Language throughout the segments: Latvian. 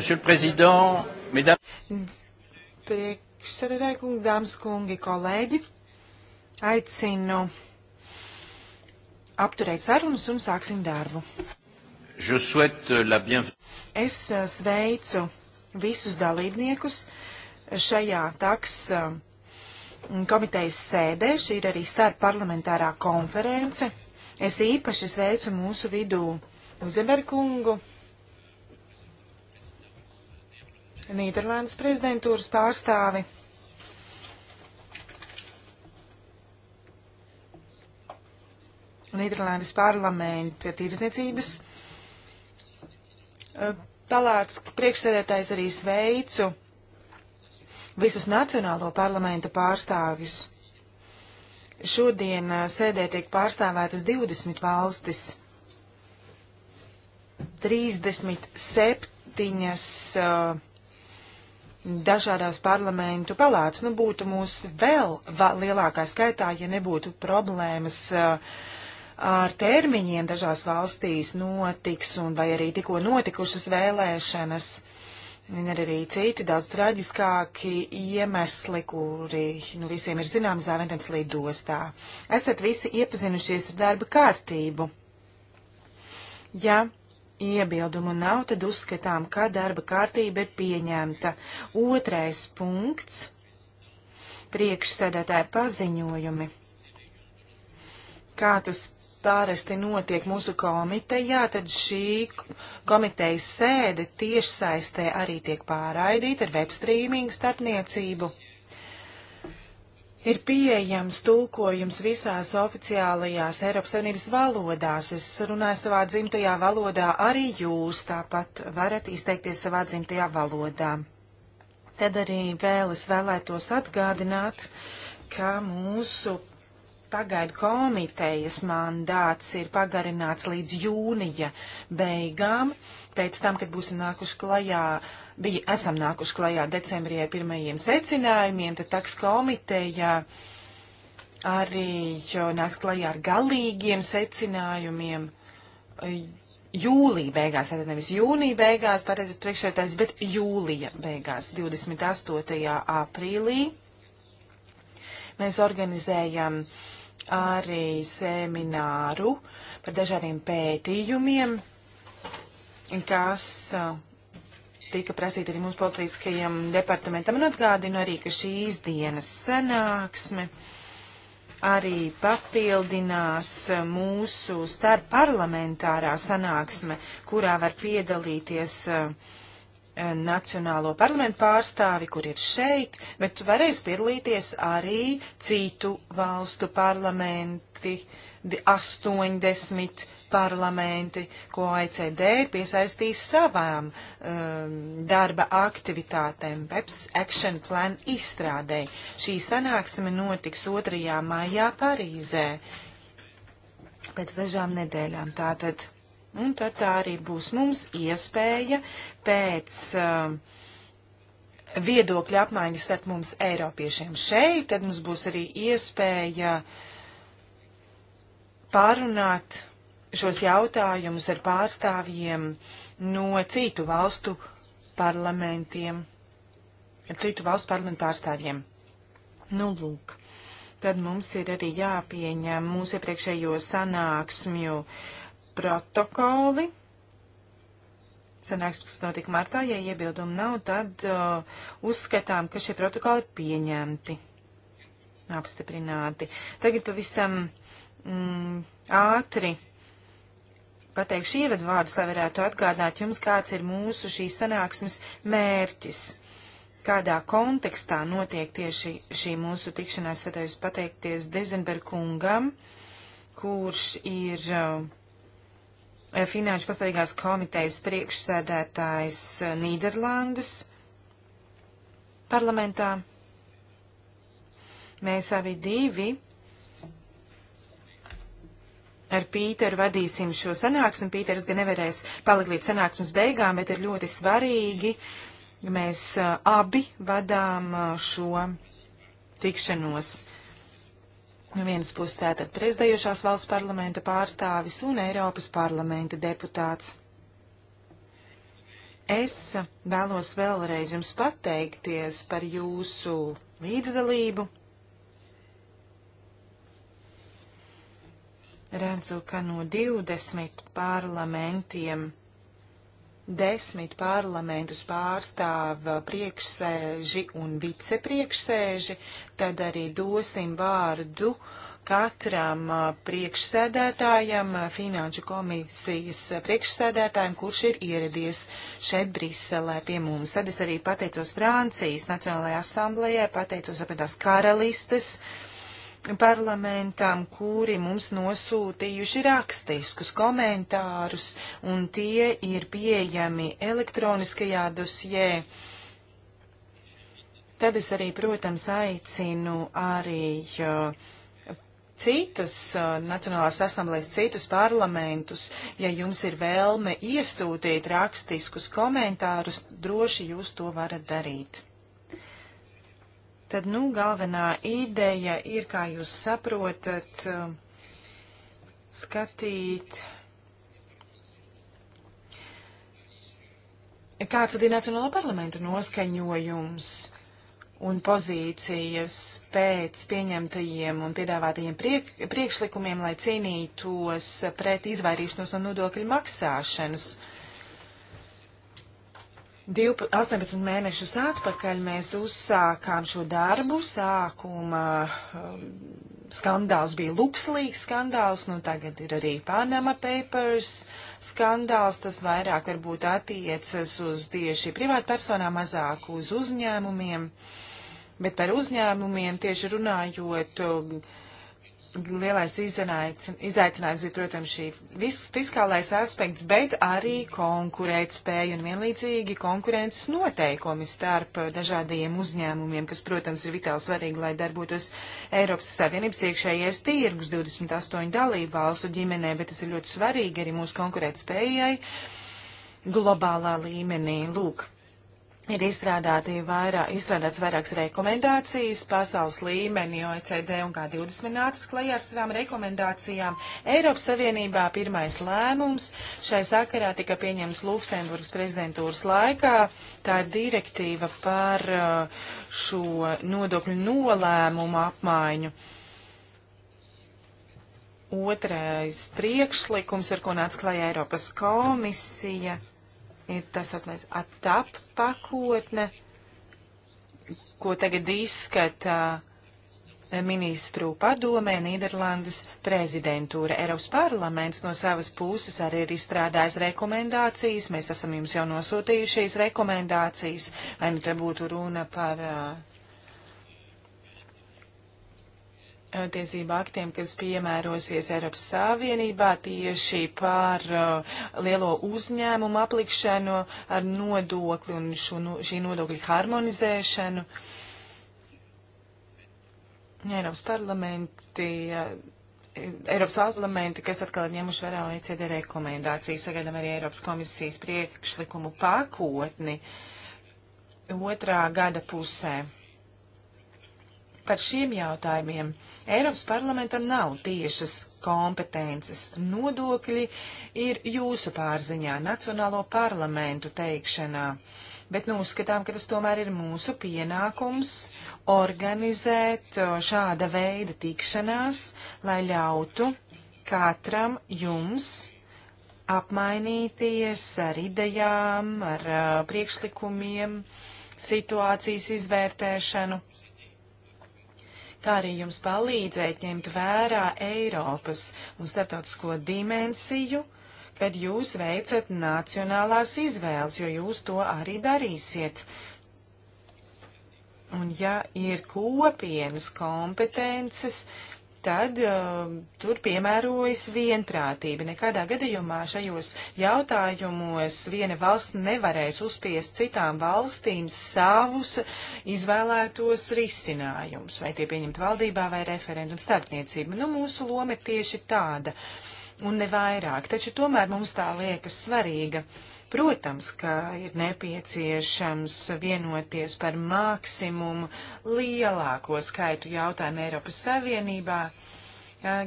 Monsieur le Président, mesdames. Priekšsēdētāji, kungi, dāmas, kungi, kolēģi, aicinu apturēt sarunas un sāksim darbu. Es sveicu visus dalībniekus šajā taks komitejas sēdē. Šī ir arī starpparlamentārā konference. Es īpaši sveicu mūsu vidū Uzemberkungu Nīderlandes prezidentūras pārstāvi. Nīderlandes parlamenta tirdzniecības e, palāts priekšsēdētājs arī sveicu visus nacionālo parlamenta pārstāvjus. Šodien e, sēdē tiek pārstāvētas 20 valstis, 37 uh, dažādās parlamentu palātas. Nu, būtu mūs vēl lielākā skaitā, ja nebūtu problēmas uh, ar termiņiem dažās valstīs notiks un vai arī tikko notikušas vēlēšanas. Un ir arī citi daudz traģiskāki iemesli, kuri nu, visiem ir zināms zāventēms lidostā. Esat visi iepazinušies ar darba kārtību. Ja iebildumu nav, tad uzskatām, ka darba kārtība ir pieņemta. Otrais punkts - priekšsēdētāja paziņojumi. Kā tas pārasti notiek mūsu komitejā, tad šī komitejas sēde tiešsaistē arī tiek pārraidīta ar webstrīmingu starpniecību ir pieejams tulkojums visās oficiālajās Eiropas Savienības valodās. Es runāju savā dzimtajā valodā, arī jūs tāpat varat izteikties savā dzimtajā valodā. Tad arī vēl es vēlētos atgādināt, ka mūsu pagaidu komitejas mandāts ir pagarināts līdz jūnija beigām, pēc tam, kad būsim nākuši klajā uh, bija, esam nākuši klajā decembrī ar pirmajiem secinājumiem, tad taks komiteja arī nāks klajā ar galīgiem secinājumiem jūlija beigās, tātad nevis jūnija beigās, pareizes priekšētājs, bet jūlija beigās, 28. aprīlī. Mēs organizējam arī semināru par dažādiem pētījumiem, kas uh, tika prasīta arī mūsu politiskajam departamentam. Un atgādinu arī, ka šīs dienas sanāksme arī papildinās mūsu starpparlamentārā sanāksme, kurā var piedalīties uh, Nacionālo parlamentu pārstāvi, kur ir šeit, bet varēs piedalīties arī citu valstu parlamenti, 80 parlamenti, ko OECD ir piesaistījis savām um, darba aktivitātēm PEPS Action Plan izstrādē. Šī sanāksme notiks 2. maijā Parīzē pēc dažām nedēļām. Tātad, un tad tā arī būs mums iespēja pēc uh, viedokļa apmaiņas starp mums Eiropiešiem šeit, tad mums būs arī iespēja pārunāt šos jautājumus ar pārstāvjiem no citu valstu parlamentiem, ar citu valstu parlamentu pārstāvjiem. Nu, lūk. Tad mums ir arī jāpieņem mūsu iepriekšējo sanāksmju protokoli. Sanāksmes notika martā, ja iebildumu nav, tad uh, uzskatām, ka šie protokoli ir pieņemti, apstiprināti. Tagad pavisam mm, ātri pateikšu ievadu vārdus, lai varētu atgādāt jums, kāds ir mūsu šīs sanāksmes mērķis, kādā kontekstā notiek tieši šī mūsu tikšanās. Vēlējos pateikties Dezenberg kungam, kurš ir eh, Finanšu pastāvīgās komitejas priekšsēdētājs eh, Nīderlandes parlamentā. Mēs abi divi ar Pīteru vadīsim šo sanāksmi. Pīters gan nevarēs palikt līdz sanāksmes beigām, bet ir ļoti svarīgi. Mēs uh, abi vadām uh, šo tikšanos. No nu, vienas puses tātad prezidējošās valsts parlamenta pārstāvis un Eiropas parlamenta deputāts. Es vēlos vēlreiz jums pateikties par jūsu līdzdalību redzu, ka no 20 parlamentiem desmit parlamentus pārstāv priekšsēži un vicepriekšsēži, tad arī dosim vārdu katram uh, priekšsēdētājam, uh, finanšu komisijas priekšsēdētājam, kurš ir ieradies šeit Briselē pie mums. Tad es arī pateicos Francijas Nacionālajai asamblējai, pateicos apvienotās karalistes uh, parlamentam, kuri mums nosūtījuši rakstiskus komentārus, un tie ir pieejami elektroniskajā dosjē. Tad es arī, protams, aicinu arī uh, citas uh, Nacionālās asamblēs, citus parlamentus, ja jums ir vēlme iesūtīt rakstiskus komentārus, droši jūs to varat darīt tad, nu, galvenā ideja ir, kā jūs saprotat, um, skatīt, kāds ir Nacionāla parlamenta noskaņojums un pozīcijas pēc pieņemtajiem un piedāvātajiem priek priekšlikumiem, lai cīnītos pret izvairīšanos no nodokļu maksāšanas 18 mēnešus atpakaļ mēs uzsākām šo darbu. Sākuma um, skandāls bija Luxlīgs skandāls, nu tagad ir arī Panama Papers skandāls. Tas vairāk varbūt attiecas uz tieši privātpersonām, mazāk uz uzņēmumiem. Bet par uzņēmumiem tieši runājot. Uh, lielais izaicinājums bija, protams, šī viss fiskālais aspekts, bet arī konkurētspēja un vienlīdzīgi konkurences noteikumi starp dažādajiem uzņēmumiem, kas, protams, ir vitāli svarīgi, lai darbotos Eiropas Savienības iekšējais tirgus 28 dalību valstu ģimenē, bet tas ir ļoti svarīgi arī mūsu konkurētspējai globālā līmenī. Lūk, ir vairā, izstrādāts vairākas rekomendācijas pasaules līmenī OECD un G20 nācis klajā ar savām rekomendācijām. Eiropas Savienībā pirmais lēmums šai sakarā tika pieņemts Luksemburgas prezidentūras laikā. Tā ir direktīva par uh, šo nodokļu nolēmumu apmaiņu. Otrais priekšlikums, ar ko nāca klajā Eiropas komisija ir tas saucamais atap pakotne, ko tagad izskata eh, ministru padomē Nīderlandes prezidentūra. Eiropas parlaments no savas puses arī ir izstrādājis rekomendācijas. Mēs esam jums jau nosūtījušies rekomendācijas, vai nu te būtu runa par uh, tiesību aktiem, kas piemērosies Eiropas Savienībā tieši par uh, lielo uzņēmumu aplikšanu ar nodokli un šo, nu, šī nodokļa harmonizēšanu. Eiropas parlamenti. Uh, Eiropas parlamenti, kas atkal ir ņemuši vērā OECD rekomendācijas, sagaidām arī Eiropas komisijas priekšlikumu pakotni otrā gada pusē par šiem jautājumiem. Eiropas parlamentam nav tiešas kompetences. Nodokļi ir jūsu pārziņā, Nacionālo parlamentu teikšanā. Bet nu uzskatām, ka tas tomēr ir mūsu pienākums organizēt šāda veida tikšanās, lai ļautu katram jums apmainīties ar idejām, ar uh, priekšlikumiem, situācijas izvērtēšanu kā arī jums palīdzēt ņemt vērā Eiropas un starptautisko dimensiju, kad jūs veicat nacionālās izvēles, jo jūs to arī darīsiet. Un ja ir kopienas kompetences, uh, tad uh, tur piemērojas vienprātība. Nekādā gadījumā šajos jautājumos viena valsts nevarēs uzspiest citām valstīm savus izvēlētos risinājumus, vai tie pieņemt valdībā vai referendumu starpniecību. Nu, mūsu loma ir tieši tāda un ne vairāk, taču tomēr mums tā liekas svarīga. Uh, Protams, ka ir nepieciešams vienoties par maksimumu lielāko skaitu jautājumu Eiropas Savienībā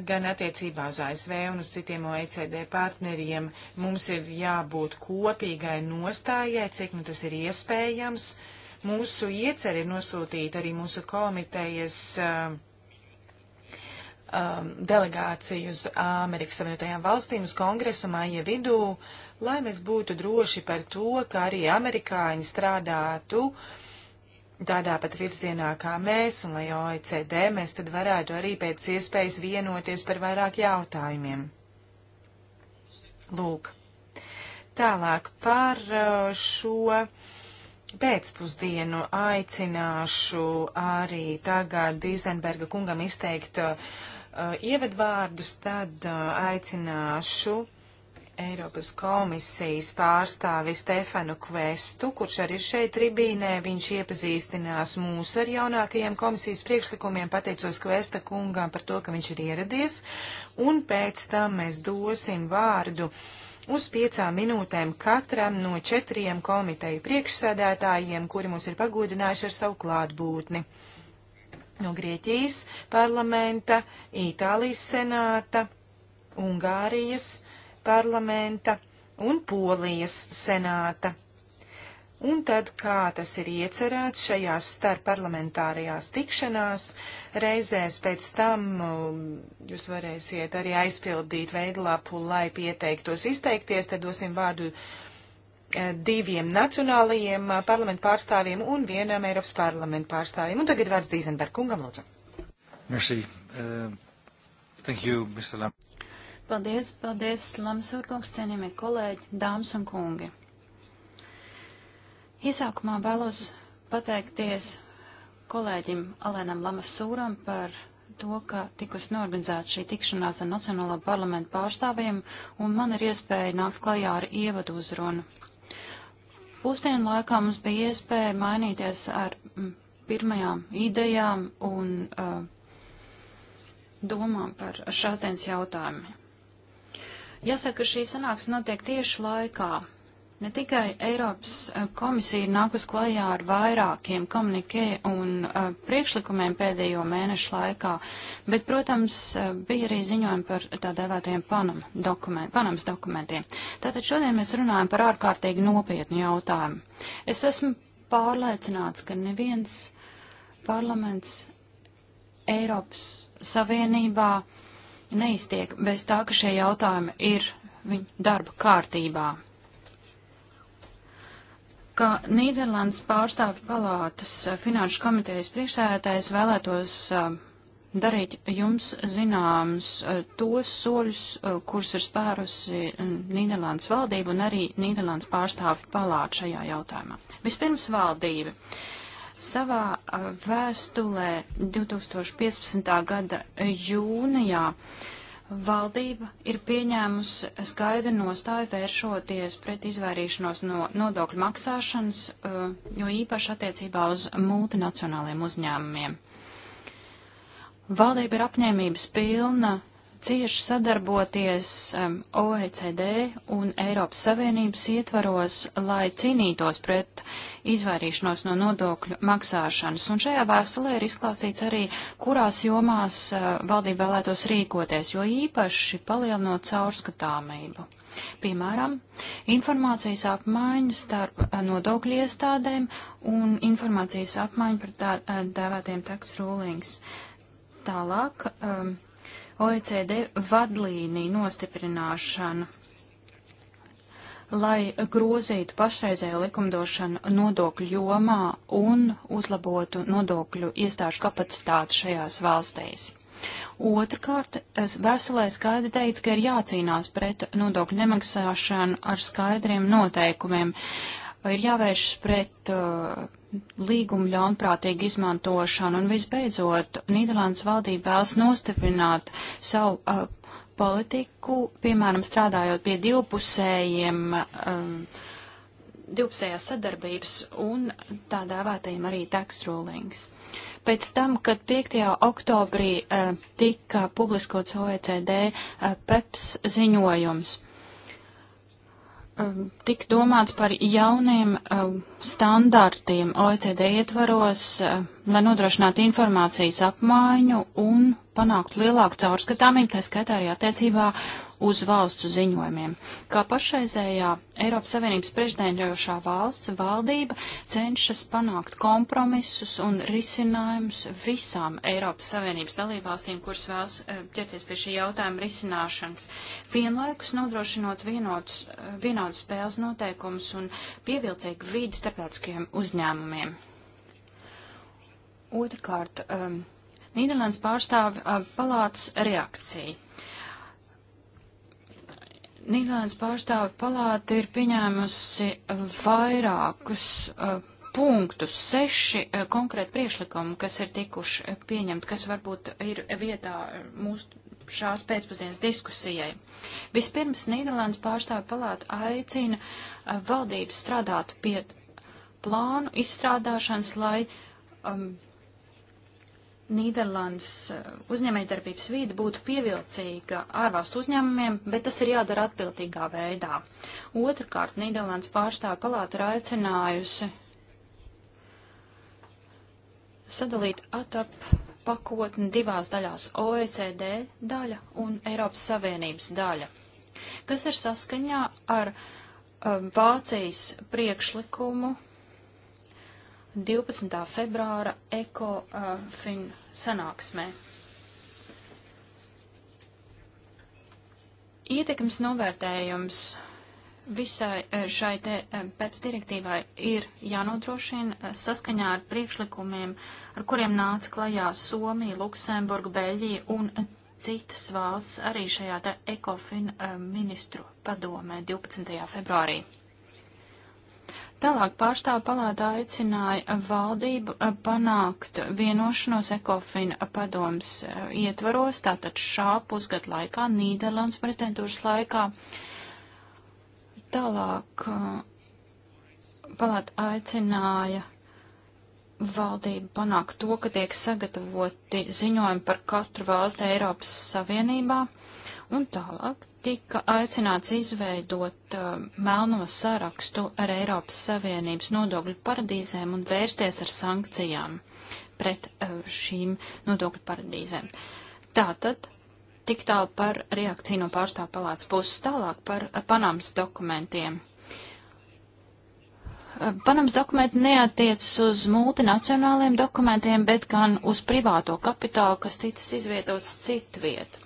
gan attiecībā uz ASV un uz citiem OECD partneriem. Mums ir jābūt kopīgai nostājai, cik nu tas ir iespējams. Mūsu ieceri ir nosūtīt arī mūsu komitejas uh, um, delegāciju uz Amerikas Savienotajām valstīm uz kongresu māja vidū. Uh, lai mēs būtu droši par to, ka arī amerikāņi strādātu tādā pat virzienā kā mēs, un lai OECD mēs tad varētu arī pēc iespējas vienoties par vairāk jautājumiem. Lūk. Tālāk par uh, šo pēcpusdienu aicināšu arī tagad Dīzenberga kungam izteikt uh, uh, ievadvārdus, tad uh, aicināšu Eiropas komisijas pārstāvi Stefanu Kvestu, kurš arī ir šeit tribīnē. Viņš iepazīstinās mūs ar jaunākajiem komisijas priekšlikumiem, pateicos Kvesta kungām par to, ka viņš ir ieradies, un pēc tam mēs dosim vārdu uz piecām minūtēm katram no četriem komiteju priekšsēdētājiem, kuri mūs ir pagodinājuši ar savu klātbūtni. No Grieķijas parlamenta, Itālijas senāta, Ungārijas, uh, parlamenta un Polijas senāta. Un tad, kā tas ir iecerēts šajās starpparlamentārajās tikšanās, reizēs pēc tam um, jūs varēsiet arī aizpildīt veidlapu, lai pieteiktos izteikties, tad dosim vārdu eh, diviem nacionālajiem eh, parlamentu pārstāvjiem un vienam Eiropas parlamentu pārstāvjiem. Un tagad vārds Dīzenberg kungam, lūdzu. Merci. Uh, thank you, Mr. Lam paldies, paldies, Lamsūrkungs, cienījamie kolēģi, dāmas un kungi. Iesākumā vēlos pateikties kolēģim Alēnam Lamasūram par to, ka tikus norganizēta šī tikšanās ar Nacionālā parlamenta pārstāvjiem, un man ir iespēja nākt klajā ar ievadu uzrunu. Pusdienu laikā mums bija iespēja mainīties ar mm, pirmajām idejām un uh, domām par šās dienas jautājumiem. Jāsaka, šī sanāksme notiek tieši laikā. Ne tikai Eiropas eh, komisija ir nākus klajā ar vairākiem komunikē un uh, priekšlikumiem pēdējo mēnešu laikā, bet, protams, eh, bija arī ziņojumi par tā dēvētajiem Panam dokument, Panamas dokumentiem. Tātad šodien mēs runājam par ārkārtīgi nopietnu jautājumu. Es esmu pārliecināts, ka neviens parlaments Eiropas Savienībā uh, neiztiek bez tā, ka šie jautājumi ir viņa darba kārtībā. Kā Nīderlandes pārstāvju palātas finanšu komitejas priekšsēdētājs vēlētos darīt jums zināms tos soļus, kurus ir spērusi Nīderlandes valdība un arī Nīderlandes pārstāvju palāta šajā jautājumā. Vispirms valdība. Uh, Savā vēstulē 2015. gada jūnijā valdība ir pieņēmusi skaidru nostāju vēršoties pret izvairīšanos no nodokļu maksāšanas, jo īpaši attiecībā uz multinacionāliem uzņēmumiem. Valdība ir apņēmības pilna cieši sadarboties OECD un Eiropas Savienības ietvaros, lai cīnītos pret uh, izvairīšanos no nodokļu maksāšanas. Un šajā vēstulē ir izklāstīts arī, kurās jomās eh, valdība vēlētos rīkoties, jo īpaši palielinot caurskatāmību. Piemēram, informācijas apmaiņa starp eh, nodokļu iestādēm un informācijas apmaiņa par tā eh, dēvētiem tax rulings. Tālāk, um, OECD vadlīniju nostiprināšana lai grozītu pašreizēju likumdošanu nodokļu jomā un uzlabotu nodokļu iestāžu kapacitāti šajās valstīs. Otrakārt, vēstulē skaidri teica, ka ir jācīnās pret nodokļu nemaksāšanu ar skaidriem noteikumiem. Ir jāvēršas pret uh, līgumu ļaunprātīgu izmantošanu, un visbeidzot, Nīderlandes valdība vēlas nostiprināt savu uh, politiku, piemēram, strādājot pie divpusējiem, um, divpusējās sadarbības un tā dēvētajiem arī tax rulings. Pēc tam, kad 5. oktobrī uh, tika publiskots OECD uh, PEPS ziņojums, uh, Ehm, tik domāts par jauniem ehm, standartiem OECD ietvaros, ehm, lai nodrošinātu informācijas apmaiņu un panāktu lielāku caurskatāmību, tā skaitā arī attiecībā uz valstu ziņojumiem. Kā pašreizējā Eiropas Savienības prezidentējošā valsts valdība cenšas panākt kompromisus un risinājumus visām Eiropas Savienības dalībvalstīm, kuras vēlas eh, ķerties pie šī jautājuma risināšanas, vienlaikus nodrošinot vienotus, vienādus spēles noteikumus un pievilcīgu vīdi starptautiskajiem uzņēmumiem. Otrakārt, um, Nīderlandes pārstāvi uh, palāts reakcija. Nīderlandes pārstāvi palāta ir pieņēmusi vairākus uh, punktus, seši uh, konkrēti priešlikumi, kas ir tikuši uh, pieņemti, kas varbūt ir vietā mūsu šās pēcpusdienas diskusijai. Vispirms Nīderlandes pārstāvi palāta aicina valdības strādāt pie plānu izstrādāšanas, lai um, Nīderlandes eh, uzņēmējdarbības vīde būtu pievilcīga ārvalstu uzņēmumiem, bet tas ir jādara atbildīgā veidā. Otrakārt, Nīderlandes pārstāvja palāta ir aicinājusi sadalīt atap pakotni divās daļās - OECD daļa un Eiropas Savienības daļa, kas ir saskaņā ar um, Vācijas priekšlikumu 12. februāra ECOFIN uh, sanāksmē. Ietekmes novērtējums visai uh, šai te uh, PEPS direktīvai ir jānodrošina uh, saskaņā ar priekšlikumiem, ar kuriem nāca klajā Somija, Luksemburga, Beļģija un citas valsts arī šajā te ECOFIN ministru padomē 12. februārī. Tālāk pārstāv palātā aicināja valdību eh, panākt vienošanos ekofina padoms eh, ietvaros, tātad šā pusgad laikā, Nīderlandes prezidentūras laikā. Tālāk eh, palāta aicināja valdību panākt to, ka tiek sagatavoti ziņojumi par katru valsti Eiropas Savienībā. Un tālāk tika aicināts izveidot uh, melno sarakstu ar Eiropas Savienības nodokļu paradīzēm un vērsties ar sankcijām pret uh, šīm nodokļu paradīzēm. Tātad tik tālu par reakciju no pārstāv palātas puses, tālāk par uh, Panamas dokumentiem. Panamas dokumenti neatiecas uz multinacionāliem dokumentiem, bet gan uz privāto kapitālu, kas ticis izvietots citviet.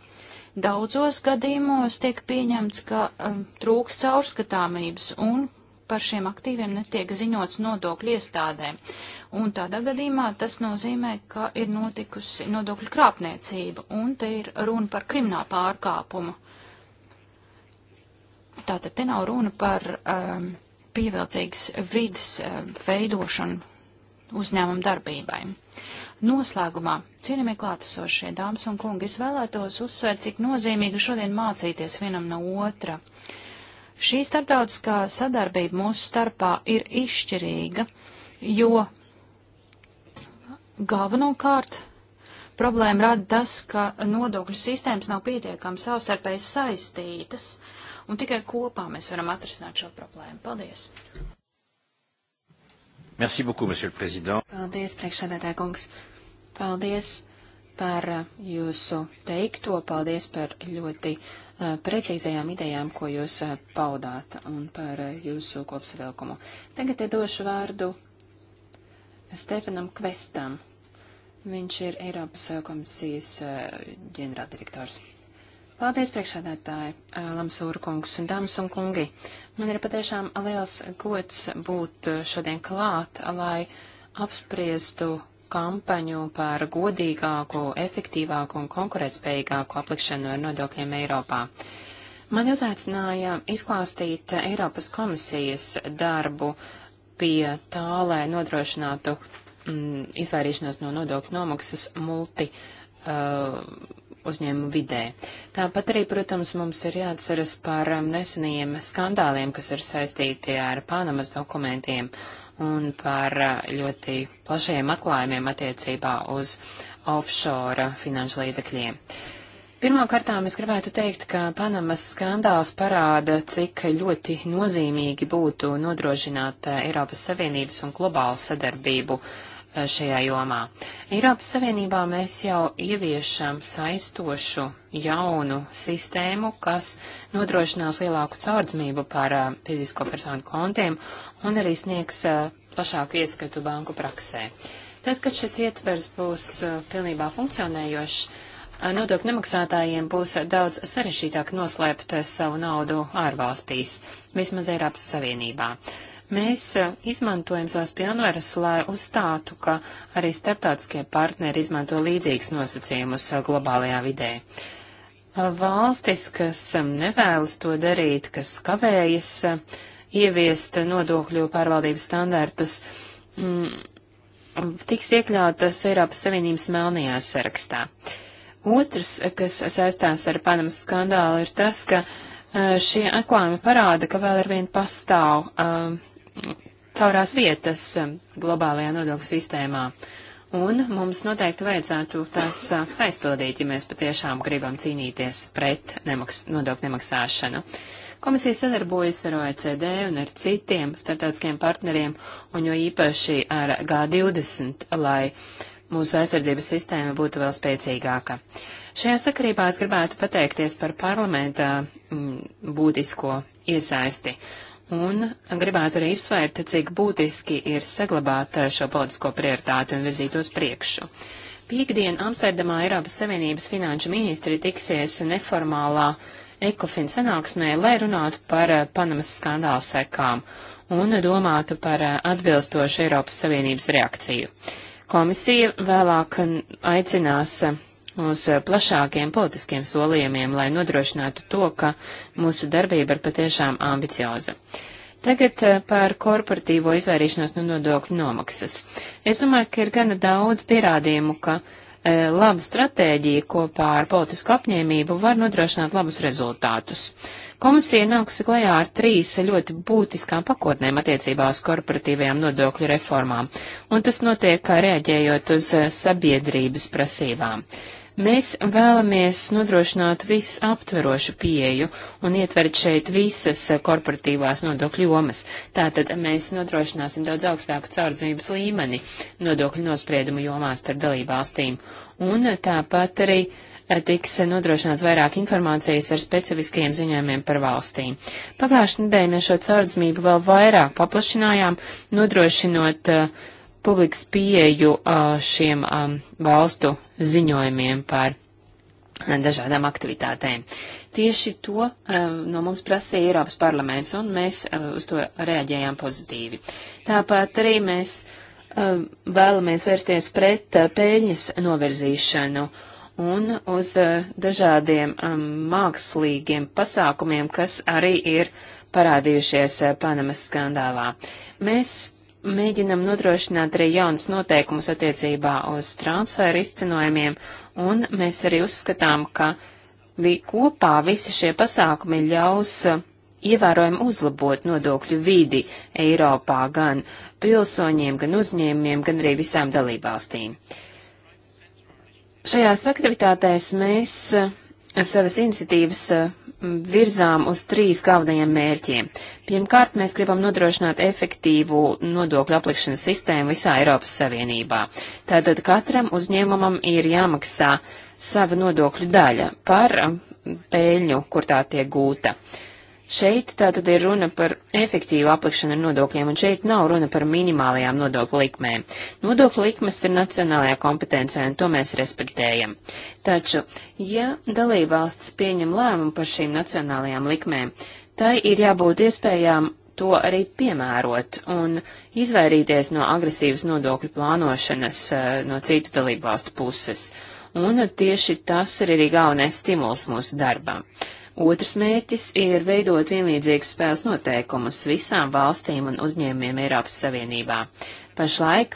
Daudzos gadījumos tiek pieņemts, ka um, trūks caurskatāmības un par šiem aktīviem netiek ziņots nodokļu iestādēm. Un tādā gadījumā tas nozīmē, ka ir notikusi nodokļu krāpniecība, un te ir runa par kriminālu pārkāpumu. Tātad te nav runa par um, pievilcīgas vidas um, veidošanu uzņēmumu darbībai. Noslēgumā, cienījamie klātesošie dāmas un kungi, es vēlētos uzsvērt, cik nozīmīgi šodien mācīties vienam no otra. Šī starptautiskā sadarbība mūsu starpā ir izšķirīga, jo galvenokārt Problēma rada tas, ka nodokļu sistēmas nav pietiekami savstarpēji saistītas, un tikai kopā mēs varam atrisināt šo problēmu. Paldies! Merci beaucoup, monsieur le président. Paldies, priekšsēdētāj kungs. Paldies par jūsu teikto, paldies par ļoti uh, precīzajām idejām, ko jūs uh, paudāt, un par uh, jūsu kopsavilkumu. Tagad te došu vārdu Stefanam Kvestam. Viņš ir Eiropas eh, komisijas ģenerāldirektors. Paldies, priekšādātāji, Lamsūra kungs, dāmas un kungi. Man ir patiešām liels gods būt šodien klāt, lai apspriestu kampaņu par godīgāku, efektīvāku un konkurētspējīgāku aplikšanu ar nodokļiem Eiropā. Man uzaicināja izklāstīt Eiropas komisijas darbu pie tā, lai nodrošinātu mm, izvairīšanos no nodokļu nomaksas multi uh, uzņēmumu vidē. Tāpat arī, protams, mums ir jāatceras par um, nesenajiem skandāliem, kas ir saistīti ar Panamas dokumentiem un par uh, ļoti plašajiem atklājumiem attiecībā uz offshore finanšu līdzekļiem. Pirmkārtām es gribētu teikt, ka Panamas skandāls parāda, cik ļoti nozīmīgi būtu nodrošināt uh, Eiropas Savienības un globālu sadarbību uh, Eh, šajā jomā. Eiropas Savienībā mēs jau ieviešam saistošu jaunu sistēmu, kas nodrošinās lielāku caurdzmību par eh, fizisko personu kontiem un arī sniegs eh, plašāku ieskatu banku praksē. Tad, kad šis ietvers būs pilnībā funkcionējošs, Nodokļu nemaksātājiem būs daudz sarežģītāk noslēpt savu naudu ārvalstīs, vismaz Eiropas Savienībā. Mēs izmantojam savas pilnvaras, lai uzstātu, ka arī starptautiskie partneri izmanto līdzīgus nosacījumus globālajā vidē. Valstis, kas nevēlas to darīt, kas kavējas ieviest nodokļu pārvaldības standartus, mm, tiks iekļautas Eiropas Savienības melnajā sarakstā. Otrs, kas saistās ar Panamas skandālu, ir tas, ka šie atklājumi parāda, ka vēl ar vienu pastāv um, caurās vietas globālajā nodokļu sistēmā. Un mums noteikti vajadzētu tās aizpildīt, ja mēs patiešām gribam cīnīties pret nemaks, nodokļu nemaksāšanu. Komisija sadarbojas ar OECD un ar citiem starptautiskiem partneriem, un jo īpaši ar G20, lai mūsu aizsardzības sistēma būtu vēl spēcīgāka. Šajā sakarībā es gribētu pateikties par parlamenta m, mm, būtisko iesaisti un gribētu arī izsvērt, cik būtiski ir saglabāt eh, šo politisko prioritāti un virzīt uz priekšu. Piektdien Amsterdamā Eiropas Savienības finanšu ministri tiksies neformālā ekofin sanāksmē, lai runātu par eh, Panamas skandāla sekām un domātu par eh, atbilstošu Eiropas Savienības reakciju. Komisija vēlāk aicinās uz eh, plašākiem politiskiem solījumiem, lai nodrošinātu to, ka mūsu darbība ir patiešām ambicioza. Tagad eh, par korporatīvo izvairīšanos no nodokļu nomaksas. Es domāju, ka ir gana daudz pierādījumu, ka eh, laba stratēģija kopā ar politisku apņēmību var nodrošināt labus rezultātus. Komisija nākusi klajā ar trīs ļoti būtiskām pakotnēm attiecībā uz korporatīvajām nodokļu reformām, un tas notiek reaģējot uz sabiedrības prasībām. Mēs vēlamies nodrošināt visaptverošu pieju un ietvert šeit visas korporatīvās nodokļu jomas. Tātad mēs nodrošināsim daudz augstāku caurdzības līmeni nodokļu nospriedumu jomās starp dalībvalstīm. Un tāpat arī eh, tiks nodrošināts vairāk informācijas ar specifiskajiem ziņojumiem par valstīm. Pagājušajā nedēļā mēs šo caurdzmību vēl vairāk paplašinājām, nodrošinot uh, publikas pieeju šiem valstu ziņojumiem par dažādām aktivitātēm. Tieši to no mums prasīja Eiropas parlaments, un mēs uz to reaģējām pozitīvi. Tāpat arī mēs vēlamies vērsties pret peļņas novirzīšanu un uz dažādiem mākslīgiem pasākumiem, kas arī ir parādījušies Panamas skandālā. Mēs mēģinam nodrošināt arī jaunas noteikumus attiecībā uz transferu izcenojumiem, un mēs arī uzskatām, ka vi kopā visi šie pasākumi ļaus uh, ievērojami uzlabot nodokļu vidi Eiropā gan pilsoņiem, gan uzņēmumiem, gan arī visām dalībvalstīm. Šajās aktivitātēs mēs uh, savas iniciatīvas uh, virzām uz trīs galvenajiem mērķiem. Pirmkārt, mēs gribam nodrošināt efektīvu nodokļu aplikšanas sistēmu visā Eiropas Savienībā. Tātad katram uzņēmumam ir jāmaksā sava nodokļu daļa par pēļņu, kur tā tiek gūta. Uh, Šeit tātad ir runa par efektīvu aplikšanu ar nodokļiem, un šeit nav runa par minimālajām nodokļu likmēm. Nodokļu likmes ir nacionālajā kompetencē, un to mēs respektējam. Taču, ja dalībvalsts pieņem lēmumu par šīm nacionālajām likmēm, tai ir jābūt iespējām to arī piemērot un izvairīties no agresīvas nodokļu plānošanas eh, no citu dalībvalstu puses. Un tieši tas ir arī galvenais stimuls mūsu darbam. Uh, Otrs mērķis ir veidot vienlīdzīgus spēles noteikumus visām valstīm un uzņēmiem Eiropas Savienībā. Pašlaik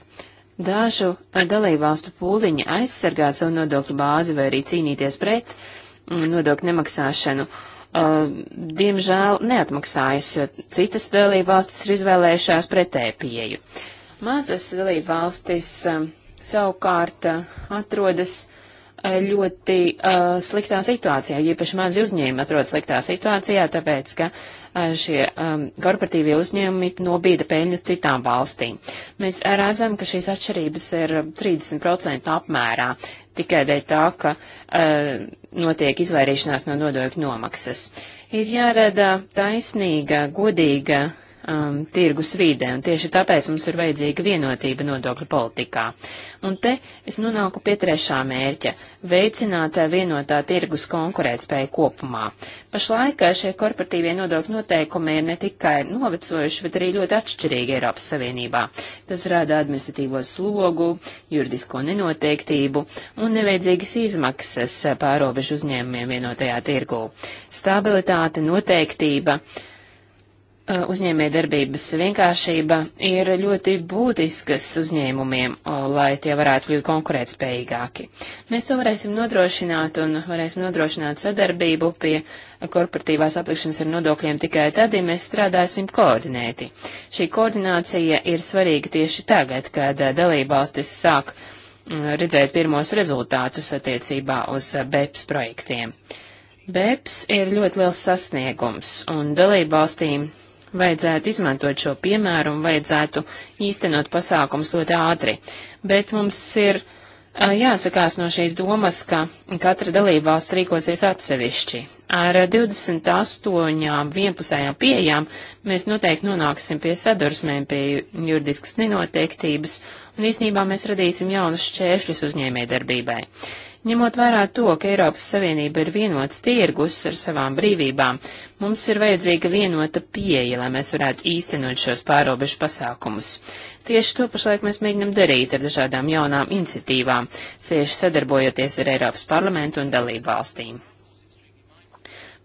dažu dalībvalstu pūliņi aizsargāt savu nodokļu bāzi vai arī cīnīties pret mm, nodokļu nemaksāšanu. Uh, diemžēl neatmaksājas, jo citas dalībvalstis ir izvēlējušās pretēju pieju. Mazas dalībvalstis uh, savukārt uh, atrodas uh, Eh, ļoti uh, sliktā situācijā, īpaši mazi uzņēmumi atrodas sliktā situācijā, tāpēc, ka uh, šie um, korporatīvie uzņēmumi nobīda peļņu citām valstīm. Mēs redzam, ka šīs atšķirības ir 30% apmērā tikai dēļ tā, ka uh, notiek izvairīšanās no nodokļu nomaksas. Ir jārada taisnīga, godīga um, tirgus vīdē, un tieši tāpēc mums ir vajadzīga vienotība nodokļu politikā. Un te es nonāku pie trešā mērķa - veicināt uh, vienotā tirgus konkurētspēju kopumā. Pašlaik uh, šie korporatīvie nodokļu noteikumi ir ne tikai novecojuši, bet arī ļoti atšķirīgi Eiropas Savienībā. Tas rada administratīvo slogu, juridisko nenoteiktību un nevajadzīgas izmaksas uh, pārobežu uzņēmumiem vienotajā tirgū. Stabilitāte, noteiktība. Uh, uzņēmējdarbības vienkāršība ir ļoti būtiskas uzņēmumiem, lai tie varētu kļūt konkurētspējīgāki. Mēs to varēsim nodrošināt un varēsim nodrošināt sadarbību pie korporatīvās aplikšanas ar nodokļiem tikai tad, ja mēs strādāsim koordinēti. Šī koordinācija ir svarīga tieši tagad, kad eh, dalībvalstis sāk mm, redzēt pirmos rezultātus attiecībā uz eh, BEPS projektiem. BEPS ir ļoti liels sasniegums, un dalībvalstīm Vajadzētu izmantot šo piemēru un vajadzētu īstenot pasākums ļoti ātri. Bet mums ir jāatsakās no šīs domas, ka katra dalībvalsts rīkosies atsevišķi. Ar 28 vienpusējām pieejām mēs noteikti nonāksim pie sadursmēm, pie juridiskas nenoteiktības, un īsnībā mēs radīsim jaunas šķēršļus uzņēmē darbībai. Ņemot vērā to, ka Eiropas Savienība ir vienots tirgus ar savām brīvībām, mums ir vajadzīga vienota pieeja, lai mēs varētu īstenot šos pārobežu pasākumus. Tieši to pašlaik mēs mēģinam darīt ar dažādām jaunām iniciatīvām, cieši sadarbojoties ar Eiropas parlamentu un dalību valstīm.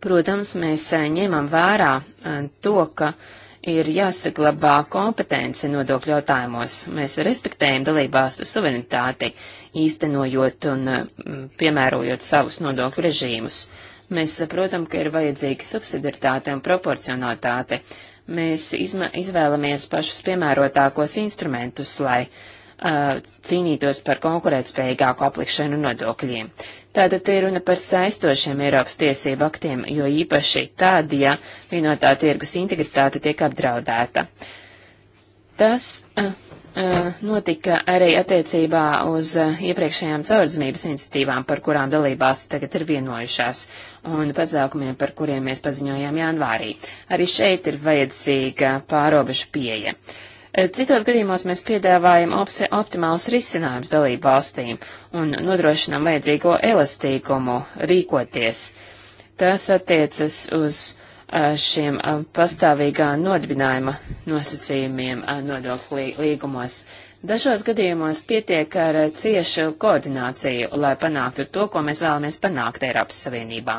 Protams, mēs eh, ņemam vērā eh, to, ka uh, ir jāsaglabā kompetence nodokļu jautājumos. Mēs respektējam dalībvalstu suverenitāti, īstenojot un mm, piemērojot savus nodokļu režīmus. Mēs saprotam, ka ir vajadzīga subsidiaritāte un proporcionalitāte. Mēs izvēlamies pašus piemērotākos instrumentus, lai uh, cīnītos par konkurētspējīgāku aplikšanu nodokļiem. Tātad te ir runa par saistošiem Eiropas tiesību aktiem, jo īpaši tad, ja vienotā tirgus integritāte tiek apdraudēta. Tas uh, notika arī attiecībā uz iepriekšējām caurzmības iniciatīvām, par kurām dalībās tagad ir vienojušās, un pasākumiem, par kuriem mēs paziņojām janvārī. Arī šeit ir vajadzīga pārobežu pieeja. Uh, Citos gadījumos mēs piedāvājam optimālus risinājumus dalību valstīm un nodrošinām vajadzīgo elastīgumu rīkoties. Tas attiecas uz šiem pastāvīgā nodibinājuma nosacījumiem nodokļu līgumos. Dažos gadījumos pietiek ar ciešu koordināciju, lai panāktu to, ko mēs vēlamies panākt Eiropas Savienībā.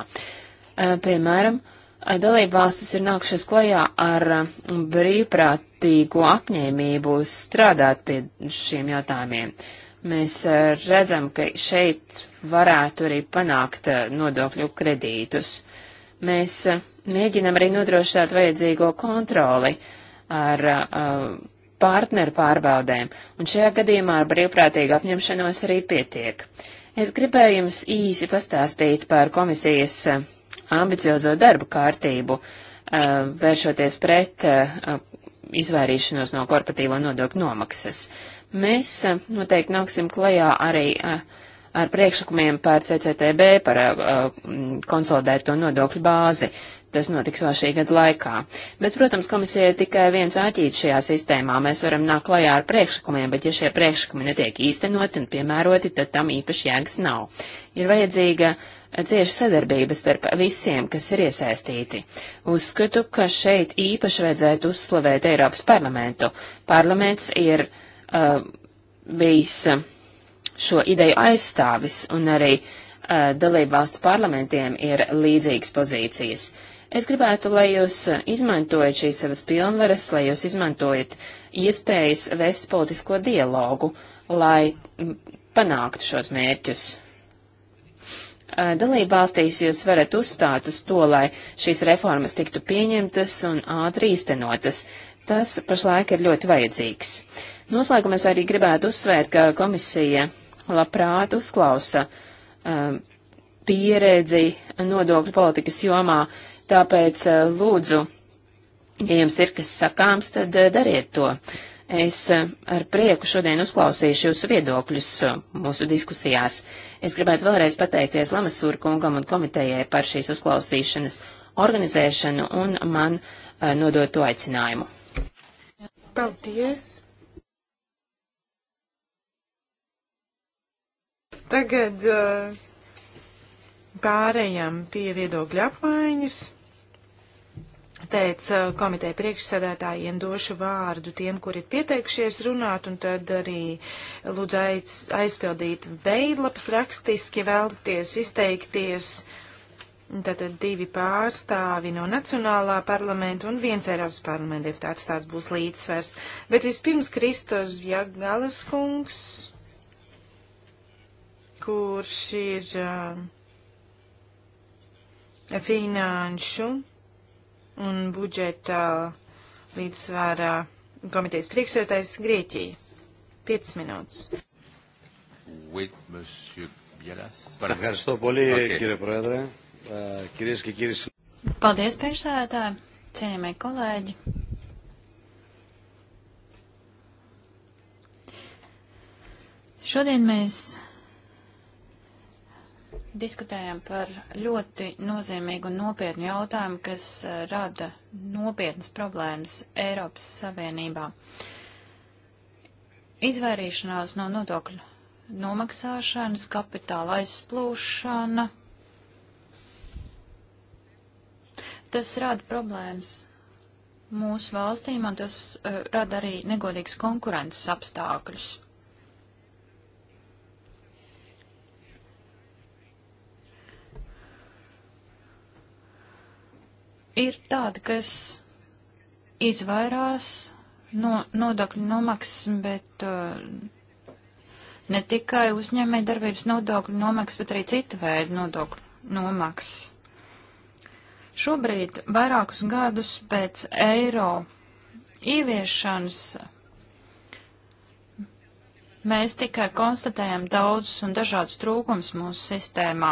Piemēram, uh, dalībvalstis ir nākušas klajā ar uh, brīvprātīgo apņēmību strādāt pie šiem jautājumiem. Mēs uh, redzam, ka šeit varētu arī panākt uh, nodokļu kredītus. Mēs mēģinam arī nodrošināt vajadzīgo kontroli ar partneru pārbaudēm, un šajā gadījumā ar brīvprātīgu apņemšanos arī pietiek. Es gribēju jums īsi pastāstīt par komisijas ambiciozo darbu kārtību, eh, vēršoties pret eh, izvairīšanos no korporatīvo nodokļu nomaksas. Mēs eh, noteikti nāksim klajā arī ar priekšlikumiem par CCTB, par mm, konsolidēto nodokļu bāzi. Tas notiks vēl šī gada laikā. Bet, protams, komisija ir tikai viens āķīts šajā sistēmā. Mēs varam nākt klajā ar priekšlikumiem, bet ja šie priekšlikumi netiek īstenoti un piemēroti, tad tam īpaši jēgas nav. Ir vajadzīga uh, cieša sadarbība starp visiem, kas ir iesaistīti. Uzskatu, ka šeit īpaši vajadzētu uzslavēt Eiropas parlamentu. Parlaments ir uh, bijis uh, šo ideju aizstāvis un arī uh, dalību valstu parlamentiem ir līdzīgas pozīcijas. Es gribētu, lai jūs uh, izmantojat šīs savas pilnvaras, lai jūs izmantojat iespējas vest politisko dialogu, lai panāktu šos mērķus dalībvalstīs jūs varat uzstāt uz to, lai šīs reformas tiktu pieņemtas un ātri īstenotas. Tas pašlaik ir ļoti vajadzīgs. Noslēgumā es arī gribētu uzsvērt, ka komisija labprāt uzklausa um, pieredzi nodokļu politikas jomā, tāpēc uh, lūdzu, ja jums ir kas sakāms, tad uh, dariet to. Uh, Es eh, ar prieku šodien uzklausīšu jūsu viedokļus eh, mūsu diskusijās. Es gribētu vēlreiz pateikties Lamasūra kungam un komitejai par šīs uzklausīšanas organizēšanu un man eh, nodot to aicinājumu. Paldies! Tagad uh, pārējām pie viedokļa apmaiņas. Pēc komiteja priekšsēdētājiem došu vārdu tiem, kuri ir pieteikušies runāt, un tad arī lūdzu aiz, aizpildīt veidlapas rakstiski, ja vēlaties izteikties. Tātad divi pārstāvi no Nacionālā parlamenta un viens Eiropas parlamenta deputāts tāds būs līdzsvers. Bet vispirms Kristos Jagalas kungs, kurš ir uh, finanšu un budžeta līdzsvērā komitejas priekšsētājs Grieķija. 5 minūtes. With Monsieur Bielas. Ευχαριστώ πολύ, okay. κύριε Πρόεδρε. Κυρίες και κύριοι. Paldies, priekšsēdētāji, cienījamie kolēģi. Šodien mēs diskutējam par ļoti nozīmīgu un nopietnu jautājumu, kas eh, rada nopietnas problēmas Eiropas Savienībā. Izvairīšanās no nodokļu nomaksāšanas, kapitāla aizplūšana. Tas rada problēmas mūsu valstīm, un tas uh, rada arī negodīgas konkurences apstākļus. ir tādi, kas izvairās no nodokļu nomaksas, bet uh, ne tikai uzņēmē darbības nodokļu nomaksas, bet arī cita veida nodokļu nomaksas. Šobrīd, vairākus gadus pēc eiro ieviešanas, mēs tikai konstatējam daudzus un dažādus trūkums mūsu sistēmā.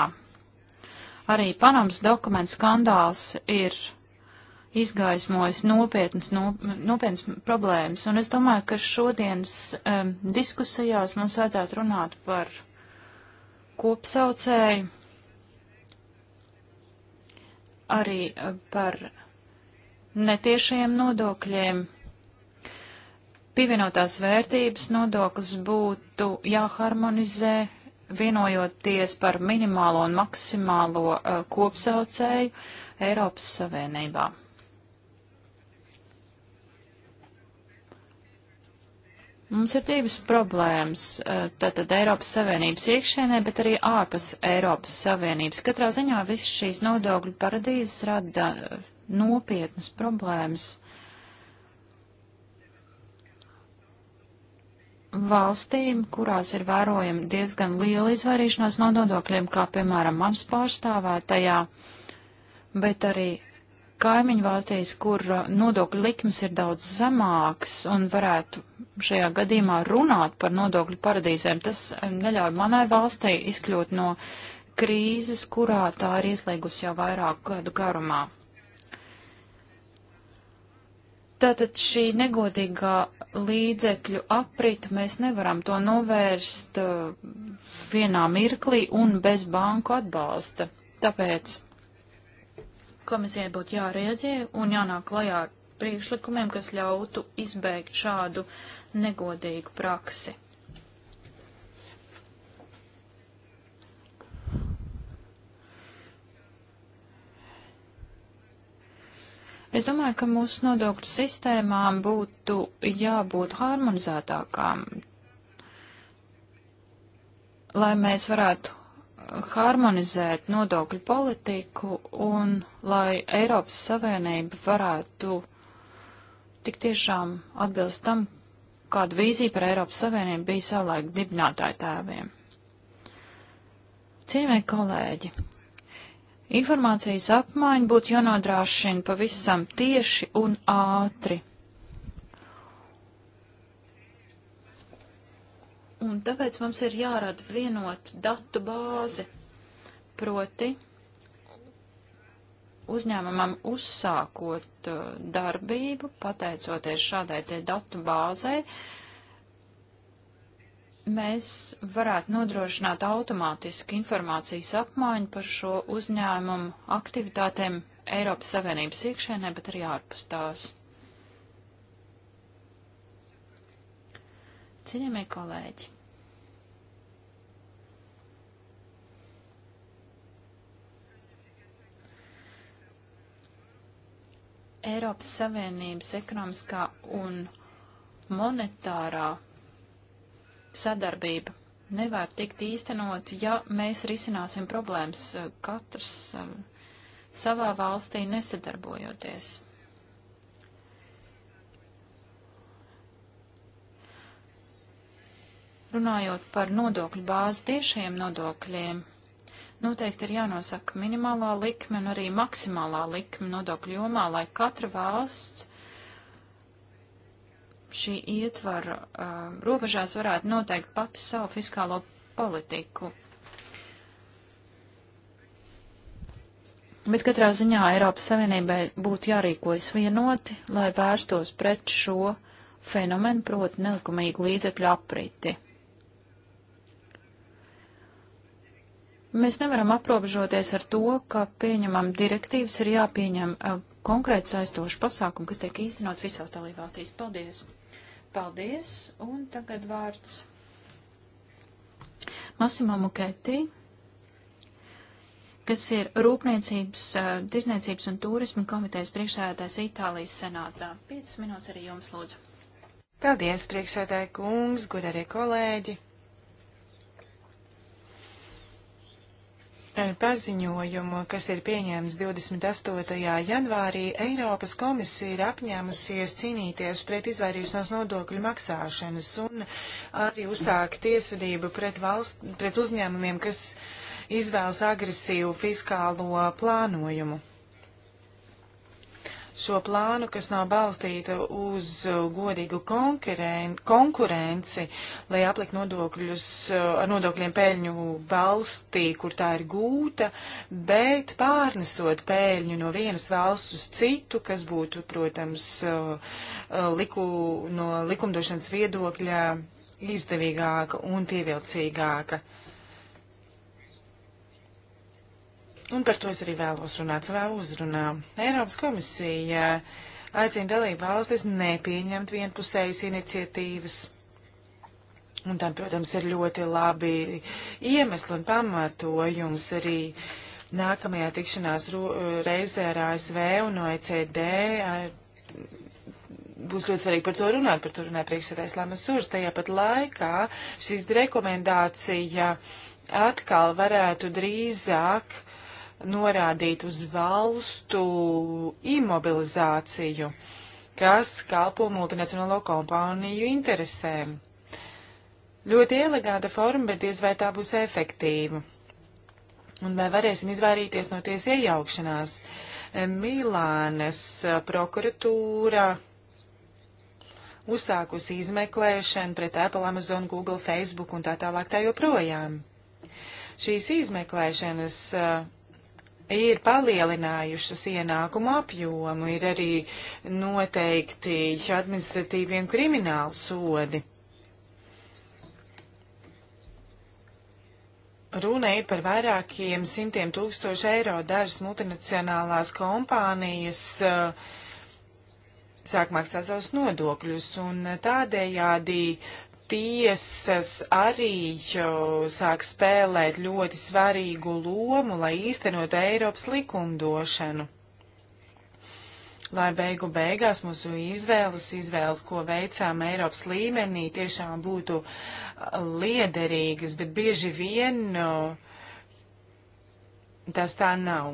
Arī Panamas dokumentu skandāls ir izgaismojis nopietnas, nop, nopietnas problēmas. Un es domāju, ka šodienas um, diskusijās mums vajadzētu runāt par kopsaucēju, arī eh, par netiešajiem nodokļiem. Pievienotās vērtības nodoklis būtu jāharmonizē, vienojoties par minimālo un maksimālo uh, kopsaucēju Eiropas Savienībā. Mums ir divas problēmas, eh, tātad Eiropas Savienības iekšēnē, bet arī ārpus Eiropas Savienības. Katrā ziņā viss šīs nodokļu paradīzes rada eh, nopietnas problēmas valstīm, kurās ir vērojama diezgan liela izvairīšanās no nodokļiem, kā piemēram mans pārstāvētajā, bet arī kaimiņu valstīs, kur uh, nodokļu likmes ir daudz zemāks un varētu šajā gadījumā runāt par nodokļu paradīzēm, tas um, neļauj manai valstī izkļūt no krīzes, kurā tā ir ieslēgusi jau vairāku gadu garumā. Tātad šī negodīgā līdzekļu apritu mēs nevaram to novērst uh, vienā mirklī un bez banku atbalsta. Tāpēc Komisijai būtu jārēģē un jānāk klajā ar priekšlikumiem, kas ļautu izbeigt šādu negodīgu praksi. Es domāju, ka mūsu nodokļu sistēmām būtu jābūt harmonizētākām, lai mēs varētu harmonizēt nodokļu politiku un lai Eiropas Savienība varētu tik tiešām atbilst tam, kāda vīzija par Eiropas Savienību bija savulaik dibinātāju tēviem. Cienījamie kolēģi, informācijas apmaiņa būtu jānodrošina pavisam tieši un ātri. Un tāpēc mums ir jārada vienot datu bāzi, proti uzņēmumam uzsākot uh, darbību, pateicoties šādai te datu bāzei, mēs varētu nodrošināt automātisku informācijas apmaiņu par šo uzņēmumu aktivitātēm Eiropas Savienības iekšēnē, bet arī ārpus tās. Cienījamie kolēģi, Eiropas Savienības ekonomiskā un monetārā sadarbība nevar tikt īstenot, ja mēs risināsim problēmas e, katrs e, savā valstī nesadarbojoties. Runājot par nodokļu bāzi tiešiem nodokļiem, noteikti ir jānosaka minimālā likme un arī maksimālā likme nodokļu jomā, lai katra valsts šī ietvara uh, robežās varētu noteikt pati savu fiskālo politiku. Bet katrā ziņā Eiropas Savienībai būtu jārīkojas vienoti, lai vērstos pret šo fenomenu, proti nelikumīgu līdzekļu apriti. Mēs nevaram aprobežoties ar to, ka pieņemam direktīvas, ir jāpieņem uh, konkrēti saistoši pasākumi, kas tiek īstenot visās dalībvalstīs. Paldies! Paldies! Un tagad vārds Masimam Muketī, kas ir Rūpniecības, uh, Tirzniecības un Tūrisma komitejas priekšsēdētājs Itālijas senātā. 5 minūtes arī jums lūdzu. Paldies, priekšsēdētāji kungs, godārie kolēģi! paziņojumu, kas ir pieņēmts 28. janvārī, Eiropas komisija ir apņēmusies cīnīties pret izvairīšanos nodokļu maksāšanas un arī uzsākt tiesvedību pret, valst, pret uzņēmumiem, kas izvēlas agresīvu fiskālo plānojumu šo plānu, kas nav balstīta uz godīgu konkurenci, lai aplikt nodokļus eh, ar nodokļiem peļņu valstī, kur tā ir gūta, bet pārnesot peļņu no vienas valsts uz citu, kas būtu, protams, eh, eh, liku, no likumdošanas viedokļa izdevīgāka un pievilcīgāka. Un par to es arī vēlos runāt savā uzrunā. Eiropas komisija aicina dalību valstis nepieņemt vienpusējas iniciatīvas. Un tam, protams, ir ļoti labi iemesli un pamatojums arī nākamajā tikšanās reizē ar ASV un OECD. Ar Būs ļoti svarīgi par to runāt, par to runāja priekšsēdājs Lamas Sūrs. Tajā pat laikā šīs rekomendācija atkal varētu drīzāk uh, norādīt uz valstu imobilizāciju, kas kalpo multinacionālo kompāniju interesēm. Ļoti eleganta forma, bet diez vai tā būs efektīva. Un vai varēsim izvairīties no tiesa iejaukšanās? Milānas eh, prokuratūra uzsākusi izmeklēšanu pret Apple, Amazon, Google, Facebook un tā tālāk tā joprojām. Šīs izmeklēšanas uh, ir palielinājušas ienākumu apjomu, ir arī noteikti administratīvi un krimināli sodi. Runa ir par vairākiem simtiem tūkstošu eiro dažas multinacionālās kompānijas eh, sāk maksāt savus nodokļus, un eh, tādējādi tiesas arī sāk spēlēt ļoti svarīgu lomu, lai īstenotu Eiropas likumdošanu. Lai beigu beigās mūsu izvēles, izvēles, ko veicām Eiropas līmenī, tiešām būtu uh, liederīgas, bet bieži vien uh, tas tā nav.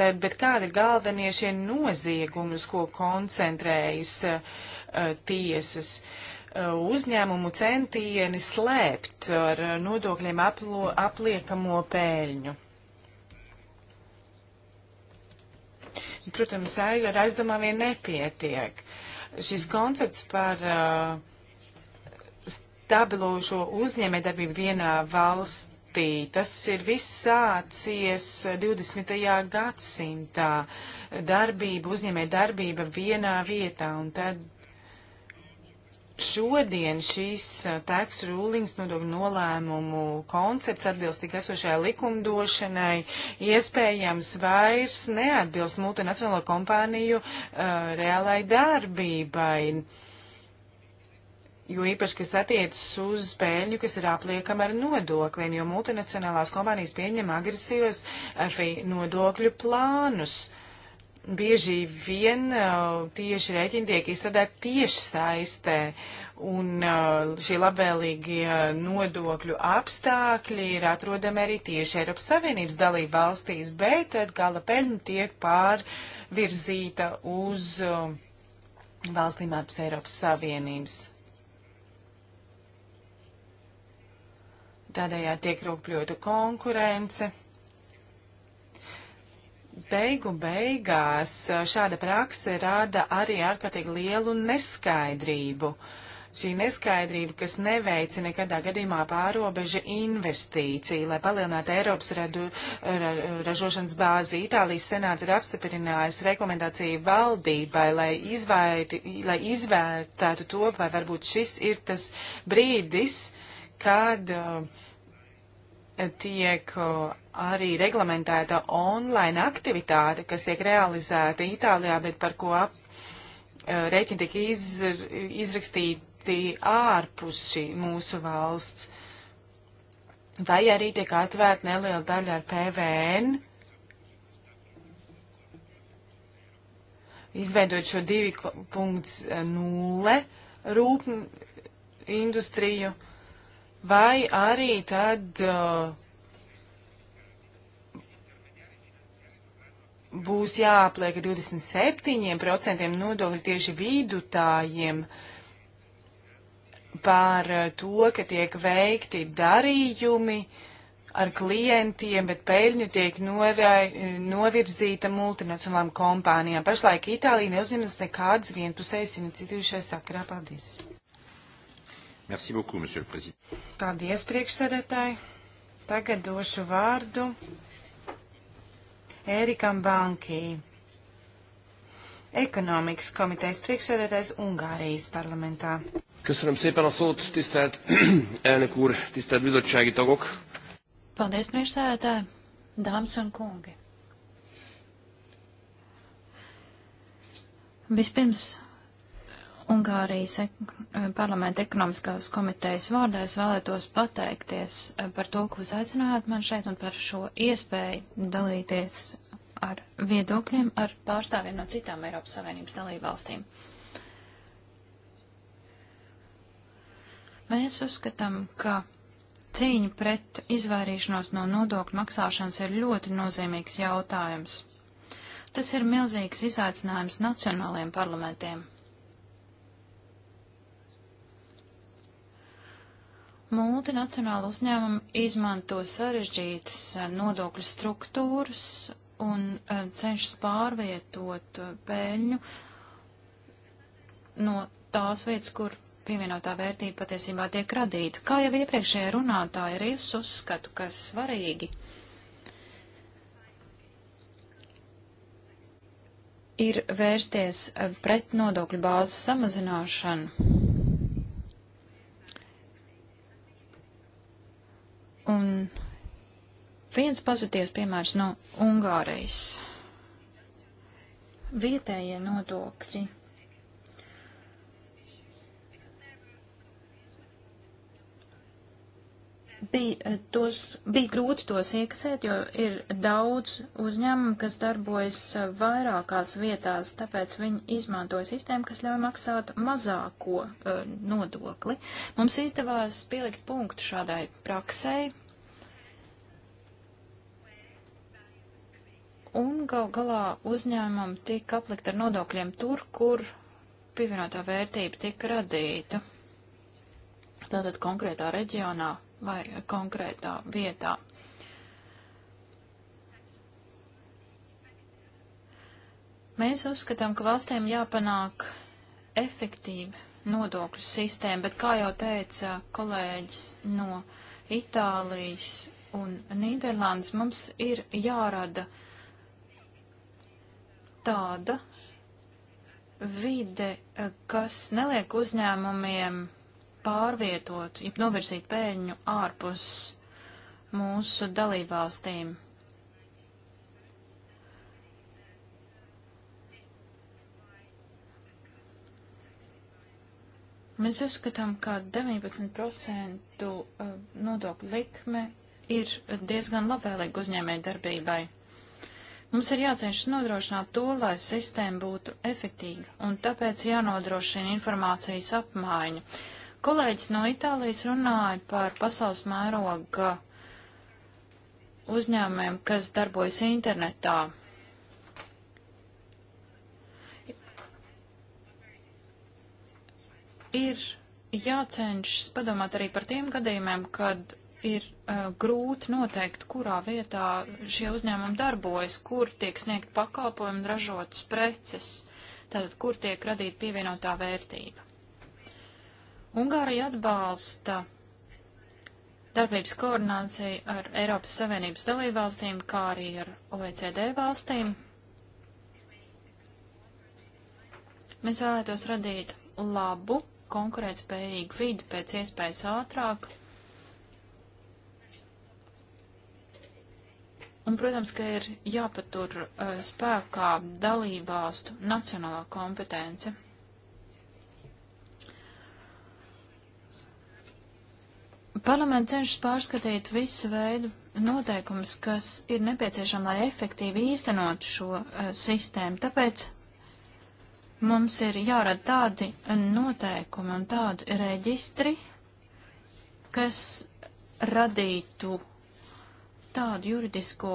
Tad, bet kādi ir galvenie šie noziegumi, uz ko koncentrējas uh, tiesas? Uh, uzņēmumu centieni slēpt ar nodokļiem aplo, apliekamo pēļņu. Protams, ar aizdomā vien nepietiek. Šis koncepts par uh, stabilošo uzņēmējdarbību vienā valstī, tas ir viss sācies 20. gadsimtā. Darbība, uzņēmējdarbība vienā vietā, un tad Šodien šīs tax rulings nodokļu nolēmumu koncepts atbilst tik esošajai likumdošanai, iespējams vairs neatbilst multinacionālo kompāniju uh, reālai darbībai. Jo īpaši, kas attiecas uz spēļņu, kas ir apliekama ar nodokļiem, jo multinacionālās kompānijas pieņem agresīvas nodokļu plānus. Uh, bieži vien uh, tieši rēķini tiek izstrādāti tieši saistē. Un uh, šie labvēlīgie uh, nodokļu apstākļi ir atrodami arī tieši Eiropas Savienības dalība valstīs, bet tad gala peļņa tiek pārvirzīta uz valstīm ārpus Eiropas Savienības. Tādējādi tiek rūpļota konkurence beigu beigās šāda prakse rada arī ārkārtīgi lielu neskaidrību. Šī neskaidrība, kas neveicina nekādā gadījumā pārobeža investīciju, lai palielinātu Eiropas radu, ra, ražošanas bāzi, Itālijas senāts ir apstiprinājis rekomendāciju valdībai, lai, izvairi, lai izvērtētu to, vai varbūt šis ir tas brīdis, kad uh, tiek arī reglamentēta online aktivitāte, kas tiek realizēta Itālijā, bet par ko ap, e, rēķini tiek izr, izrakstīti ārpus šī mūsu valsts. Vai arī tiek atvērta neliela daļa ar PVN, izveidot šo 2.0 e, rūpnu industriju. Uh, vai arī tad uh, būs jāapliek 27% nodokļu tieši vidutājiem par uh, to, ka tiek veikti darījumi ar klientiem, bet peļņu tiek norai, novirzīta multinacionālām kompānijām. Pašlaik Itālija neuzņemas nekādas vienpusējas iniciatīvas šajā sakarā. Paldies! Merci beaucoup, monsieur le président. Paldies, priekšsēdētāji. Tagad došu vārdu Ērikam Bankī, ekonomikas komitejas priekšsēdētājs Ungārijas parlamentā. Köszönöm szépen a szót, tisztelt elnök úr, tisztelt bizottsági tagok. Paldies, priekšsēdētāji, dāmas un kungi. Vispirms Ungārijas eh, parlamenta ekonomiskās komitejas vārdā es vēlētos pateikties eh, par to, ka jūs aicinājāt man šeit un par šo iespēju dalīties ar viedokļiem ar pārstāvjiem no citām Eiropas Savienības dalībvalstīm. Mēs uzskatām, ka cīņa pret izvairīšanos no nodokļu maksāšanas ir ļoti nozīmīgs jautājums. Tas ir milzīgs izaicinājums nacionālajiem parlamentiem. Multinacionāla uzņēmuma izmanto sarežģītas eh, nodokļu struktūras un eh, cenšas pārvietot eh, peļņu no tās vietas, kur pievienotā vērtība patiesībā tiek radīta. Kā jau iepriekšējā runātāja arī es uzskatu, ka svarīgi ir vērsties pret nodokļu bāzes samazināšanu Un viens pozitīvs piemērs no Ungārijas. Vietējie nodokļi bija, eh, tos, bija grūti tos iekasēt, jo ir daudz uzņēmumu, kas darbojas eh, vairākās vietās, tāpēc viņi izmantoja sistēmu, kas ļauj maksāt mazāko uh, nodokli. Mums izdevās pielikt punktu šādai praksei. Un gal galā uzņēmumam tika aplikt ar nodokļiem tur, kur pievienotā vērtība tika radīta. Tātad konkrētā reģionā vai konkrētā vietā. Mēs uzskatām, ka valstiem jāpanāk efektīva nodokļu sistēma, bet, kā jau teica kolēģis no Itālijas un Nīderlandes, mums ir jārada tāda vide, kas neliek uzņēmumiem pārvietot, ja novirzīt pēļņu ārpus mūsu dalībvalstīm. Mēs uzskatām, ka 19% uh, nodokļu likme ir diezgan labvēlīga uzņēmēja darbībai. Mums ir jācenšas nodrošināt to, lai sistēma būtu efektīga, un tāpēc jānodrošina informācijas apmaiņa. Kolēģis no Itālijas runāja par pasaules mēroga uzņēmumiem, kas darbojas internetā. Ir jācenšas padomāt arī par tiem gadījumiem, kad ir uh, grūti noteikt, kurā vietā šie uzņēmumi darbojas, kur tiek sniegt pakalpojumi, ražotas preces, tātad kur tiek radīta pievienotā vērtība. Ungārija atbalsta darbības koordināciju ar Eiropas Savienības dalībvalstīm, kā arī ar OECD valstīm. Mēs vēlētos radīt labu, konkurētspējīgu vidi pēc iespējas ātrāk. Un, protams, ka ir jāpatur uh, spēkā dalībvalstu nacionālā kompetence. Parlaments cenšas pārskatīt visu veidu noteikumus, kas ir nepieciešami, lai efektīvi īstenotu šo uh, sistēmu. Tāpēc mums ir jārada tādi eh, noteikumi un tādi reģistri, kas radītu tādu juridisko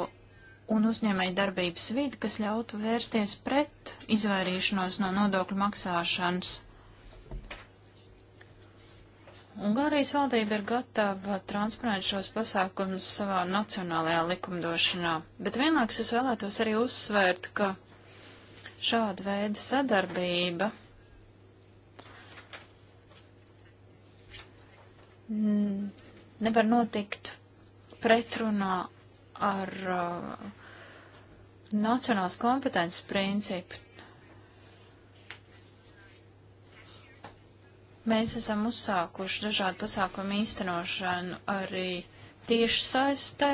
un uzņēmēju darbības vidi, kas ļautu vērsties pret izvairīšanos no nodokļu maksāšanas. Ungārijas valdība ir gatava transponēt šos pasākumus savā nacionālajā likumdošanā, bet vienlaikus es vēlētos arī uzsvērt, ka šāda veida sadarbība nevar notikt pretrunā ar uh, nacionālas kompetences principu. Mēs esam uzsākuši dažādu pasākumu īstenošanu arī tieši saistē,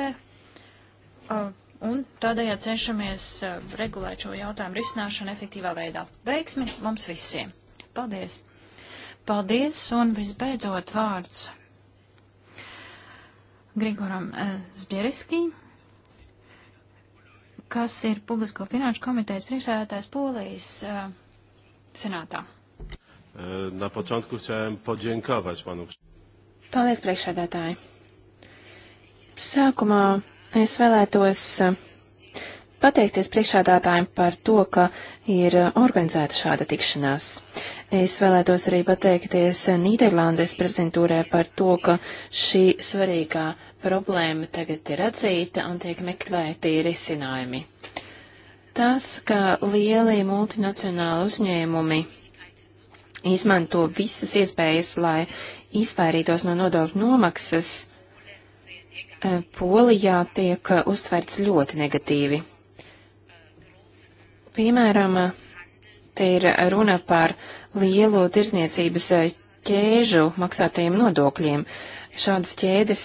uh, un tādējādi cenšamies uh, regulēt šo jautājumu risināšanu efektīvā veidā. Veiksmi mums visiem! Paldies! Paldies, un visbeidzot vārds Grigoram uh, Zbieriskijam kas ir Publisko finanšu komitejas priekšsēdētājs Polijas uh, senātā. E, na początku chciałem podziękować panu. Paldies, priekšsēdētāji. Sākumā es vēlētos e, pateikties priekšādātājiem par to, ka ir organizēta šāda tikšanās. Es vēlētos arī pateikties Nīderlandes prezidentūrē par to, ka šī svarīgā problēma tagad ir atzīta un tiek meklēti risinājumi. Tas, ka lieli multinacionāli uzņēmumi izmanto visas iespējas, lai izvairītos no nodokļu nomaksas, eh, Polijā tiek eh, uztverts ļoti negatīvi. Piemēram, te ir runa par lielu tirzniecības eh, ķēžu maksātajiem nodokļiem. Šādas ķēdes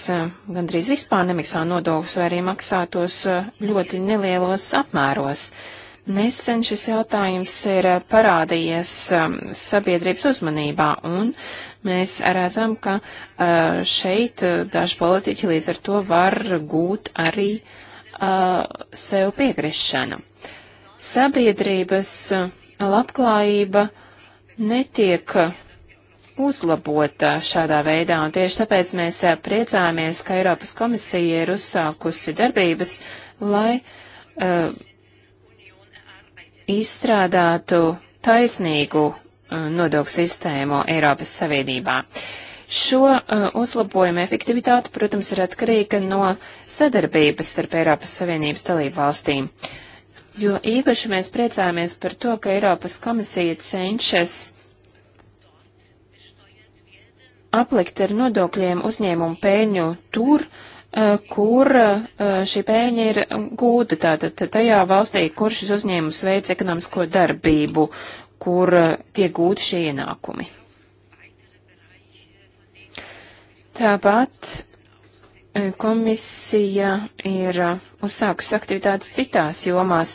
gandrīz vispār nemaksā nodokļus vai arī maksā tos ļoti nelielos apmēros. Uh, Nesen šis jautājums ir eh, parādījies um, sabiedrības uzmanībā, un mēs redzam, ka eh, šeit eh, daži politiķi līdz ar to var gūt arī sev piekrišanu. Sabiedrības labklājība netiek uzlabota šādā veidā, un tieši tāpēc mēs priecājamies, ka Eiropas komisija ir uzsākusi darbības, lai uh, izstrādātu taisnīgu uh, nodokļu sistēmu Eiropas Savienībā. Šo uh, uzlabojumu efektivitāte, protams, ir atkarīga no sadarbības starp Eiropas Savienības dalību valstīm. Jo īpaši mēs priecājamies par to, ka Eiropas komisija cenšas aplikt ar nodokļiem uzņēmumu pēļņu tur, uh, Eh, kur eh, šī pēļņa ir gūta, tātad tajā valstī, kur šis uzņēmums veic ekonomisko darbību, kur eh, tiek gūti šie ienākumi. Tāpat komisija ir uzsākusi aktivitātes citās jomās,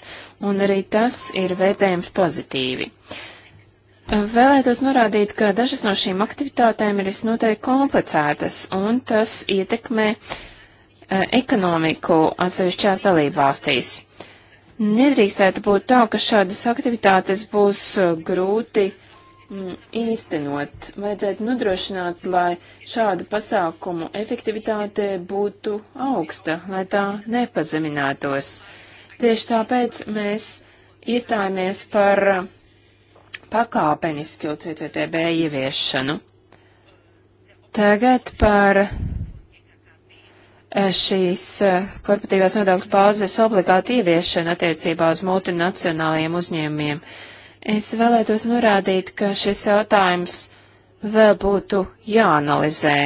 un arī tas ir vērtējums pozitīvi. Vēlētos norādīt, ka dažas no šīm aktivitātēm ir visnotaļ komplicētas, un tas ietekmē uh, Eh, ekonomiku atsevišķās dalībvalstīs. Nedrīkstētu būt tā, ka šādas aktivitātes būs eh, grūti mm, īstenot. Vajadzētu nodrošināt, lai šādu pasākumu efektivitāte būtu augsta, lai tā nepazeminātos. Tieši tāpēc mēs iestājāmies par eh, pakāpenisku CCTB ieviešanu. Tagad par Eh, šīs eh, korporatīvās nodokļu pauzes obligāti ieviešana attiecībā uz multinacionālajiem uzņēmumiem. Es vēlētos norādīt, ka šis jautājums vēl būtu jāanalizē.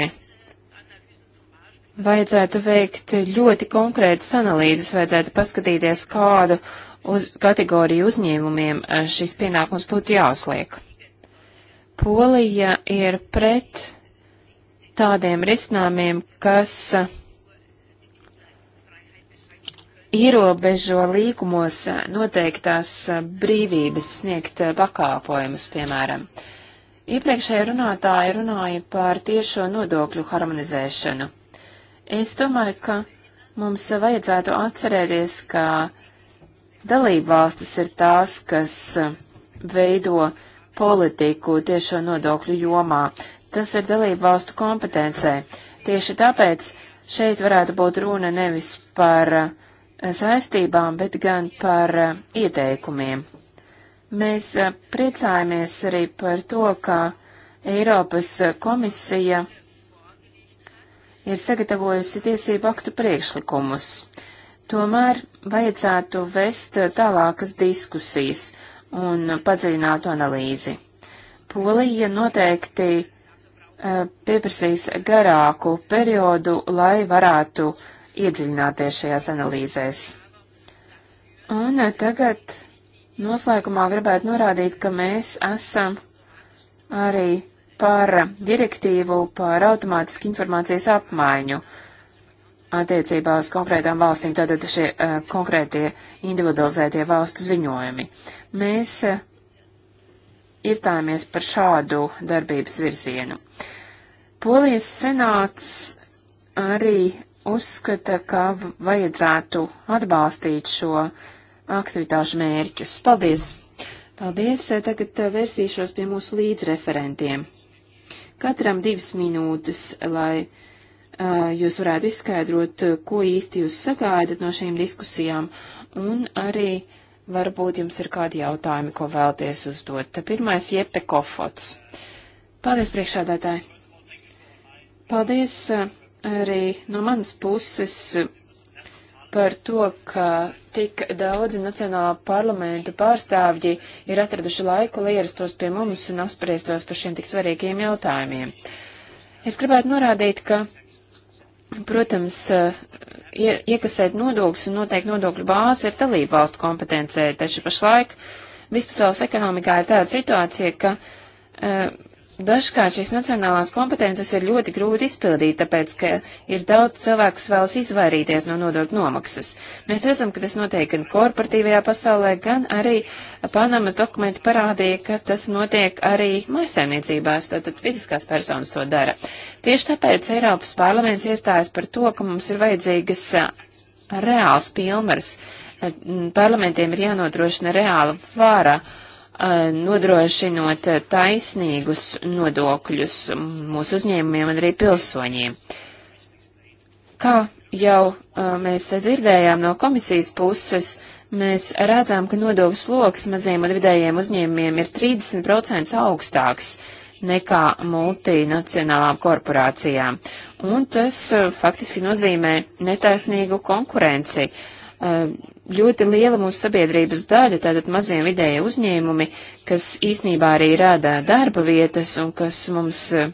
Vajadzētu veikt ļoti konkrētas analīzes, vajadzētu paskatīties, kādu uz kategoriju uzņēmumiem eh, šis pienākums būtu jāuzliek. Polija ir pret tādiem risinājumiem, kas uh, ierobežo līkumos eh, noteiktās eh, brīvības sniegt eh, pakāpojumus, piemēram. Iepriekšējā runātāja runāja par tiešo nodokļu harmonizēšanu. Es domāju, ka mums vajadzētu atcerēties, ka dalībvalstis ir tās, kas veido politiku tiešo nodokļu jomā. Tas ir dalībvalstu kompetencē. Tieši tāpēc šeit varētu būt runa nevis par uh, saistībām, bet gan par eh, ieteikumiem. Mēs eh, priecājamies arī par to, ka Eiropas komisija ir sagatavojusi tiesību aktu priekšlikumus. Tomēr vajadzētu vest eh, tālākas diskusijas un padziļinātu analīzi. Polija noteikti uh, pieprasīs garāku periodu, lai varētu uh, iedziļināties šajās analīzēs. Un eh, tagad noslēgumā gribētu norādīt, ka mēs esam arī par direktīvu par automātisku informācijas apmaiņu attiecībā uz konkrētām valstīm, tātad šie uh, konkrētie individualizētie valstu ziņojumi. Mēs uh, iestājāmies par šādu darbības virzienu. Polijas senāts arī uzskata, ka vajadzētu atbalstīt šo aktivitāšu mērķus. Paldies! Paldies! Tagad eh, vērsīšos pie mūsu līdzreferentiem. Katram divas minūtes, lai uh, jūs varētu izskaidrot, ko īsti jūs sagaidat no šīm diskusijām, un arī varbūt jums ir kādi jautājumi, ko vēlties uzdot. Pirmais - Jepe Kofots. Paldies, priekšādātāji! Paldies! Uh, arī no manas puses par to, ka tik daudzi Nacionālā parlamenta pārstāvji ir atraduši laiku, lai ierastos pie mums un apspriestos par šiem tik svarīgiem jautājumiem. Es gribētu norādīt, ka, protams, ie, iekasēt nodokļus un noteikti nodokļu bāzi ir dalību valstu kompetencē, taču pašlaik vispasaules ekonomikā ir tāda situācija, ka uh, Dažkārt šīs nacionālās kompetences ir ļoti grūti izpildīt, tāpēc, ka ir daudz cilvēku, kas vēlas izvairīties no nodokļu nomaksas. Mēs redzam, ka tas notiek gan korporatīvajā pasaulē, gan arī Panamas dokumenti parādīja, ka tas notiek arī maisaimniecībās, tātad fiziskās personas to dara. Tieši tāpēc Eiropas parlaments iestājas par to, ka mums ir vajadzīgas reāls pilnvars. Parlamentiem ir jānodrošina reāla vāra Eh, nodrošinot taisnīgus nodokļus mūsu uzņēmumiem un arī pilsoņiem. Kā jau eh, mēs dzirdējām no komisijas puses, mēs redzam, ka nodokļu sloks maziem un vidējiem uzņēmumiem ir 30% augstāks nekā multinacionālām korporācijām. Un tas eh, faktiski nozīmē netaisnīgu konkurenci. Uh, Eh, ļoti liela mūsu sabiedrības daļa, tātad mazie vidēji uzņēmumi, kas īsnībā arī rada darba vietas un kas mums eh,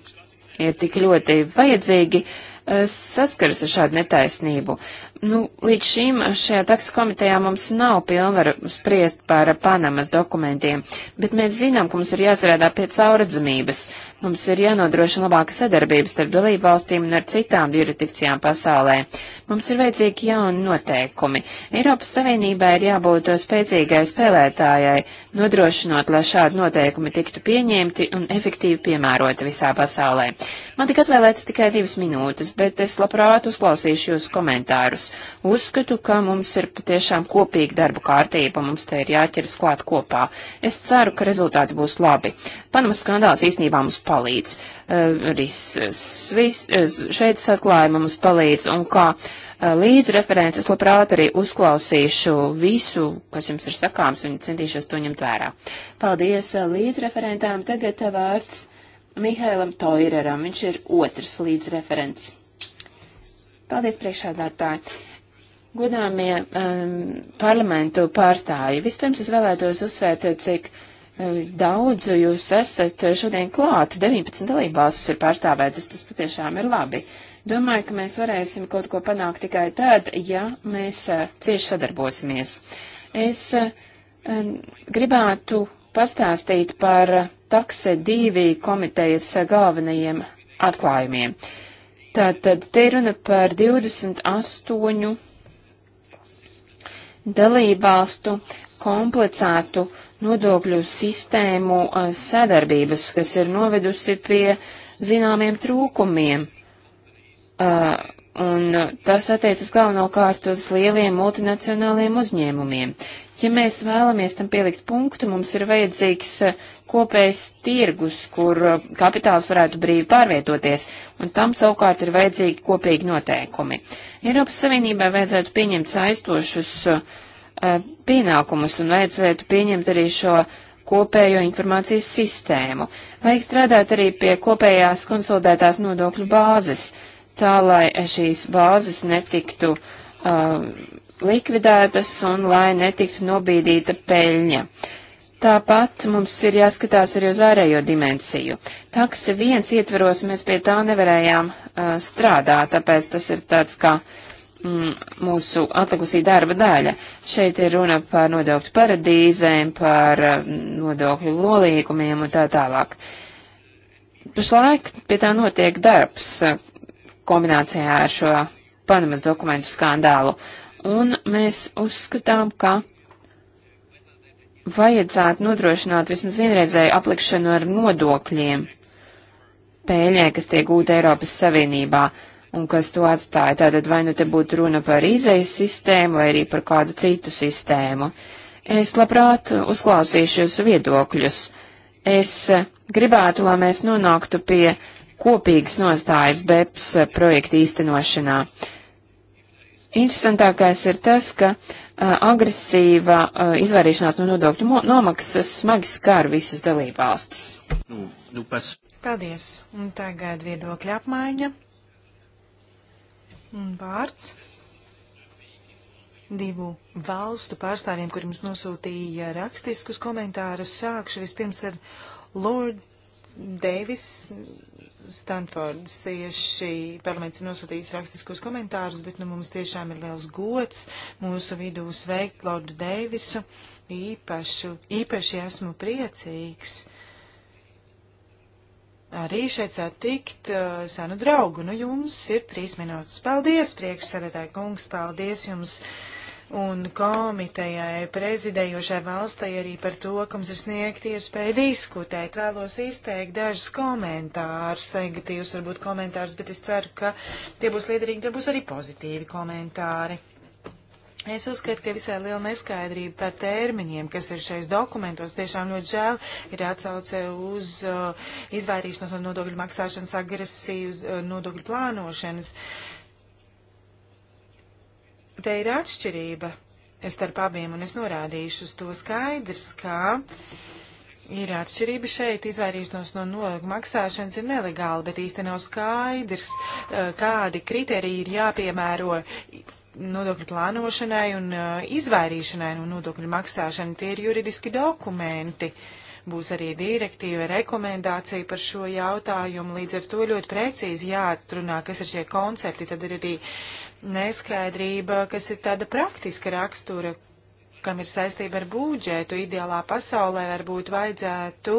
ir tik ļoti vajadzīgi, eh, saskaras ar šādu netaisnību. Nu, līdz šim šajā taksa komitejā mums nav pilnvaru spriest par Panamas dokumentiem, bet mēs zinām, ka mums ir jāstrādā pie cauradzamības. Mums ir jānodrošina labāka sadarbības starp dalību valstīm un ar citām jurisdikcijām pasaulē. Mums ir vajadzīgi jauni noteikumi. Eiropas Savienībai ir jābūt spēcīgai spēlētājai, nodrošinot, lai šādi noteikumi tiktu pieņemti un efektīvi piemēroti visā pasaulē. Man tik atvēlētas tikai divas minūtes, bet es labprāt uzklausīšu jūsu komentārus. Es uzskatu, ka mums ir patiešām kopīga darba kārtība, mums te ir jāķeras klāt kopā. Es ceru, ka rezultāti būs labi. Panamas skandāls īstenībā mums palīdz. Eh, arī eh, Šveicis atklājuma mums palīdz. Un kā eh, līdz referents, es labprāt arī uzklausīšu visu, kas jums ir sakāms, un centīšos to ņemt vērā. Paldies līdz referentām. Tagad vārds Mihailam Toireram. Viņš ir otrs līdz referents. Paldies, priekšādātāji! Godāmie um, parlamentu pārstāji, vispirms es vēlētos uzsvērt, cik um, daudz jūs esat šodien klāt. 19 dalībvalstis ir pārstāvētas, tas patiešām ir labi. Domāju, ka mēs varēsim kaut ko panākt tikai tad, ja mēs uh, cieši sadarbosimies. Es uh, um, gribētu pastāstīt par takse divi komitejas uh, galvenajiem atklājumiem. Uh, Tātad te runa par 28 dalībvalstu komplicētu nodokļu sistēmu sadarbības, kas ir novedusi pie zināmiem trūkumiem. Uh, Un uh, tas attiecas galvenokārt uz lieliem multinacionāliem uzņēmumiem. Ja mēs vēlamies tam pielikt punktu, mums ir vajadzīgs uh, kopējs tirgus, kur uh, kapitāls varētu brīvi pārvietoties, un tam savukārt ir vajadzīgi kopīgi noteikumi. Eiropas Savienībai vajadzētu pieņemt saistošus uh, pienākumus un vajadzētu pieņemt arī šo kopējo informācijas sistēmu. Vajag strādāt arī pie kopējās konsolidētās nodokļu bāzes tā lai šīs bāzes netiktu uh, likvidētas un lai netiktu nobīdīta peļņa. Tāpat mums ir jāskatās arī uz ārējo dimensiju. Taksi viens ietveros mēs pie tā nevarējām uh, strādāt, tāpēc tas ir tāds kā mm, mūsu atlikusī darba daļa. Šeit ir runa par nodokļu paradīzēm, par uh, nodokļu nolīgumiem un tā tālāk. Pašlaik pie tā notiek darbs, uh, kombinācijā ar šo Panamas dokumentu skandālu. Un mēs uzskatām, ka vajadzētu nodrošināt vismaz vienreizēju aplikšanu ar nodokļiem pēļņai, kas tiek gūta Eiropas Savienībā un kas to atstāja. Tātad vai nu te būtu runa par izejas sistēmu vai arī par kādu citu sistēmu. Es labprāt uzklausīšu jūsu viedokļus. Es gribētu, lai mēs nonāktu pie uh, kopīgas nostājas BEPS projekta īstenošanā. Interesantākais ir tas, ka uh, agresīva uh, izvairīšanās no nodokļu nomaksas smagi skar visas dalībvalstis. Nu, nu pas... Paldies. Un tagad viedokļa apmaiņa. Un vārds divu valstu pārstāvjiem, kuri mums nosūtīja rakstiskus komentārus. Sākšu vispirms ar Lord Deivis Stanfords tieši parlaments nosūtījis rakstiskus komentārus, bet nu, mums tiešām ir liels gods mūsu vidū sveikt Lordu Deivisu. Īpašu, īpaši esmu priecīgs arī šeit satikt uh, senu draugu. Nu, jums ir trīs minūtes. Paldies, priekšsēdētāji kungs, paldies jums. Uh, un komitejai prezidējošai valstī arī par to, ka mums ir sniegt iespēja diskutēt. Vēlos izteikt dažus komentārus, negatīvus varbūt komentārus, bet es ceru, ka tie būs liederīgi, tie būs arī pozitīvi komentāri. Es uzskatu, ka visai liela neskaidrība par termiņiem, kas ir šais dokumentos, tiešām ļoti žēl, ir atsauce uz uh, izvairīšanos no nodokļu maksāšanas agresīvas uh, nodokļu plānošanas. Uh, te ir atšķirība starp abiem, un es norādīšu uz to skaidrs, ka ir atšķirība šeit, izvairīšanos no nolūku maksāšanas ir nelegāli, bet īsti nav skaidrs, eh, kādi kriteriji ir jāpiemēro nodokļu plānošanai un eh, izvairīšanai no nodokļu maksāšana. Tie ir juridiski dokumenti. Būs arī direktīva, rekomendācija par šo jautājumu. Līdz ar to ļoti precīzi jāatrunā, kas ir šie koncepti. Tad ir arī uh, neskaidrība, kas ir tāda praktiska rakstura, kam ir saistība ar būdžetu. Ideālā pasaulē varbūt vajadzētu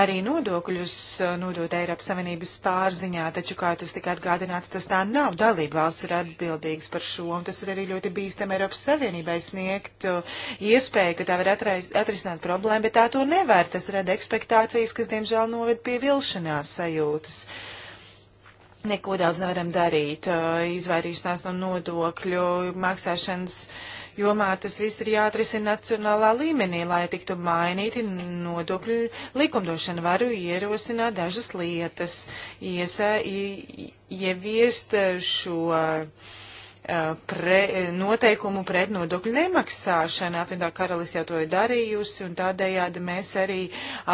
arī nodokļus uh, nodot Eiropas Savienības pārziņā, taču, kā tas tika atgādināts, tas tā nav. Dalība valsts ir atbildīgas par šo, un tas ir arī ļoti bīstam Eiropas Savienībai sniegt uh, iespēju, ka tā var atrisināt problēmu, bet tā to nevar. Tas rada ekspektācijas, kas, diemžēl, noved pie vilšanās sajūtas. Uh, Neko daudz nevaram darīt, izvairīšanās no nodokļu maksāšanas jomā tas viss ir jāatrisina nacionālā līmenī, lai tiktu mainīti nodokļu likumdošana. Varu ierosināt dažas lietas, iesa, ieviest šo. Uh, pre, noteikumu pret nodokļu nemaksāšanu. Apvienotā karalis jau to ir darījusi, un tādējādi mēs arī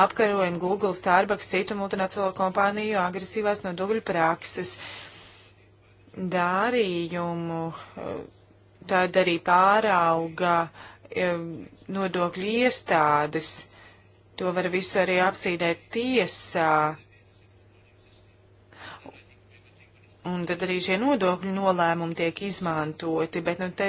apkarojam Google, Starbucks, citu multinacionālo kompāniju agresīvās nodokļu prakses darījumu. Tad arī pārauga nodokļu iestādes. To var visu arī apsīdēt tiesā Un tad arī šie nodokļu nolēmumi tiek izmantoti, bet nu, te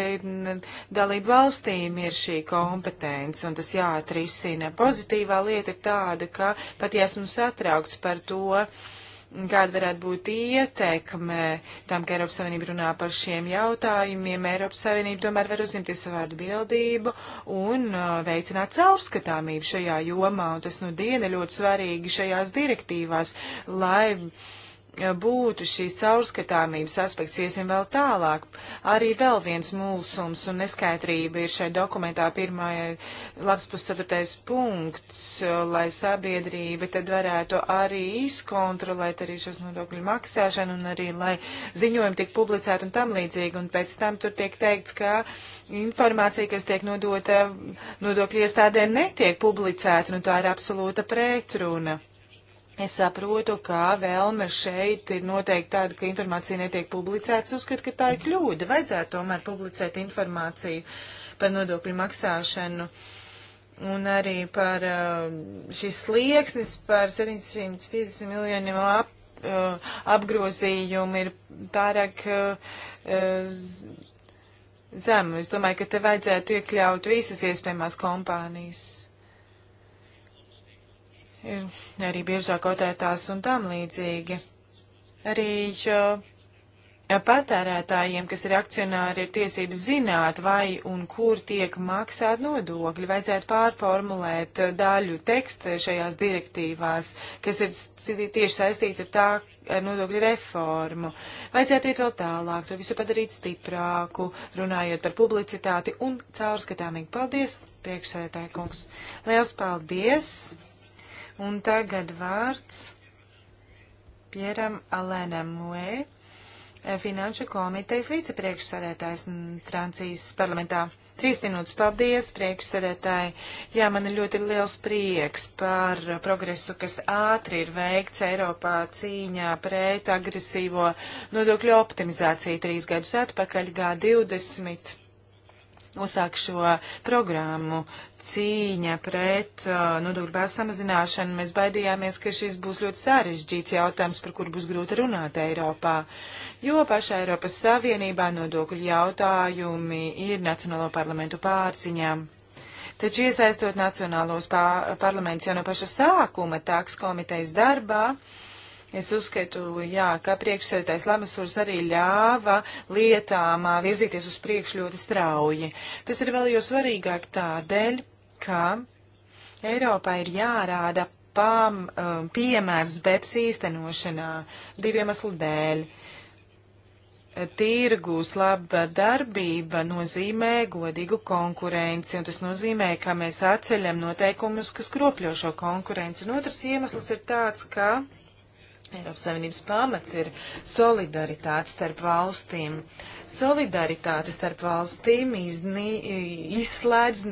dalību valstīm ir šī kompetence, un tas jāatrisina. Pozitīvā lieta ir tāda, ka pat ja esmu satraukts par to, kāda varētu būt ietekme tam, ka Eiropas Savienība runā par šiem jautājumiem, Eiropas Savienība tomēr var uzņemties savu atbildību un uh, veicināt caurskatāmību šajā jomā, un tas nu diena ļoti svarīgi šajās direktīvās, lai būtu šīs caurskatāmības aspekts, iesim vēl tālāk. Arī vēl viens mulsums un neskaidrība ir šai dokumentā pirmā labspus ceturtais punkts, lai sabiedrība tad varētu arī izkontrolēt arī šos nodokļu maksāšanu un arī, lai ziņojumi tiek publicēti un tam līdzīgi. Un pēc tam tur tiek teikts, ka informācija, kas tiek nodota nodokļu iestādēm, netiek publicēta. Nu, tā ir absolūta pretruna Es saprotu, ka vēlme šeit ir noteikti tāda, ka informācija netiek publicēta. Uzskatu, ka tā ir kļūda. Vajadzētu tomēr publicēt informāciju par nodokļu maksāšanu un arī par uh, šis slieksnis par 750 miljoniem ap, uh, apgrozījumu ir pārāk uh, zemu. Es domāju, ka te vajadzētu iekļaut visas iespējamās kompānijas ir arī biežāk otētās un tam līdzīgi. Arī patērētājiem, kas ir akcionāri, ir tiesības zināt, vai un kur tiek maksāt nodokļi. Vajadzētu pārformulēt daļu teksta šajās direktīvās, kas ir tieši saistīts ar tā, ar nodokļu reformu. Vajadzētu iet vēl tālāk, to visu padarīt stiprāku, runājot par publicitāti un caurskatāmību. Paldies, priekšsēdētāji kungs! Liels paldies! Un tagad vārds Pieram Alēnam Muē, eh, Finanšu komitejas vicepriekšsēdētājs Francijas parlamentā. Trīs minūtes paldies, priekšsēdētāji. Jā, man ir ļoti liels prieks par progresu, kas ātri ir veikts Eiropā cīņā pret agresīvo nodokļu optimizāciju trīs gadus atpakaļ G20 uzsāk šo programmu cīņa pret uh, nodokļu bāzes samazināšanu. Mēs baidījāmies, ka šis būs ļoti sarežģīts jautājums, par kuru būs grūti runāt Eiropā, jo pašā Eiropas Savienībā nodokļu jautājumi ir Nacionālo parlamentu pārziņām. Taču iesaistot Nacionālos pā, parlaments jau no paša sākuma tāks komitejas darbā, uh, Es uzskaitu, jā, ka priekšsēdētājs Lamasurs arī ļāva lietām virzīties uz priekšu ļoti strauji. Tas ir vēl jo svarīgāk tādēļ, ka Eiropā ir jārāda pam, piemērs BEPS īstenošanā diviem aslu dēļ tirgus laba darbība nozīmē godīgu konkurenci, un tas nozīmē, ka mēs atceļam noteikumus, kas kropļo šo konkurenci. Un otrs iemesls ir tāds, ka Eiropas Savienības pamats ir solidaritāte starp valstīm. Solidaritāte starp valstīm iznī, izslēdz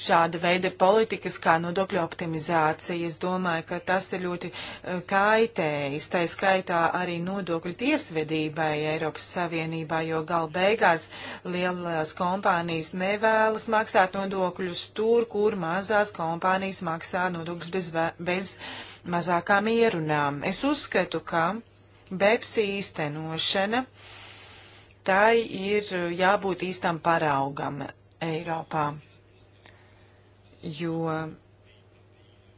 šāda veida politikas kā nodokļu optimizācija. Es domāju, ka tas ir ļoti eh, kaitējis, tā skaitā arī nodokļu tiesvedībai Eiropas Savienībā, jo gal beigās lielās kompānijas nevēlas maksāt nodokļus tur, kur mazās kompānijas maksā nodokļus bez, bez mazākām ierunām. Es uzskatu, ka BEPS īstenošana tai ir eh, jābūt īstam paraugam Eiropā jo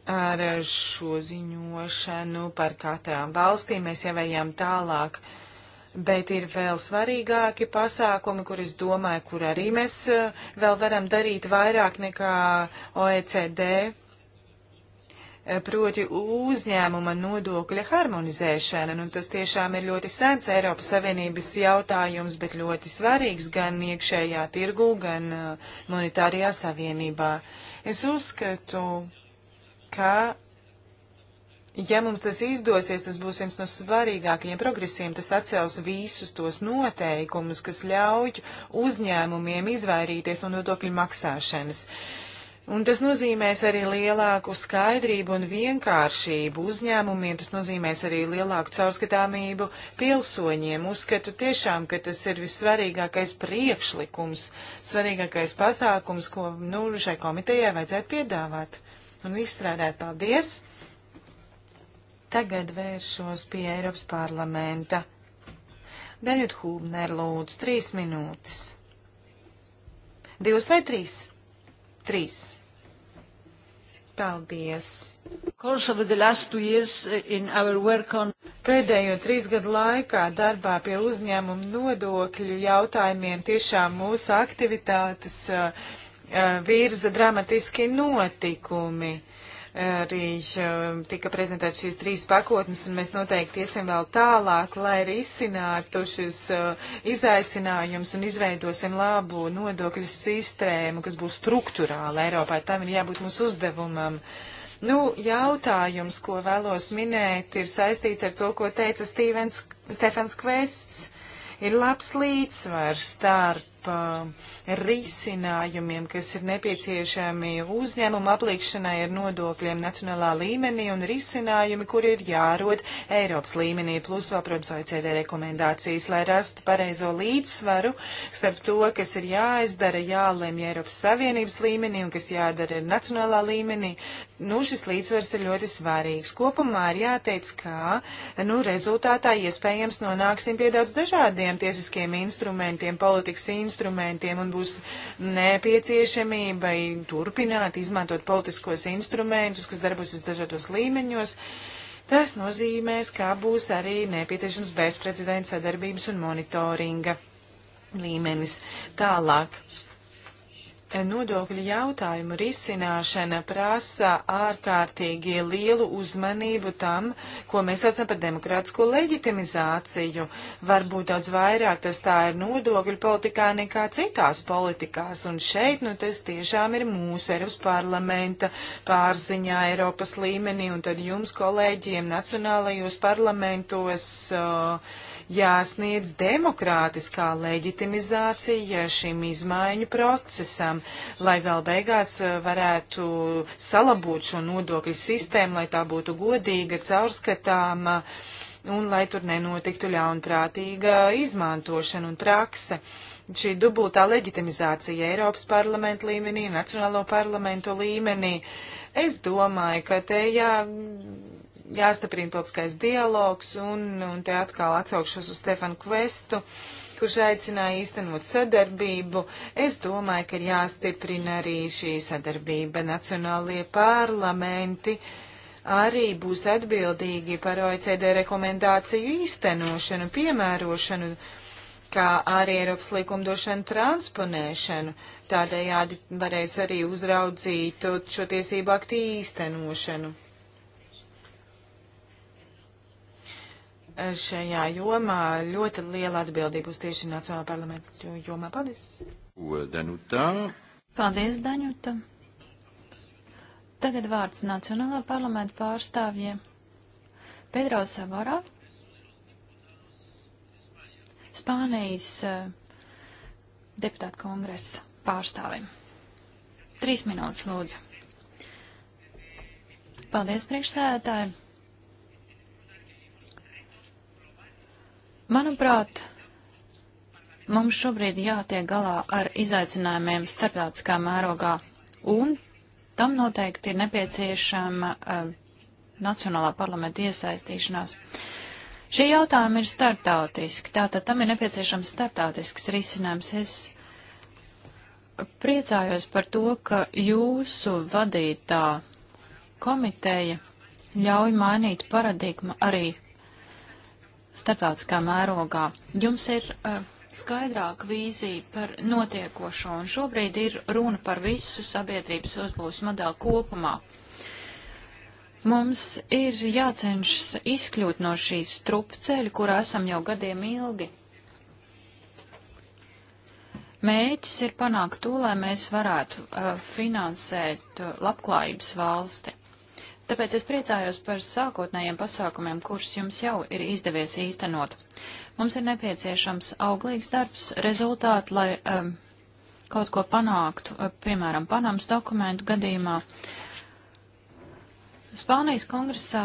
ar šo ziņošanu par katrām valstīm mēs jau ejam tālāk, bet ir vēl svarīgāki pasākumi, kur es domāju, kur arī mēs eh, vēl varam darīt vairāk nekā OECD, proti uzņēmuma nodokļa harmonizēšana. Nu, tas tiešām ir ļoti sens Eiropas Savienības jautājums, bet ļoti svarīgs gan iekšējā tirgu, gan eh, monetārijā savienībā. Uh, Es uzskatu, ka, ja mums tas izdosies, tas būs viens no svarīgākajiem progresiem. Tas atcels visus tos noteikumus, kas ļauj uzņēmumiem izvairīties no nodokļu maksāšanas. Uh, Un tas nozīmēs arī lielāku skaidrību un vienkāršību uzņēmumiem, tas nozīmēs arī lielāku caurskatāmību pilsoņiem. Uzskatu tiešām, ka tas ir vissvarīgākais priekšlikums, svarīgākais pasākums, ko nu, šai komitejai vajadzētu piedāvāt un izstrādāt. Paldies! Tagad vēršos pie Eiropas parlamenta. Daļut Hūbner lūdzu, trīs minūtes. Divas vai trīs? 3. Paldies! Uh, on... Pēdējo trīs gadu laikā darbā pie uzņēmumu nodokļu jautājumiem tiešām mūsu aktivitātes uh, uh virza dramatiski notikumi. Uh, arī eh, tika prezentētas šīs trīs pakotnes, un mēs noteikti iesim vēl tālāk, lai risinātu šis eh, izaicinājums un izveidosim labu nodokļu sistēmu, kas būs struktūrāla Eiropā. Tam ir jābūt mūsu uzdevumam. Nu, jautājums, ko vēlos minēt, ir saistīts ar to, ko teica Stīvens, Stefans Kvests. Ir labs līdzsvars starp uh, risinājumiem, kas ir nepieciešami uzņēmumu aplīkšanai ar nodokļiem nacionālā līmenī un risinājumi, kur ir jārod Eiropas līmenī, plus vēl, protams, OECD rekomendācijas, lai rastu pareizo līdzsvaru starp to, kas ir jāizdara, jālemj Eiropas Savienības līmenī un kas jādara ir nacionālā līmenī. Nu, šis līdzsvars ir ļoti svarīgs. Kopumā ir jāteic, ka, nu, rezultātā iespējams nonāksim pie daudz dažādiem tiesiskiem instrumentiem, politikas instrumentiem, instrumentiem un būs nepieciešamība turpināt izmantot politiskos instrumentus, kas darbosies dažādos līmeņos. Tas nozīmēs, ka būs arī nepieciešams bezprecedenta sadarbības un monitoringa līmenis. Tālāk nodokļu jautājumu risināšana prasa ārkārtīgi lielu uzmanību tam, ko mēs saucam par demokrātisko leģitimizāciju. Varbūt daudz vairāk tas tā ir nodokļu politikā nekā citās politikās. Un šeit, nu, tas tiešām ir mūsu Eiropas parlamenta pārziņā Eiropas līmenī un tad jums, kolēģiem, nacionālajos parlamentos. Uh, jāsniedz demokrātiskā leģitimizācija šim izmaiņu procesam, lai vēl beigās eh, varētu salabot šo nodokļu sistēmu, lai tā būtu godīga, caurskatāma un lai tur nenotiktu ļaunprātīga izmantošana un prakse šī dubultā leģitimizācija Eiropas parlamentu līmenī, Nacionālo parlamentu līmenī. Es domāju, ka te jā, jāstaprina politiskais dialogs, un, un te atkal atsaukšos uz Stefanu Kvestu, kurš aicināja īstenot sadarbību. Es domāju, ka ir jāstiprina arī šī sadarbība. Nacionālie parlamenti arī būs atbildīgi par OECD rekomendāciju īstenošanu, piemērošanu, kā arī Eiropas likumdošanu transponēšanu. Tādējādi varēs arī uzraudzīt šo tiesību aktu īstenošanu. šajā jomā ļoti liela atbildība uz tieši Nacionālā parlamenta jomā. Paldies! Danutā. Paldies, Daņuta! Tagad vārds Nacionālā parlamenta pārstāvjiem. Pedro Savara, Spānijas uh, deputāta kongresa pārstāvim. Trīs minūtes, lūdzu. Paldies, priekšsēdētāji. Manuprāt, mums šobrīd jātiek galā ar izaicinājumiem starptautiskā mērogā, un tam noteikti ir nepieciešama uh, Nacionālā parlamenta iesaistīšanās. Šie jautājumi ir starptautiski, tātad tam ir nepieciešams starptautisks risinājums. Es priecājos par to, ka jūsu vadītā komiteja ļauj mainīt paradigmu arī starptautiskā mērogā. Jums ir uh, skaidrāka vīzija par notiekošo, un šobrīd ir runa par visu sabiedrības uzbūves modeli kopumā. Mums ir jācenšas izkļūt no šīs trupceļa, kurā esam jau gadiem ilgi. Mēģis ir panākt to, lai mēs varētu uh, finansēt uh, labklājības valsti. Tāpēc es priecājos par sākotnējiem pasākumiem, kurus jums jau ir izdevies īstenot. Mums ir nepieciešams auglīgs darbs, rezultāti, lai um, kaut ko panāktu, uh, piemēram, Panamas dokumentu gadījumā. Spānijas kongresā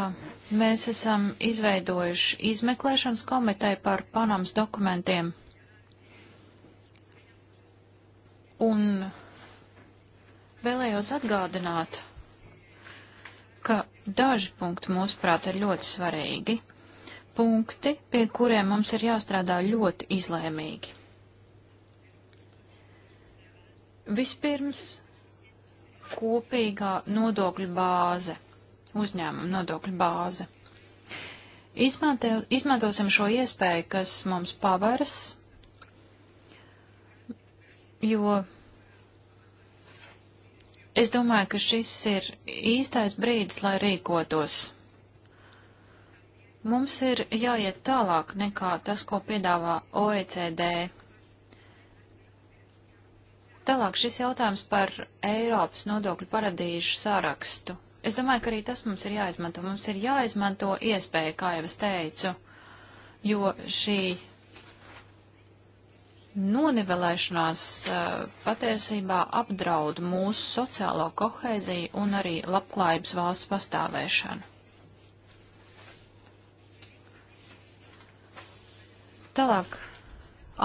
mēs esam izveidojuši izmeklēšanas komiteju par Panamas dokumentiem. Un vēlējos atgādināt ka daži punkti mūsuprāt ir ļoti svarīgi, punkti, pie kuriem mums ir jāstrādā ļoti izlēmīgi. Vispirms kopīgā nodokļu bāze, uzņēmuma nodokļu bāze. Izmanto, izmantosim šo iespēju, kas mums paveras, jo Es domāju, ka šis ir īstais brīdis, lai rīkotos. Mums ir jāiet tālāk nekā tas, ko piedāvā OECD. Tālāk šis jautājums par Eiropas nodokļu paradīžu sārakstu. Es domāju, ka arī tas mums ir jāizmanto. Mums ir jāizmanto iespēja, kā jau es teicu, jo šī nonivelēšanās eh, patiesībā apdraud mūsu sociālo kohēziju un arī labklājības valsts pastāvēšanu. Tālāk,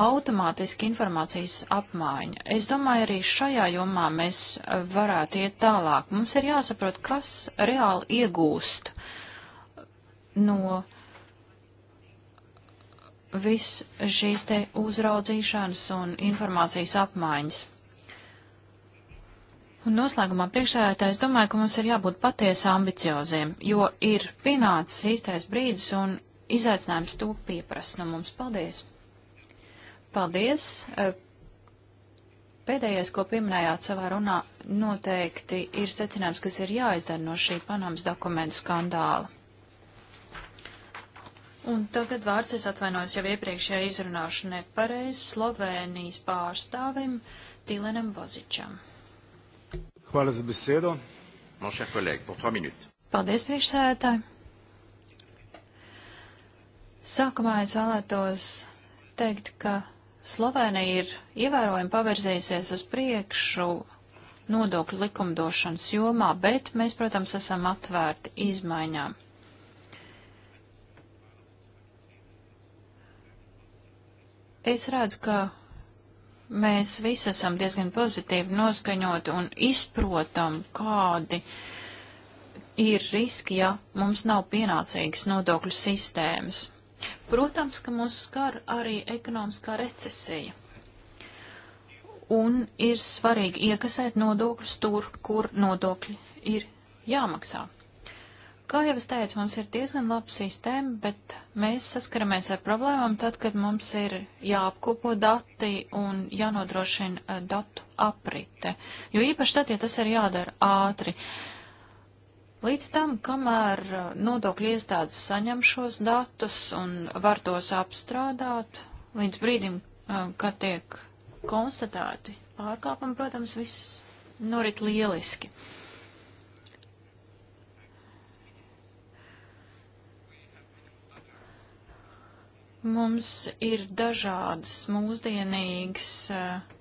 automātiski informācijas apmaiņa. Es domāju, arī šajā jomā mēs varētu iet tālāk. Mums ir jāsaprot, kas reāli iegūst no viss šīs te uzraudzīšanas un informācijas apmaiņas. Un noslēgumā priekšsēdētājs domāju, ka mums ir jābūt patiesi ambicioziem, jo ir pienācis īstais brīdis un izaicinājums to pieprasa no mums. Paldies! Paldies! Eh, pēdējais, ko pieminējāt savā runā, noteikti ir secinājums, kas ir jāizdara no šī Panamas dokumentu skandāla. Un tagad vārds es atvainojos jau iepriekšējā izrunāšu nepareizi Slovēnijas pārstāvim Tilenam Bozičam. Hvala za besedo. Mon cher collègue, pour 3 minutes. Paldies, priekšsēdētāji. Sākumā es vēlētos teikt, ka Slovēnija ir ievērojami pavirzījusies uz priekšu nodokļu likumdošanas jomā, bet mēs, protams, esam atvērti izmaiņām. Es redzu, ka mēs visi esam diezgan pozitīvi noskaņoti un izprotam, kādi ir riski, ja mums nav pienācīgas nodokļu sistēmas. Protams, ka mūs skar arī ekonomiskā recesija. Un ir svarīgi iekasēt nodokļus tur, kur nodokļi ir jāmaksā. Kā jau es teicu, mums ir diezgan laba sistēma, bet mēs saskaramies ar problēmām tad, kad mums ir jāapkopo dati un jānodrošina eh, datu aprite. Jo īpaši tad, ja tas ir jādara ātri. Līdz tam, kamēr eh, nodokļu iestādes saņem šos datus un var tos apstrādāt, līdz brīdim, eh, kad tiek konstatēti pārkāpumi, protams, viss norit lieliski. Mums ir dažādas mūsdienīgas eh,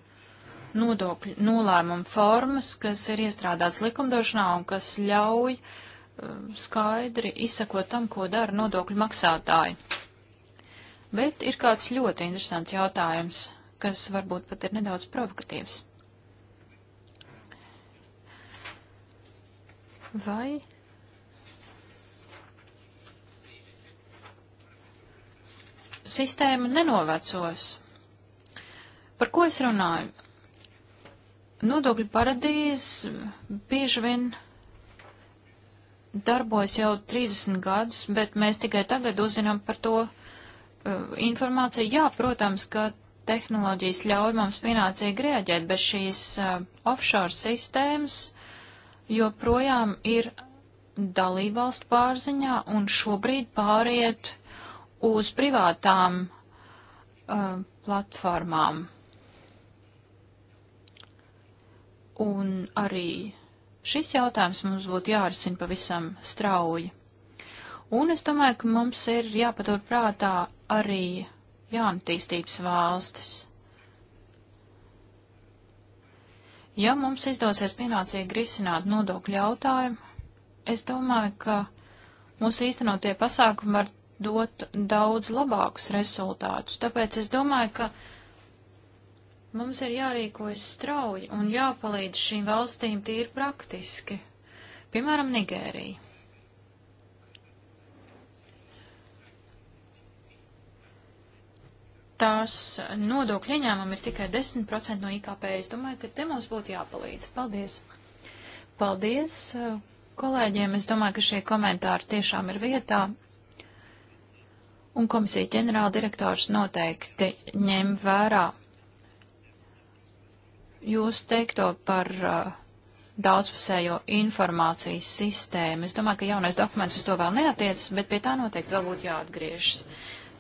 nodokļu nolēmumu formas, kas ir iestrādāts likumdošanā un kas ļauj eh, skaidri izsakot tam, ko dara nodokļu maksātāji. Bet ir kāds ļoti interesants jautājums, kas varbūt pat ir nedaudz provokatīvs. Vai sistēma nenovecos. Par ko es runāju? Nodokļu paradīze bieži vien darbojas jau 30 gadus, bet mēs tikai tagad uzzinām par to uh, informāciju. Jā, protams, ka tehnoloģijas ļauj mums pienācīgi rēģēt, bet šīs uh, offshore sistēmas joprojām ir dalībvalstu pārziņā un šobrīd pāriet uz privātām uh, platformām. Un arī šis jautājums mums būtu jārisina pavisam strauji. Un es domāju, ka mums ir jāpatur prātā arī jaunatīstības valstis. Ja mums izdosies pienācīgi risināt nodokļu jautājumu, es domāju, ka mūsu īstenotie pasākumi var dot daudz labākus rezultātus. Tāpēc es domāju, ka mums ir jārīkojas strauji un jāpalīdz šīm valstīm tīri praktiski. Piemēram, Nigērija. Tās nodokļu ieņēmumi ir tikai 10% no IKP. Es domāju, ka te mums būtu jāpalīdz. Paldies! Paldies kolēģiem! Es domāju, ka šie komentāri tiešām ir vietā un komisijas ģenerāla direktors noteikti ņem vērā jūs teikto par uh, daudzpusējo informācijas sistēmu. Es domāju, ka jaunais dokuments uz to vēl neatiecas, bet pie tā noteikti vēl būtu jāatgriežas.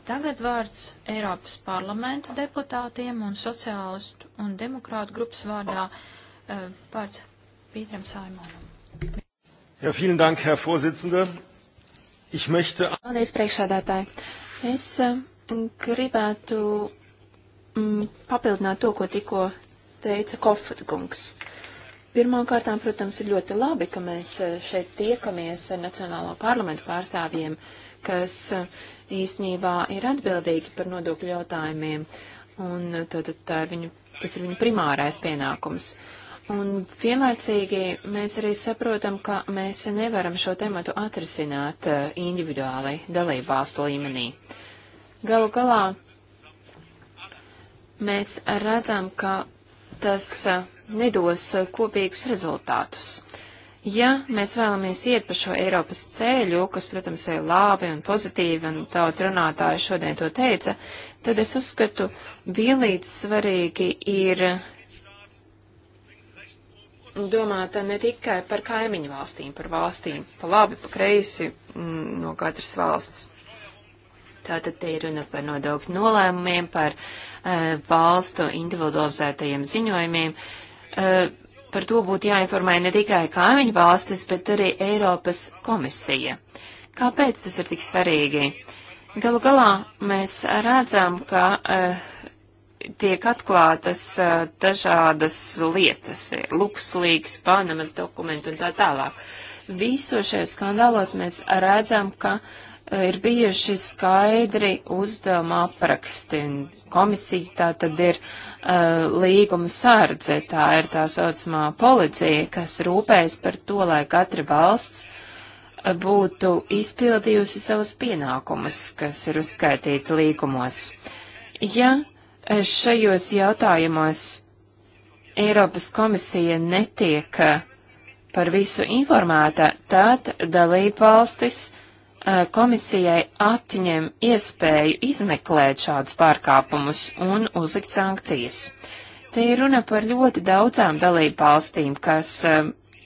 Tagad vārds Eiropas parlamenta deputātiem un sociālistu un demokrātu grupas vārdā uh, vārds Pītram Saimonam. Ja, vielen Dank, Herr Vorsitzende. Ich möchte... Paldies, priekšsādātāji. Uh, Es eh, gribētu mm, papildināt to, ko tikko teica Kofutkungs. Pirmkārtām, protams, ir ļoti labi, ka mēs eh, šeit tiekamies ar Nacionālo parlamentu pārstāvjiem, kas eh, īsnībā ir atbildīgi par nodokļu jautājumiem, un tad tā ir viņu, tas ir viņu primārais pienākums. Uh, Un vienlaicīgi mēs arī saprotam, ka mēs nevaram šo tematu atrisināt eh, individuāli dalību valstu līmenī. Galu galā mēs redzam, ka tas eh, nedos eh, kopīgus rezultātus. Ja mēs vēlamies iet pa šo Eiropas ceļu, kas, protams, ir labi un pozitīvi, un daudz runātāju šodien to teica, tad es uzskatu, vienlīdz svarīgi ir domāt ne tikai par kaimiņu valstīm, par valstīm, pa labi, pa kreisi mm, no katras valsts. Tātad te ir runa par nodokļu nolēmumiem, par uh, valstu individualizētajiem ziņojumiem. Uh, par to būtu jāinformē ne tikai kaimiņu valstis, bet arī Eiropas komisija. Kāpēc tas ir tik svarīgi? Galu galā mēs redzam, ka uh, tiek atklātas dažādas lietas, lukslīgs, panamas dokumenti un tā tālāk. Viso šajos skandālos mēs redzam, ka ir bijuši skaidri uzdevuma apraksti. Komisija tā tad ir uh, līguma sārdze, tā ir tā saucamā policija, kas rūpējas par to, lai katra valsts būtu izpildījusi savus pienākumus, kas ir uzskaitīti līgumos. Ja Eh, šajos jautājumos Eiropas komisija netiek eh, par visu informēta, tad dalībvalstis eh, komisijai atņem iespēju izmeklēt šādus pārkāpumus un uzlikt sankcijas. Te ir runa par ļoti daudzām dalībvalstīm, kas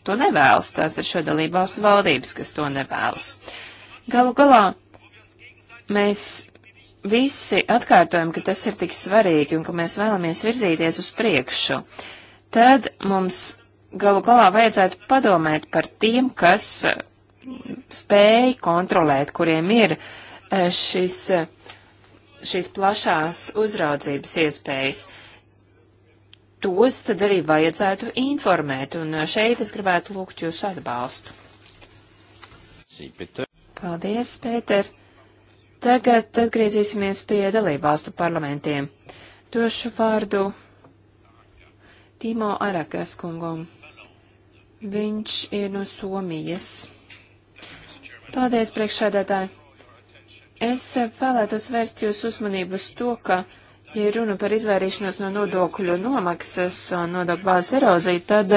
to nevēlas, tās ir šo dalībvalstu valdības, kas to nevēlas. Galu galā mēs visi atkārtojam, ka tas ir tik svarīgi un ka mēs vēlamies virzīties uz priekšu, tad mums galu galā vajadzētu padomēt par tiem, kas eh, spēj kontrolēt, kuriem ir eh, šis, eh, šīs plašās uzraudzības iespējas. Tos tad arī vajadzētu informēt, un šeit es gribētu lūgt jūsu atbalstu. Paldies, Pēter! Tagad atgriezīsimies pie dalībvalstu parlamentiem. Došu vārdu Timo Arakas kungam. Viņš ir no Somijas. Paldies, priekšsēdētāji! Es vēlētos vērst jūsu uzmanību uz to, ka, ja runa par izvairīšanos no nodokļu nomaksas un nodokļu bāzes eroziju, tad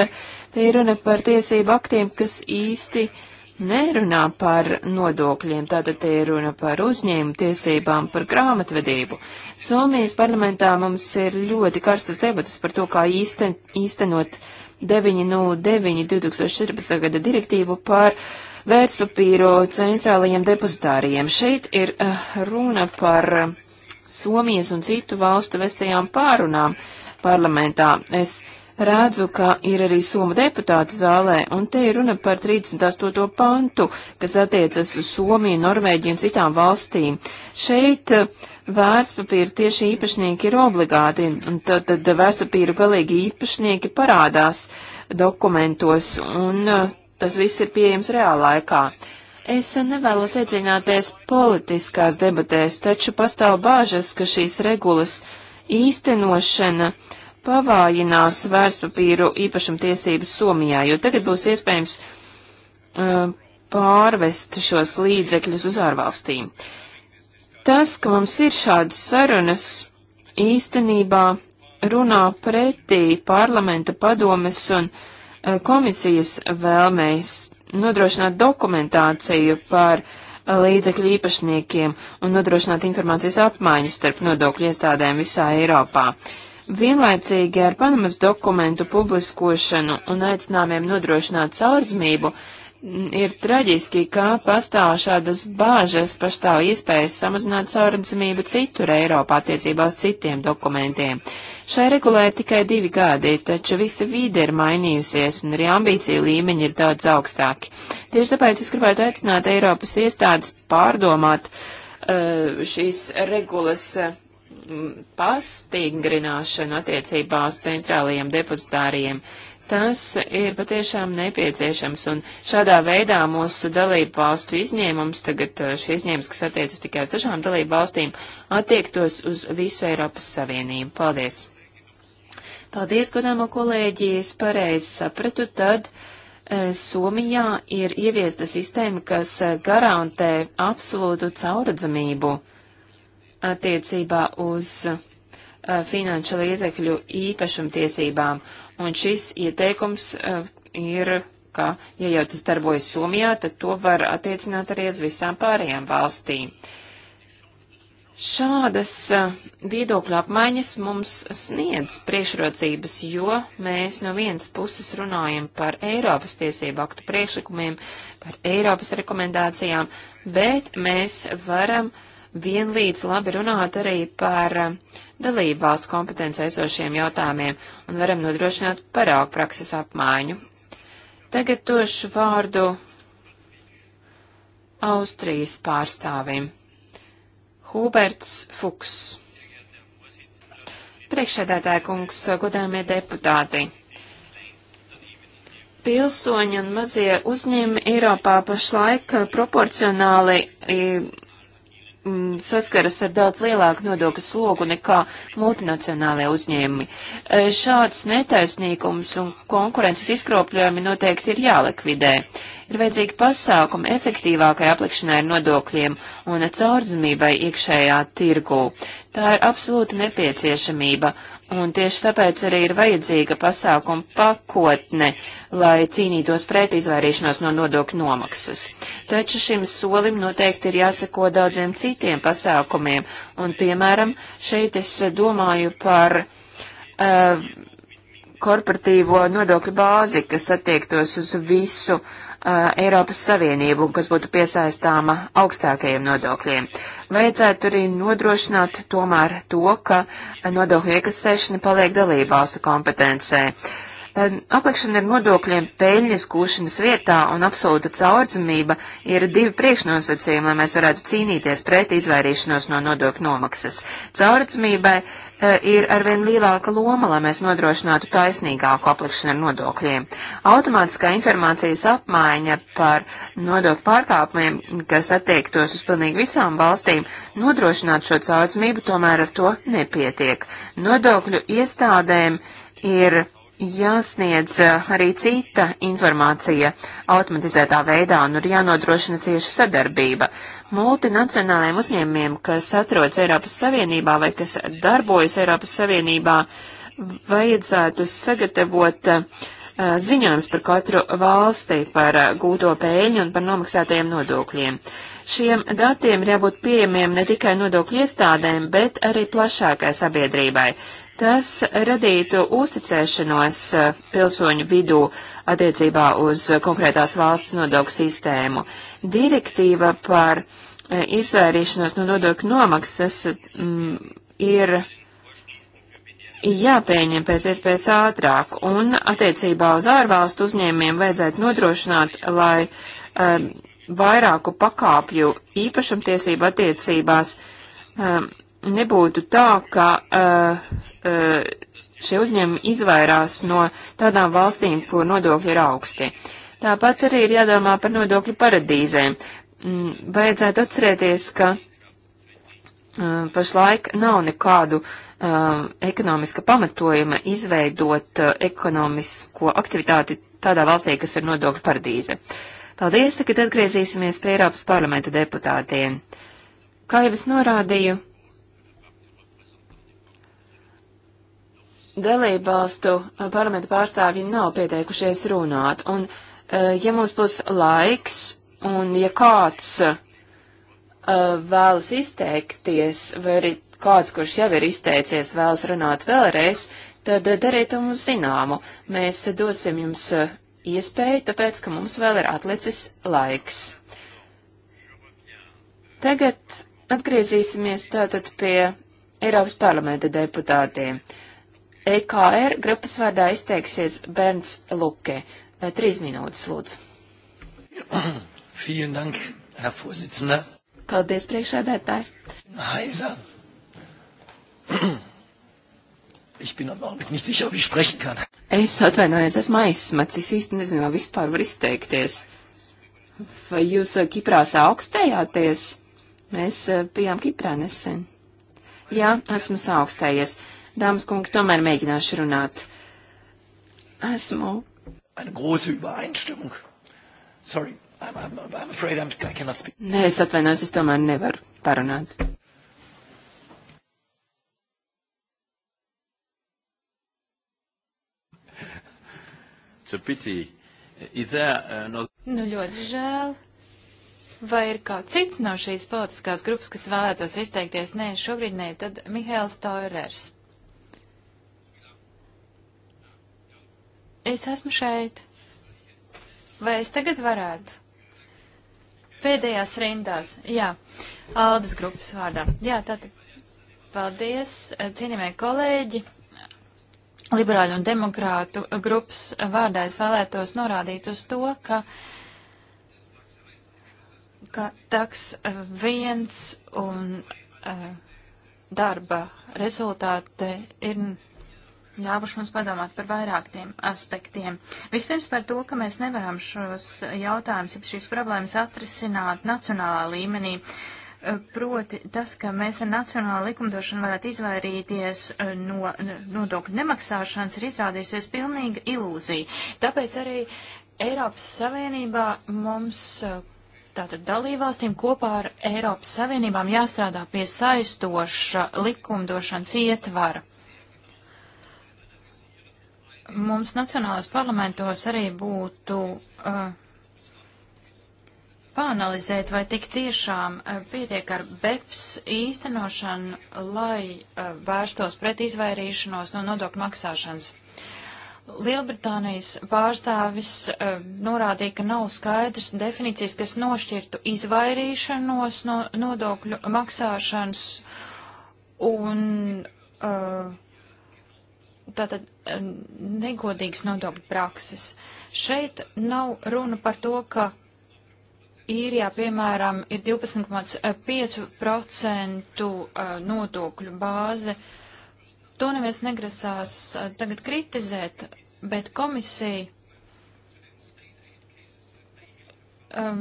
te ir runa par tiesību aktiem, kas īsti uh, nerunā par nodokļiem, tātad te ir runa par uzņēmumu tiesībām, par grāmatvedību. Somijas parlamentā mums ir ļoti karstas debatas par to, kā īsten, īstenot 909 2014. gada direktīvu par vērtspapīru centrālajiem depozitāriem. Šeit ir eh, runa par Somijas un citu valstu vestajām pārunām parlamentā. Es redzu, ka ir arī Somu deputāti zālē, un te ir runa par 38. pantu, kas attiecas uz Somiju, Norvēģiju un citām valstīm. Šeit eh, vērtspapīra tieši īpašnieki ir obligāti, un tad, tad vērtspapīru galīgi īpašnieki parādās dokumentos, un eh, tas viss ir pieejams reālaikā. Es nevēlos iedziļināties politiskās debatēs, taču pastāv bāžas, ka šīs regulas īstenošana uh, pavājinās vērtspapīru īpašumtiesības Somijā, jo tagad būs iespējams uh, pārvest šos līdzekļus uz ārvalstīm. Tas, ka mums ir šādas sarunas, īstenībā runā pretī parlamenta padomes un uh, komisijas vēlmēs nodrošināt dokumentāciju par uh, līdzekļu īpašniekiem un nodrošināt informācijas apmaiņu starp nodokļu iestādēm visā Eiropā. Uh, Vienlaicīgi ar Panamas dokumentu publiskošanu un aicinājumiem nodrošināt caurdzmību ir traģiski, ka pastāv šādas bāžas, pastāv iespējas samazināt sauradzamību citur Eiropā attiecībā uz citiem dokumentiem. Šai regulē ir tikai divi gadi, taču visa vide ir mainījusies un arī ambīcija līmeņi ir daudz augstāki. Tieši tāpēc es gribētu aicināt Eiropas iestādes pārdomāt uh, šīs regulas uh, pastīgrināšanu attiecībā uz centrālajiem depozitāriem. Tas ir patiešām nepieciešams, un šādā veidā mūsu dalību valstu izņēmums, tagad uh, šis izņēmums, kas attiecas tikai uz dažām dalību valstīm, attiektos uz visu Eiropas Savienību. Paldies! Paldies, godāmo kolēģi, es pareizi sapratu, tad. Eh, Somijā ir ieviesta sistēma, kas eh, garantē absolūtu cauradzamību attiecībā uz finanšu līdzekļu īpašumtiesībām. Un šis ieteikums ir, ka, ja jau tas darbojas Somijā, tad to var attiecināt arī uz visām pārējām valstīm. Šādas viedokļu apmaiņas mums sniedz priekšrocības, jo mēs no vienas puses runājam par Eiropas tiesību aktu priekšlikumiem, par Eiropas rekomendācijām, bet mēs varam uh, vienlīdz labi runāt arī par eh, dalību valstu kompetenci esošiem jautājumiem un varam nodrošināt paraugu prakses apmaiņu. Tagad došu vārdu Austrijas pārstāvim. Huberts Fuchs. Priekšsēdētāja kungs, godāmie deputāti. Pilsoņi un mazie uzņēmumi Eiropā pašlaik proporcionāli Mm, saskaras ar daudz lielāku nodokļu slogu nekā multinacionālajie uzņēmumi. E, šāds netaisnīgums un konkurences izkropļojumi noteikti ir jālikvidē. Ir vajadzīgi pasākumi efektīvākai aplikšanai ar nodokļiem un caurdzamībai iekšējā tirgū. Tā ir absolūta nepieciešamība, Un tieši tāpēc arī ir vajadzīga pasākuma pakotne, lai cīnītos pret izvairīšanos no nodokļu nomaksas. Taču šim solim noteikti ir jāsako daudziem citiem pasākumiem, un, piemēram, šeit es domāju par uh, korporatīvo nodokļu bāzi, kas attiektos uz visu uh, Eiropas Savienību un kas būtu piesaistāma augstākajiem nodokļiem. Vajadzētu arī nodrošināt tomēr to, ka nodokļu iekasēšana paliek dalībvalstu kompetencē. Uh, aplikšana ar nodokļiem peļņas gūšanas vietā un absolūta caurdzamība ir divi priekšnosacījumi, lai mēs varētu cīnīties pret izvairīšanos no nodokļu nomaksas. Caurdzamībai uh, Eh, ir arvien lielāka loma, lai mēs nodrošinātu taisnīgāku aplikšanu ar nodokļiem. Automātiskā informācijas apmaiņa par nodokļu pārkāpumiem, kas attiektos uz pilnīgi visām valstīm, nodrošināt šo caursmību tomēr ar to nepietiek. Nodokļu iestādēm ir jāsniedz eh, arī cita informācija automatizētā veidā un ir jānodrošina cieša sadarbība multinacionālajiem uzņēmumiem, kas atrodas Eiropas Savienībā vai kas darbojas Eiropas Savienībā, vajadzētu sagatavot uh, ziņojums par katru valsti, par uh, gūto pēļņu un par nomaksātajiem nodokļiem. Šiem datiem ir jābūt pieejamiem ne tikai nodokļu iestādēm, bet arī plašākai sabiedrībai. Tas radītu uzticēšanos eh, pilsoņu vidū attiecībā uz konkrētās valsts nodokļu sistēmu. Direktīva par eh, izvairīšanos no nodokļu nomaksas mm, ir jāpieņem pēc iespējas ātrāk, un attiecībā uz ārvalstu uzņēmiem vajadzētu nodrošināt, lai um, vairāku pakāpju īpašumtiesību attiecībās um, nebūtu tā, ka uh, E, šie uzņēmumi izvairās no tādām valstīm, kur nodokļi ir augsti. Tāpat arī ir jādomā par nodokļu paradīzēm. Mm, vajadzētu atcerēties, ka e, pašlaik nav nekādu e, ekonomiska pamatojuma izveidot ekonomisko aktivitāti tādā valstī, kas ir nodokļu paradīze. Paldies, tagad atgriezīsimies pie Eiropas parlamenta deputātiem. Kā jau es norādīju, Dalībvalstu eh, parlamentu pārstāvji nav pieteikušies runāt, un eh, ja mums būs laiks, un ja kāds eh, vēlas izteikties, vai arī kāds, kurš jau ir izteicies, vēlas runāt vēlreiz, tad dariet to mums zināmu. Mēs dosim jums iespēju, tāpēc, ka mums vēl ir atlicis laiks. Tagad atgriezīsimies tātad pie Eiropas parlamenta deputātiem. Uh, EKR grupas vārdā izteiksies Bernds Luke. Eh, trīs minūtes, lūdzu. Dank, Paldies, priekšsēdētāji. Heiser. Ich bin aber auch nicht sicher, ob ich sprechen kann. Es atvainojos, esmu aizsmacis, es īsti nezinu, vai vispār var izteikties. Vai jūs eh, Kiprā saaugstējāties? Mēs eh, bijām Kiprā nesen. Jā, esmu saaugstējies. Dāmas kungi, tomēr mēģināšu runāt. Esmu. Eine große Übereinstimmung. Sorry, I'm, I'm, I'm afraid I'm, I cannot speak. Nē, es atvainojos, es tomēr nevaru parunāt. It's a pity. Is there another... Uh, nu, ļoti žēl. Vai ir kāds cits no šīs politiskās grupas, kas vēlētos izteikties? Nē, šobrīd nē, tad Mihails Toirers. Es esmu šeit. Vai es tagad varētu? Pēdējās rindās, jā, Aldas grupas vārdā. Jā, tātad, paldies, cienījamie kolēģi. Liberāļu un demokrātu grupas vārdā es vēlētos norādīt uz to, ka, ka taks viens un uh, darba rezultāti ir ļāvuši mums padomāt par vairākiem aspektiem. Vispirms par to, ka mēs nevaram šos jautājumus, šīs problēmas atrisināt nacionālā līmenī. Eh, proti tas, ka mēs ar nacionālu likumdošanu varētu izvairīties eh, no nodokļu nemaksāšanas, ir izrādījusies pilnīga ilūzija. Tāpēc arī Eiropas Savienībā mums eh, tātad dalībvalstīm kopā ar Eiropas Savienībām jāstrādā pie saistoša likumdošanas ietvara mums nacionālajos parlamentos arī būtu uh, pāanalizēt, vai tik tiešām uh, pietiek ar BEPS īstenošanu, lai uh, vērstos pret izvairīšanos no nodokļu maksāšanas. Lielbritānijas pārstāvis uh, norādīja, ka nav skaidrs definīcijas, kas nošķirtu izvairīšanos no nodokļu maksāšanas un uh, tātad negodīgas nodokļu prakses. Šeit nav runa par to, ka īrijā, piemēram, ir 12,5% eh, nodokļu bāze. To neviens negrasās eh, tagad kritizēt, bet komisija um,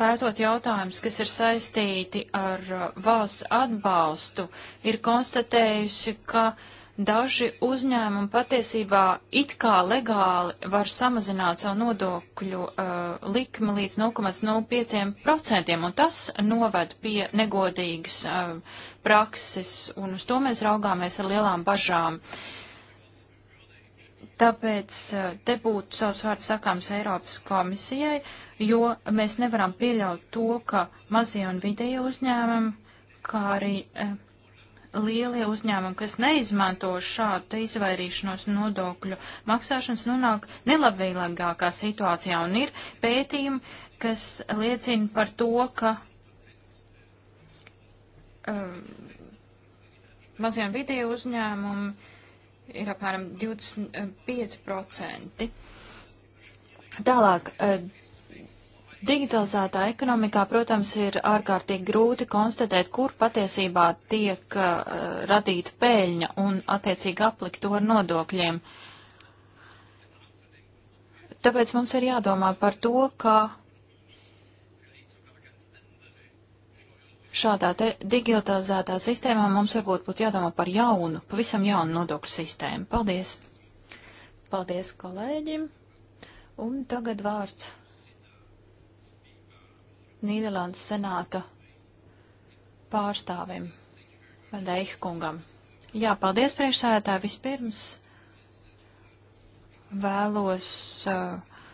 pētot jautājumus, kas ir saistīti ar eh, valsts atbalstu, ir konstatējusi, ka uh, Daži uzņēmumi patiesībā it kā legāli var samazināt savu nodokļu uh, likmi līdz 0,05%, un tas noved pie negodīgas uh, prakses, un uz to mēs raugāmies ar lielām bažām. Tāpēc uh, te būtu savs vārds sakāms Eiropas komisijai, jo mēs nevaram pieļaut to, ka mazie un vidēji uzņēmumi, kā arī. Uh, lielie uzņēmumi, kas neizmanto šādu izvairīšanos nodokļu maksāšanas, nonāk nelabvēlīgākā situācijā. Un ir pētījumi, kas liecina par to, ka um, maziem vidēju uzņēmumi ir apmēram 25%. Um, Tālāk, uh, Digitalizētā ekonomikā, protams, ir ārkārtīgi grūti konstatēt, kur patiesībā tiek uh, radīta pēļņa un attiecīgi aplikt to ar nodokļiem. Tāpēc mums ir jādomā par to, kā šādā digitalizētā sistēmā mums varbūt būtu jādomā par jaunu, pavisam jaunu nodokļu sistēmu. Paldies! Paldies kolēģim! Un tagad vārds Nīderlandes senāta pārstāvim, Reihkungam. Jā, paldies priekšsēdētāji. Vispirms vēlos uh,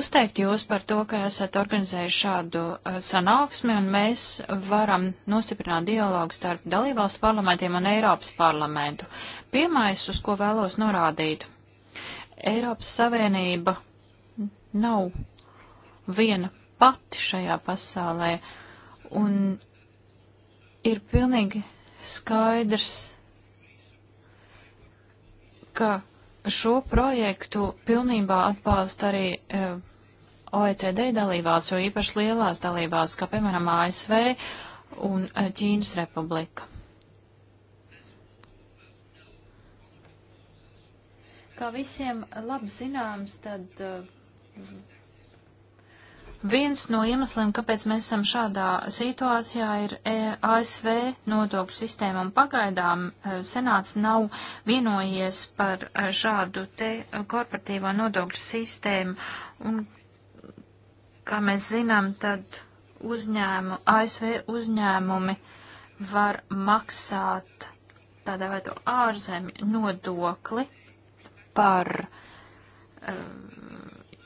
uzteikt jūs par to, ka esat organizējuši šādu uh, sanāksmi, un mēs varam nostiprināt dialogu starp dalībvalstu parlamentiem un Eiropas parlamentu. Pirmais, uz ko vēlos norādīt, Eiropas Savienība nav viena pati šajā pasaulē. Un ir pilnīgi skaidrs, ka šo projektu pilnībā atbalsta arī e, OECD dalībās, jo īpaši lielās dalībās, kā piemēram ASV un e, Ķīnas republika. Kā visiem labi zināms, tad e, Viens no iemesliem, kāpēc mēs esam šādā situācijā, ir e, ASV nodokļu sistēma, un pagaidām e, senāts nav vienojies par e, šādu te korporatīvo nodokļu sistēmu, un, kā mēs zinām, tad uzņēmu, ASV uzņēmumi var maksāt tādā vai to ārzemju nodokli par um,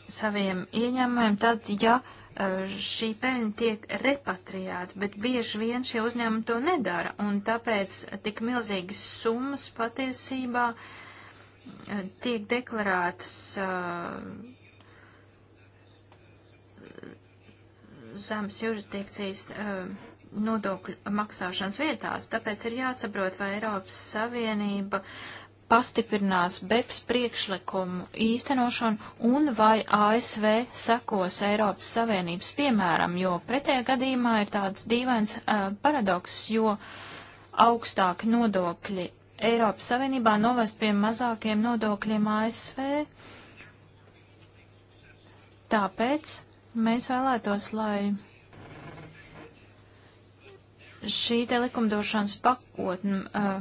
saviem ieņēmumiem, tad, ja eh, šī peļņa tiek repatriēta, bet bieži vien šie uzņēmumi to nedara, un tāpēc tik milzīgas summas patiesībā eh, tiek deklarētas eh, zemes jurisdikcijas nodokļu maksāšanas vietās, tāpēc ir jāsaprot, vai Eiropas Savienība uh, pastiprinās BEPS priekšlikumu īstenošanu un vai ASV sekos Eiropas Savienības piemēram, jo pretējā gadījumā ir tāds dīvains uh, paradoks, jo augstāki nodokļi Eiropas Savienībā novest pie mazākiem nodokļiem ASV. Tāpēc mēs vēlētos, lai šī te likumdošanas pakotne. Uh,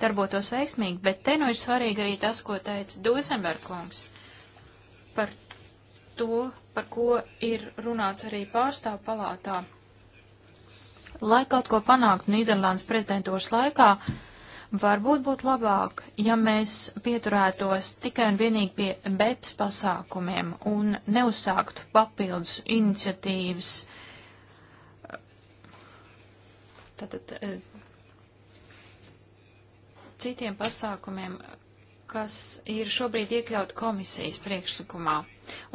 darbotos veiksmīgi, bet te nu ir svarīgi arī tas, ko teica Duzenberkungs par to, par ko ir runāts arī pārstāvu palātā. Lai kaut ko panāktu Nīderlandes prezidentūras laikā, varbūt būtu labāk, ja mēs pieturētos tikai un vienīgi pie BEPS pasākumiem un neuzsāktu papildus iniciatīvas. Tātad eh, citiem pasākumiem, kas ir šobrīd iekļaut komisijas priekšlikumā.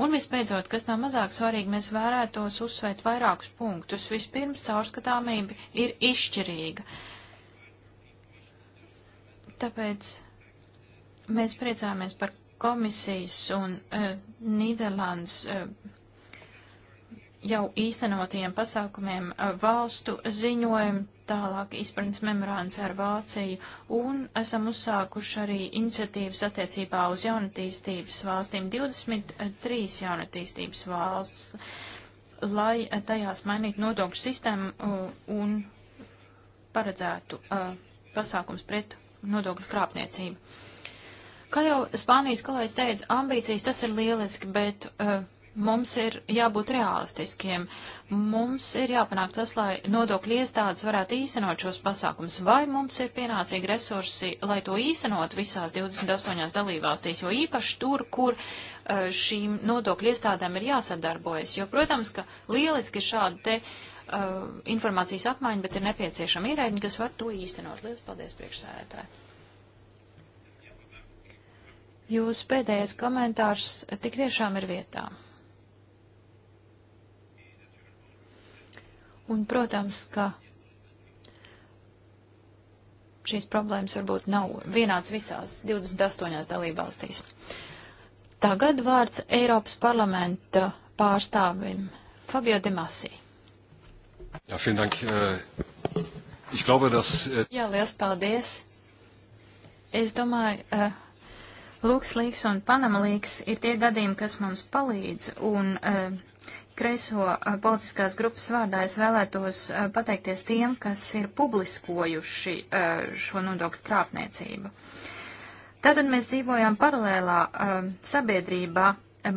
Un visbeidzot, kas nav mazāk svarīgi, mēs vērētos uzsvērt vairākus punktus. Vispirms, caurskatāmība ir izšķirīga. Tāpēc mēs priecājamies par komisijas un uh, Nīderlandes uh, jau īstenotajiem pasākumiem uh, valstu ziņojumu tālāk izpratnes memorāns ar Vāciju un esam uzsākuši arī iniciatīvas attiecībā uz jaunatīstības valstīm 23 jaunatīstības valsts, lai tajās mainītu nodokļu sistēmu un paredzētu uh, pasākums pret nodokļu krāpniecību. Kā jau Spānijas kolēģis teica, ambīcijas tas ir lieliski, bet uh, Mums ir jābūt realistiskiem. Mums ir jāpanāk tas, lai nodokļu iestādes varētu īstenot šos pasākums, vai mums ir pienācīgi resursi, lai to īstenot visās 28 dalībvalstīs, jo īpaši tur, kur eh, šīm nodokļu iestādēm ir jāsadarbojas. Jo, protams, ka lieliski šāda te uh, informācijas apmaiņa, bet ir nepieciešama ierēģi, kas var to īstenot. Lielas paldies priekšsēdētāji! Jūsu pēdējais komentārs tik tiešām ir vietā. Un, protams, ka šīs problēmas varbūt nav vienāds visās 28 dalībvalstīs. Tagad vārds Eiropas parlamenta pārstāvim Fabio De Masi. Jā, vielen dank. Äh, ich glaube, dass... Äh, Jā, liels paldies. Es domāju, äh, Lūks Līks un Panama Līks ir tie gadījumi, kas mums palīdz, un kreiso eh, politiskās grupas vārdā es vēlētos eh, pateikties tiem, kas ir publiskojuši eh, šo nodokļu krāpniecību. Tātad mēs dzīvojam paralēlā sabiedrībā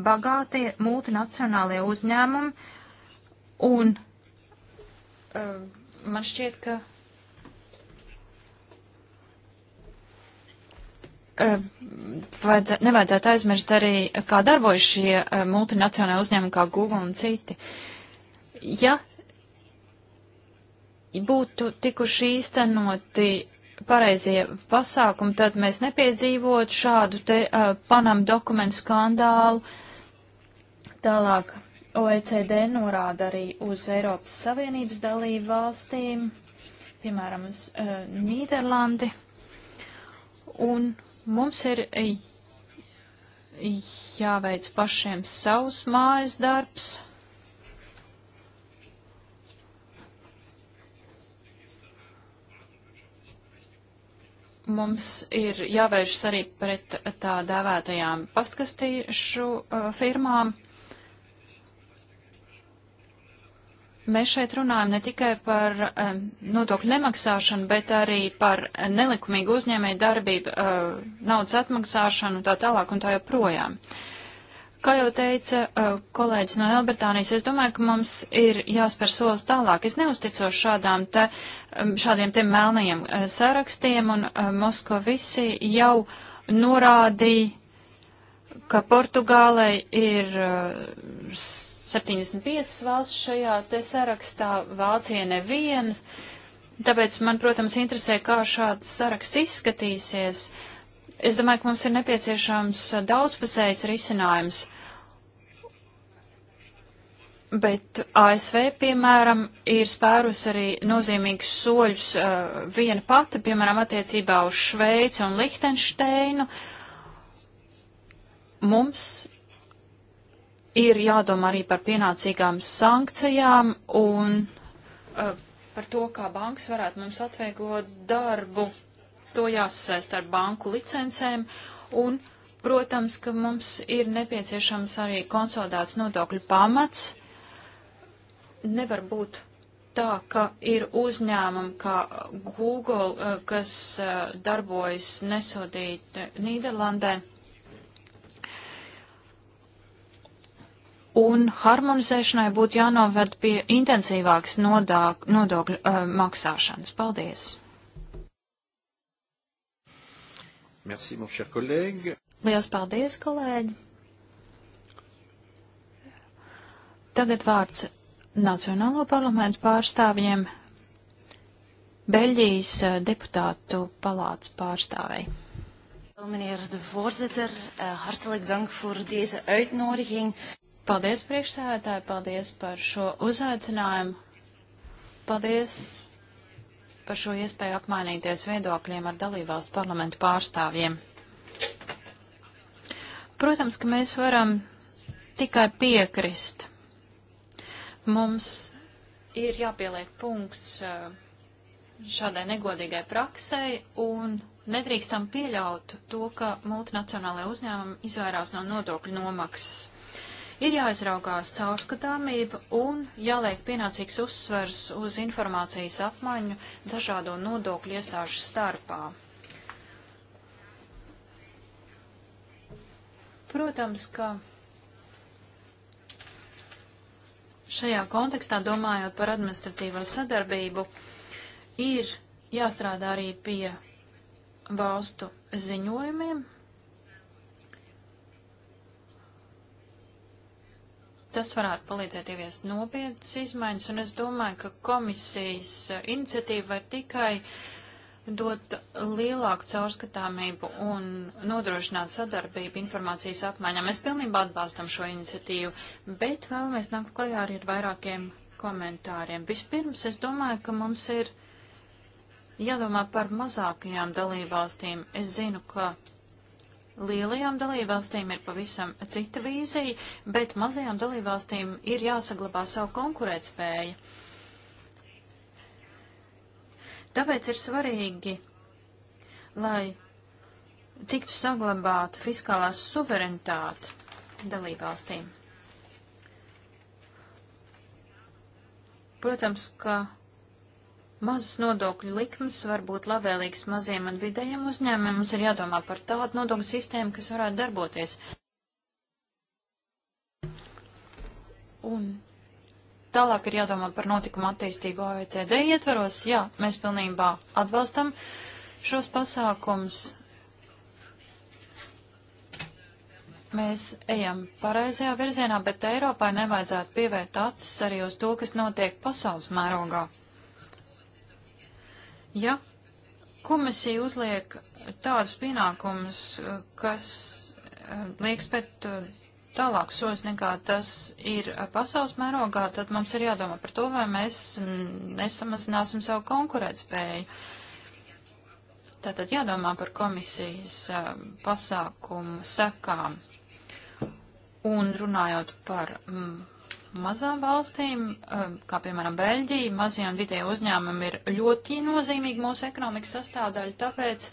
bagātie multinacionālie uzņēmumi un man šķiet, ka Ehm, vajadzē, nevajadzētu aizmirst arī, kā darbojas šie ehm, multinacionāli uzņēmumi kā Google un citi. Ja būtu tikuši īstenoti pareizie pasākumi, tad mēs nepiedzīvotu šādu te uh, ehm, Panam dokumentu skandālu. Tālāk OECD norāda arī uz Eiropas Savienības dalību valstīm, piemēram, uz uh, Nīderlandi. Un Mums ir e, jāveic pašiem savs mājas darbs. mums ir jāvēršas arī pret tā dēvētajām pastkastīšu uh, firmām. Mēs šeit runājam ne tikai par um, nodokļu nemaksāšanu, bet arī par nelikumīgu uzņēmēju darbību, uh, naudas atmaksāšanu un tā tālāk un tā joprojām. Kā jau teica uh, kolēģis no Lielbritānijas, es domāju, ka mums ir jāspēr solis tālāk. Es neusticos šādām te, šādiem te melnajiem uh, sarakstiem, un uh, Moskovisi jau norādīja, ka Portugālei ir. Uh, 75 valsts šajā te sarakstā, Vācija neviena. Tāpēc man, protams, interesē, kā šāds saraksts izskatīsies. Es domāju, ka mums ir nepieciešams daudzpusējs risinājums. Bet ASV, piemēram, ir spērus arī nozīmīgus soļus uh, viena pati, piemēram, attiecībā uz Šveici un Lihtenšteinu. Mums ir jādomā arī par pienācīgām sankcijām un uh, par to, kā bankas varētu mums atvieglot darbu. To jāsasaist ar banku licencēm un, protams, ka mums ir nepieciešams arī konsolidēts nodokļu pamats. Nevar būt tā, ka ir uzņēmumi kā Google, eh, kas eh, darbojas nesodīt Nīderlandē. un harmonizēšanai būtu jānoved pie intensīvākas nodokļu uh, maksāšanas. Paldies! Merci, mon cher collègue. Lielas paldies, kolēģi! Tagad vārds Nacionālo parlamentu pārstāvjiem, Beļģijas uh, deputātu palātas pārstāvei. Meneer de voorzitter, uh, hartelijk dank voor deze uitnodiging. Paldies, priekšsēdētāji, paldies par šo uzaicinājumu. Paldies par šo iespēju apmainīties viedokļiem ar dalībvalstu parlamentu pārstāvjiem. Protams, ka mēs varam tikai piekrist. Mums ir jāpieliek punkts eh, šādai negodīgai praksei un nedrīkstam pieļaut to, ka multinacionālajie uzņēmumi izvairās no nodokļu nomaksas. Ir jāizraugās caurskatāmība un jāliek pienācīgs uzsvers uz informācijas apmaiņu dažādo nodokļu iestāžu starpā. Protams, ka šajā kontekstā, domājot par administratīvo sadarbību, ir jāstrādā arī pie valstu ziņojumiem, Tas varētu palīdzēt ieviest nopietnas izmaiņas, un es domāju, ka komisijas eh, iniciatīva var tikai dot lielāku caurskatāmību un nodrošināt sadarbību informācijas apmaiņā. Mēs pilnībā atbalstam šo iniciatīvu, bet vēlamies nākt klajā arī ar vairākiem komentāriem. Vispirms, es domāju, ka mums ir jādomā par mazākajām dalībvalstīm. Es zinu, ka Lielajām dalībvalstīm ir pavisam cita vīzija, bet mazajām dalībvalstīm ir jāsaglabā savu konkurētspēju. Tāpēc ir svarīgi, lai tiktu saglabāta fiskālā suverenitāte dalībvalstīm. Protams, ka Mazas nodokļu likmes var būt labvēlīgas maziem un vidējiem uzņēmumiem. Mums ir jādomā par tādu nodokļu sistēmu, kas varētu darboties. Un tālāk ir jādomā par notikumu attīstību OECD ietvaros. Jā, mēs pilnībā atbalstam šos pasākums. Mēs ejam pareizajā virzienā, bet Eiropai nevajadzētu pievērt acis arī uz to, kas notiek pasaules mērogā. Ja komisija uzliek tādus pienākumus, kas eh, liek spēt eh, tālāk soļus nekā tas ir eh, pasaules mērogā, tad mums ir jādomā par to, vai mēs nesamazināsim savu konkurētspēju. Tātad jādomā par komisijas pasākumu sekām. Un runājot par mm, mazām valstīm, um, kā piemēram Beļģija, mazie un vidēji uzņēmumi ir ļoti nozīmīgi mūsu ekonomikas sastāvdaļa, tāpēc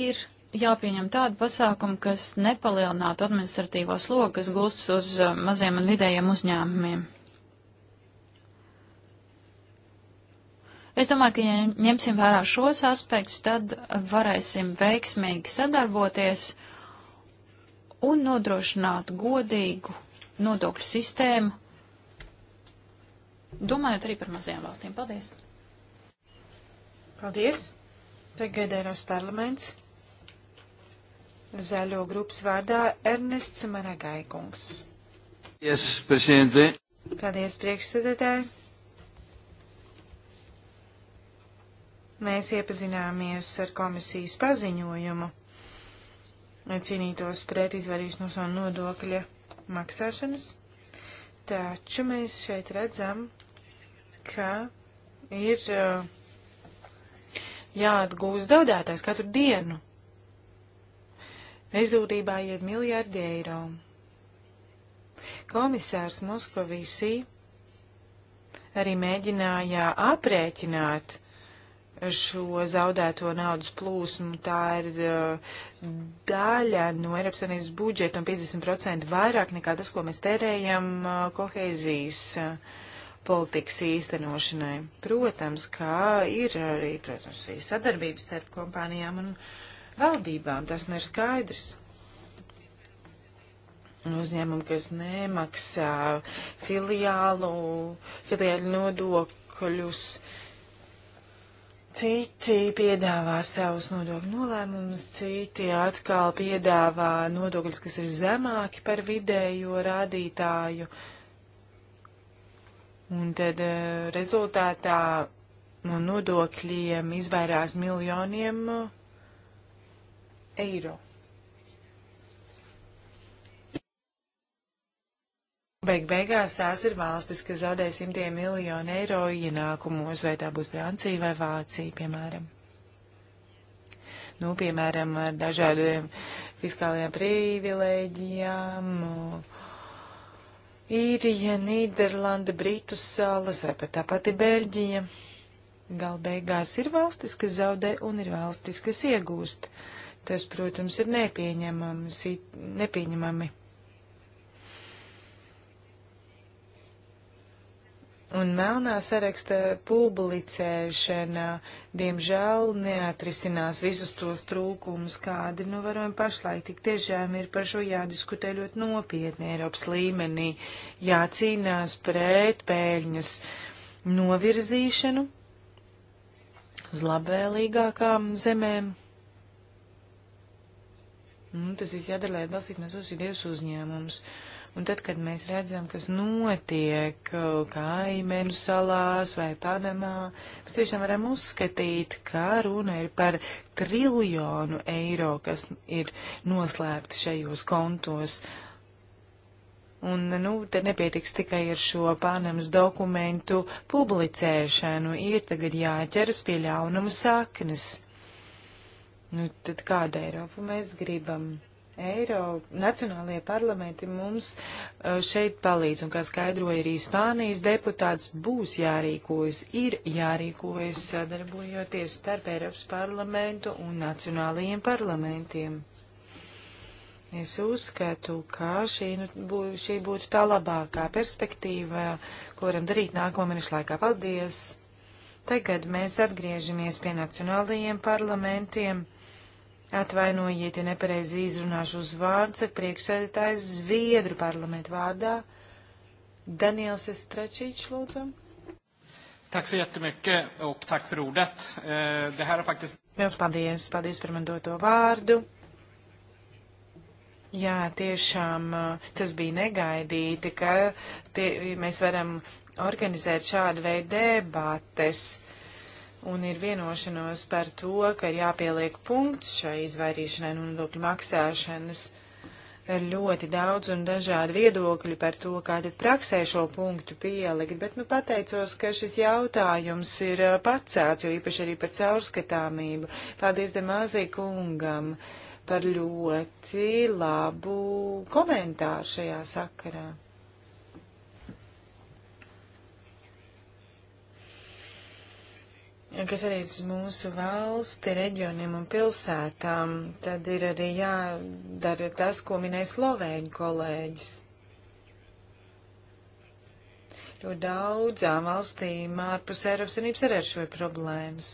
ir jāpieņem tāda pasākuma, kas nepalielinātu administratīvo slogu, kas gulstas uz uh, maziem un vidējiem uzņēmumiem. Es domāju, ka, ja ņemsim vērā šos aspektus, tad varēsim veiksmīgi sadarboties un nodrošināt godīgu nodokļu sistēmu, domājot arī par mazajām valstīm. Paldies! Paldies! Tagad Eiropas parlaments. Zaļo grupas vārdā Ernests Maragaikungs. Yes, presidente. Paldies, priekšsēdētāji. Mēs iepazināmies ar komisijas paziņojumu, lai cīnītos pret izvairīšanos no nodokļa maksāšanas, taču mēs šeit redzam, ka ir uh, jāatgūst zaudētājs katru dienu. Rezultībā iet miljārdi eiro. Komisārs Moskovisī arī mēģināja aprēķināt šo zaudēto naudas plūsmu. Tā ir uh, daļa no Eiropas Savienības budžeta un 50% vairāk nekā tas, ko mēs tērējam uh, kohēzijas uh, politikas īstenošanai. Protams, kā ir arī, protams, arī sadarbības starp kompānijām un valdībām, tas nav nu skaidrs. Uzņēmumi, kas nemaksā filiālu, filiāļu nodokļus, uh, Citi piedāvā savus nodokļu nolēmumus, citi atkal piedāvā nodokļus, kas ir zemāki par vidējo rādītāju. Un tad eh, rezultātā no nodokļiem izvairās miljoniem eh, eiro. Beig beigās tās ir valstis, kas zaudē simtiem miljonu eiro ienākumos, vai tā būtu Francija vai Vācija, piemēram. Nu, piemēram, ar dažādiem fiskālajām privilēģijām. Īrija, Nīderlanda, Britu salas vai pat tā pati Beļģija. Gal beigās ir valstis, kas zaudē un ir valstis, kas iegūst. Tas, protams, ir nepieņemami. Nepieņemami. Un melnā saraksta publicēšana, diemžēl, neatrisinās visus tos trūkumus, kādi nu varam pašlaik. Tik tiešām ir par šo jādiskutē ļoti nopietni Eiropas līmenī, jācīnās pret pēļņas novirzīšanu uz labvēlīgākām zemēm. Un nu, tas viss jādara, lai atbalstītu mazos vidējos uzņēmumus. Un tad, kad mēs redzam, kas notiek kaimēnu salās vai Panamā, mēs tiešām varam uzskatīt, ka runa ir par triljonu eiro, kas ir noslēpti šajos kontos. Un, nu, te nepietiks tikai ar šo Panamas dokumentu publicēšanu, ir tagad jāķeras pie ļaunuma saknes. Nu, tad kādu Eiropu mēs gribam? Eiro nacionālajie parlamenti mums uh, šeit palīdz, un kā skaidroja arī Spānijas deputāts, būs jārīkojas, ir jārīkojas sadarbojoties starp Eiropas parlamentu un nacionālajiem parlamentiem. Es uzskatu, ka šī, nu, bū, šī būtu tā labākā perspektīva, ko varam darīt nākamā mēneša laikā. Paldies! Tagad mēs atgriežamies pie nacionālajiem parlamentiem. Atvainojiet, ja nepareizi izrunāšu uz vārdu, saka priekšsēdētājs Zviedru parlamentu vārdā. Daniels Estrečiņš, lūdzu. Tack så jättemycket och tack för ordet. Eh, det här har faktiskt... Liels paldies, paldies par man doto vārdu. Jā, tiešām eh, tas bija negaidīti, ka tie, mēs varam organizēt šādu veidu debates. Uh, un ir vienošanos par to, ka ir jāpieliek punkts šai izvairīšanai no nodokļu maksāšanas. Ir ļoti daudz un dažādi viedokļi par to, kā tad praksē šo punktu pielikt, bet nu pateicos, ka šis jautājums ir pacēts, jo īpaši arī par caurskatāmību. Paldies Demāzī kungam par ļoti labu komentāru šajā sakarā. kas arī uz mūsu valsti, reģioniem un pilsētām, tad ir arī jādara tas, ko minēja Slovēņu kolēģis. Jo daudzām valstīm ārpus Eiropas Savienības arī ir šo problēmas.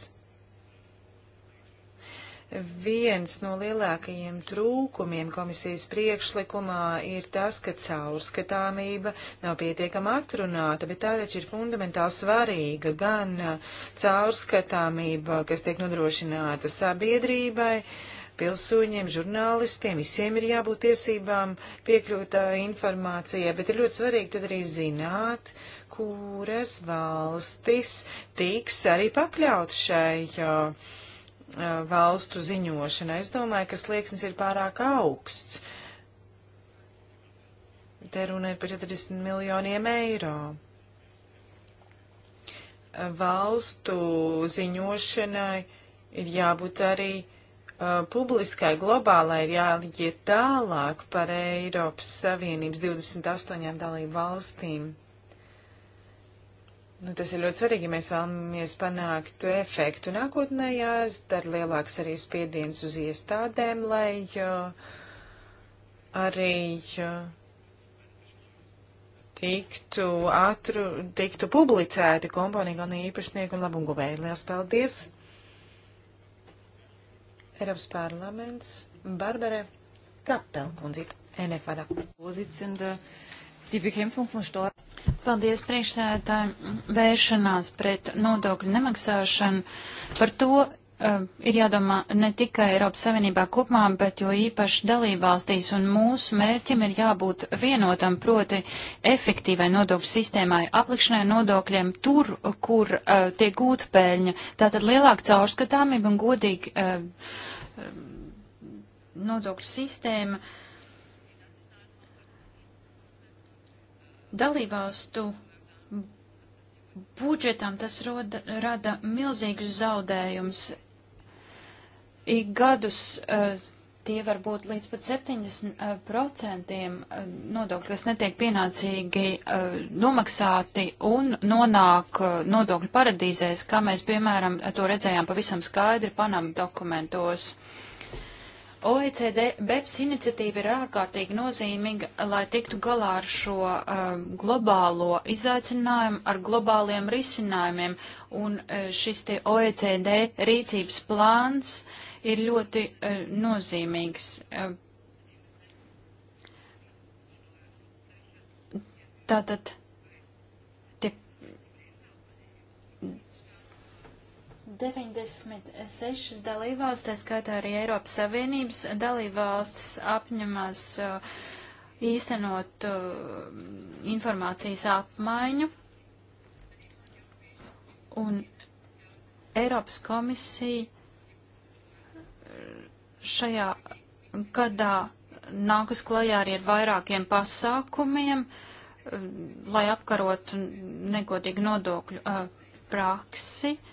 Viens no lielākajiem trūkumiem komisijas priekšlikumā ir tas, ka caurskatāmība nav pietiekama atrunāta, bet tā taču ir fundamentāli svarīga gan uh, caurskatāmība, kas tiek nodrošināta sabiedrībai, pilsūņiem, žurnālistiem, visiem ir jābūt tiesībām piekļūt uh, informācijai, bet ir ļoti svarīgi tad arī zināt, kuras valstis tiks arī pakļaut šai. Uh, valstu ziņošana. Es domāju, ka slieksnis ir pārāk augsts. Te runa ir par 40 miljoniem eiro. Valstu ziņošanai ir jābūt arī uh, publiskai, globālai, ir jāiet tālāk par Eiropas Savienības 28 dalību valstīm. Nu, tas ir ļoti svarīgi, ja mēs vēlamies panākt efektu nākotnē, jāizdara lielāks arī spiediens uz iestādēm, lai jo, arī jo, tiktu, atru, tiktu publicēti komponija galvenie īpašnieki un labumguvēji. Liels paldies! Eiropas parlaments Barbara Kapelkundzi, NFAD. Pozicinda. Uh... Paldies priekšsēdētāji. Vēršanās pret nodokļu nemaksāšanu. Par to uh, ir jādomā ne tikai Eiropas Savienībā kopumā, bet jo īpaši dalībvalstīs. Un mūsu mērķim ir jābūt vienotam, proti efektīvai nodokļu sistēmai, aplikšanai nodokļiem tur, kur uh, tiek gūta pēļņa. Tātad lielāka caurskatāmība un godīga uh, nodokļu sistēma. Uh, Dalībvalstu budžetam tas roda, rada milzīgus zaudējumus. Ik gadus uh, tie var būt līdz pat 70% eh, eh, nodokļi, kas netiek pienācīgi nomaksāti un nonāk nodokļu paradīzēs, kā mēs, piemēram, to redzējām pavisam skaidri Panama dokumentos. Uh, OECD BEPS iniciatīva ir ārkārtīgi nozīmīga, lai tiktu galā ar šo uh, globālo izaicinājumu, ar globāliem risinājumiem, un uh, šis te OECD rīcības plāns ir ļoti uh, nozīmīgs. Uh, tātad. 96 dalībvalsts, tā skaitā arī Eiropas Savienības dalībvalstis, apņemas uh, īstenot uh, informācijas apmaiņu. Un Eiropas komisija uh, šajā gadā nākus klajā arī ar vairākiem pasākumiem, uh, lai apkarotu negodīgu nodokļu uh, praksi. Uh,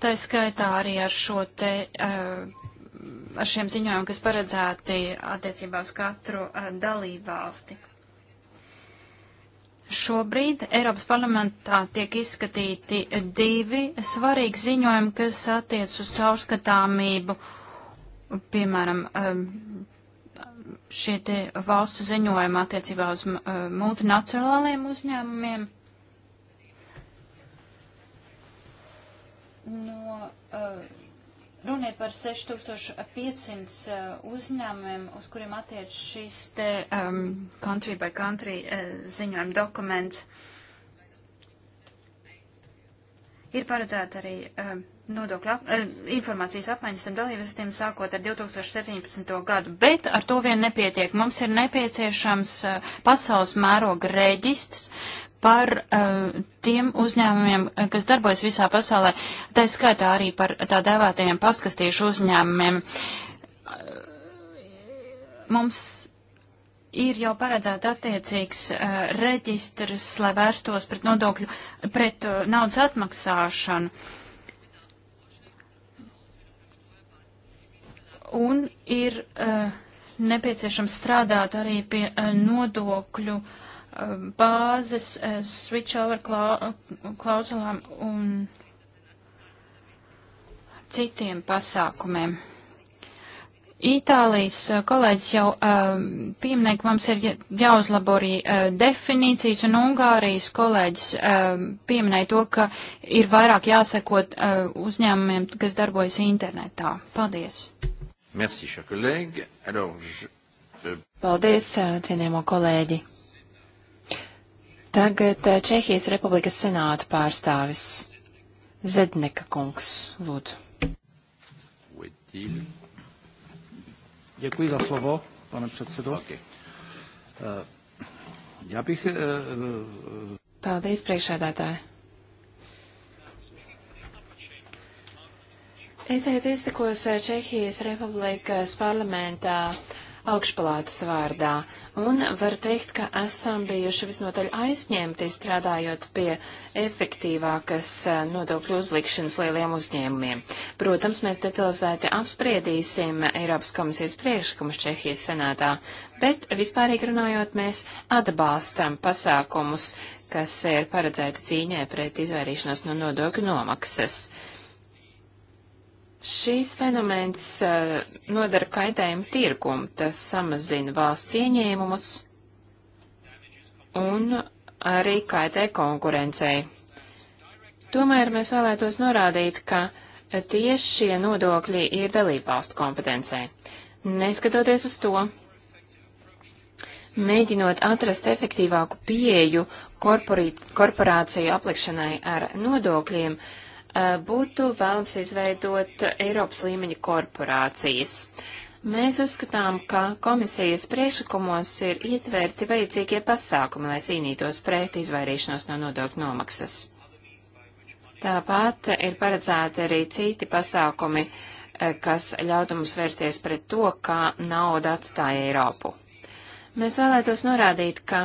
Tā skaitā arī ar šo te. Uh, ar šiem ziņojumiem, kas paredzēti attiecībā uz katru eh, dalībvalsti. Šobrīd Eiropas parlamentā tiek izskatīti divi svarīgi ziņojumi, kas attiec uz caurskatāmību, piemēram, eh, šie te valstu ziņojumi attiecībā uz multinacionāliem uzņēmumiem. no, uh, runa ir par 6500 uh, uzņēmumiem, uz kuriem attiec šis te um, country by country uh, ziņojuma dokuments. Ir paredzēta arī uh, nodokļa ap, uh, informācijas apmaiņas tam dalībvalstīm sākot ar 2017. gadu, bet ar to vien nepietiek. Mums ir nepieciešams uh, pasaules mēroga reģists, par uh, tiem uzņēmumiem, eh, kas darbojas visā pasaulē, tā skaitā arī par tā dēvētajiem paskastīšu uzņēmumiem. Eh, mums ir jau paredzēta attiecīgs uh, reģistrs, lai vērstos pret nodokļu, pret uh, naudas atmaksāšanu. Un ir uh, nepieciešams strādāt arī pie uh, nodokļu uh, Um, bāzes uh, switchover klau, uh, klauzulām un citiem pasākumiem. Itālijas uh, kolēģis jau uh, pieminēja, ka mums ir jāuzlabo arī uh, definīcijas, un Ungārijas kolēģis uh, pieminēja to, ka ir vairāk jāsekot uh, uzņēmumiem, kas darbojas internetā. Paldies! Merci, Alors, je... Euh, Paldies, cienījamo kolēģi! Tagad eh, Čehijas Republikas senāta pārstāvis Zedneka kungs, lūdzu. Děkuji za slovo, pane předsedo. Okay. Uh, já bych... Uh, Paldies, priekšādātāji. Es tagad izsakos Čehijas Republikas parlamentā augšpalātas vārdā, un var teikt, ka esam bijuši visnotaļ aizņemti strādājot pie efektīvākas eh, nodokļu uzlikšanas lieliem uzņēmumiem. Protams, mēs detalizēti apspriedīsim Eiropas komisijas priekšlikumus Čehijas senātā, bet vispārīgi runājot, mēs atbalstam pasākumus, kas ir paredzēti cīņai pret izvairīšanos no nodokļu nomaksas. Šīs fenomens eh, nodara kaitējumu tirkumu, tas samazina valsts ieņēmumus un arī kaitē konkurencei. Tomēr mēs vēlētos norādīt, ka tieši šie nodokļi ir dalībvalstu kompetencē. Neskatoties uz to, mēģinot atrast efektīvāku pieeju korporāciju aplikšanai ar nodokļiem, uh, Eh, būtu vēlams izveidot Eiropas līmeņa korporācijas. Mēs uzskatām, ka komisijas priekšlikumos ir ietverti vajadzīgie pasākumi, lai cīnītos pret izvairīšanos no nodokļu nomaksas. Tāpat ir paredzēti arī citi pasākumi, eh, kas ļautu mums vērsties pret to, kā nauda atstāja Eiropu. Mēs vēlētos norādīt, ka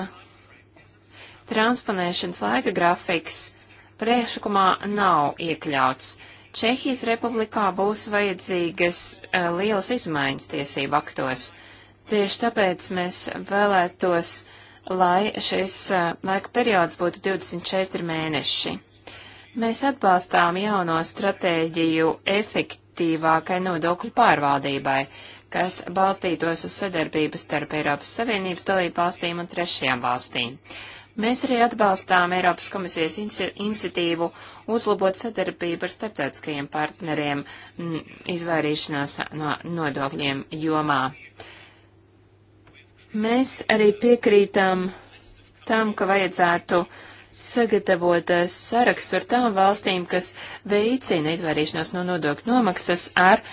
transponēšanas laika grafiks priekšlikumā nav iekļauts. Čehijas republikā būs vajadzīgas uh, lielas izmaiņas tiesību aktos. Tieši tāpēc mēs vēlētos, lai šis uh, laika periods būtu 24 mēneši. Mēs atbalstām jauno stratēģiju efektīvākai nodokļu pārvaldībai, kas balstītos uz sadarbību starp Eiropas Savienības dalību valstīm un trešajām valstīm. Mēs arī atbalstām Eiropas komisijas inici iniciatīvu uzlabot sadarbību ar starptautiskajiem partneriem m, izvairīšanās no nodokļiem jomā. Mēs arī piekrītam tam, ka vajadzētu sagatavot eh, sarakstu ar tām valstīm, kas veicina izvairīšanos no nodokļu nomaksas ar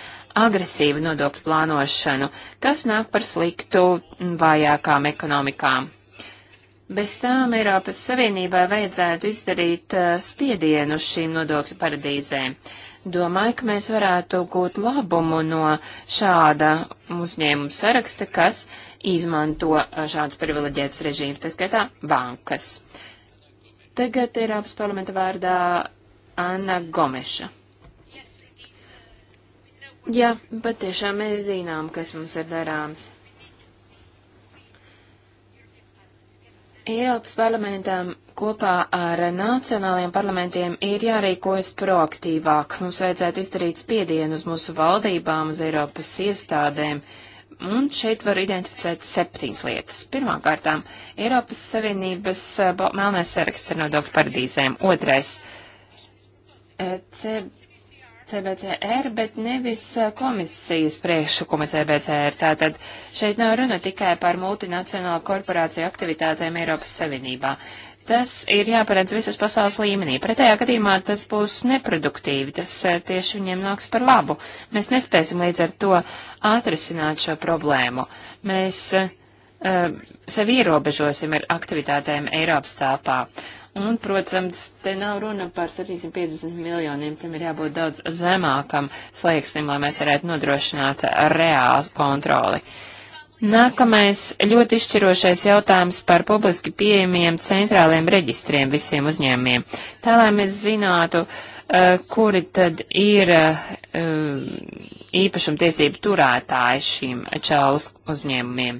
agresīvu nodokļu plānošanu, kas nāk par sliktu vājākām ekonomikām. Bez tām Eiropas Savienībai vajadzētu izdarīt eh, spiedienu uz šīm nodokļu paradīzēm. Domāju, ka mēs varētu gūt labumu no šāda uzņēmuma saraksta, kas izmanto eh, šādus privileģētus režīmus, tā skaitā bankas. Tagad Eiropas parlamenta vārdā Anna Gomeša. Jā, patiešām mēs zinām, kas mums ir darāms. Eiropas parlamentam kopā ar nacionālajiem parlamentiem ir jārīkojas proaktīvāk. Mums vajadzētu izdarīt spiedienu uz mūsu valdībām, uz Eiropas iestādēm. Un šeit var identificēt septiņas lietas. Pirmkārt, Eiropas Savienības eh, melnais saraksts ar nodokļu paradīzēm. Otrais, eh, C CBCR, bet nevis eh, komisijas priekšlikuma CBCR. Tātad šeit nav runa tikai par multinacionālu korporāciju aktivitātēm Eiropas Savienībā. Tas ir jāparedz visas pasaules līmenī. Pretējā gadījumā tas būs neproduktīvi, tas eh, tieši viņiem nāks par labu. Mēs nespēsim līdz ar to atrisināt šo problēmu. Mēs uh, sevi ierobežosim ar aktivitātēm Eiropas tāpā. Un, protams, te nav runa par 750 miljoniem, tam ir jābūt daudz zemākam slieksnim, lai mēs varētu nodrošināt reālu kontroli. Nākamais ļoti izšķirošais jautājums par publiski pieejamiem centrāliem reģistriem visiem uzņēmumiem. Tā lai mēs zinātu, uh, kuri tad ir uh, īpašumtiesību turētāji šīm čālus uzņēmumiem.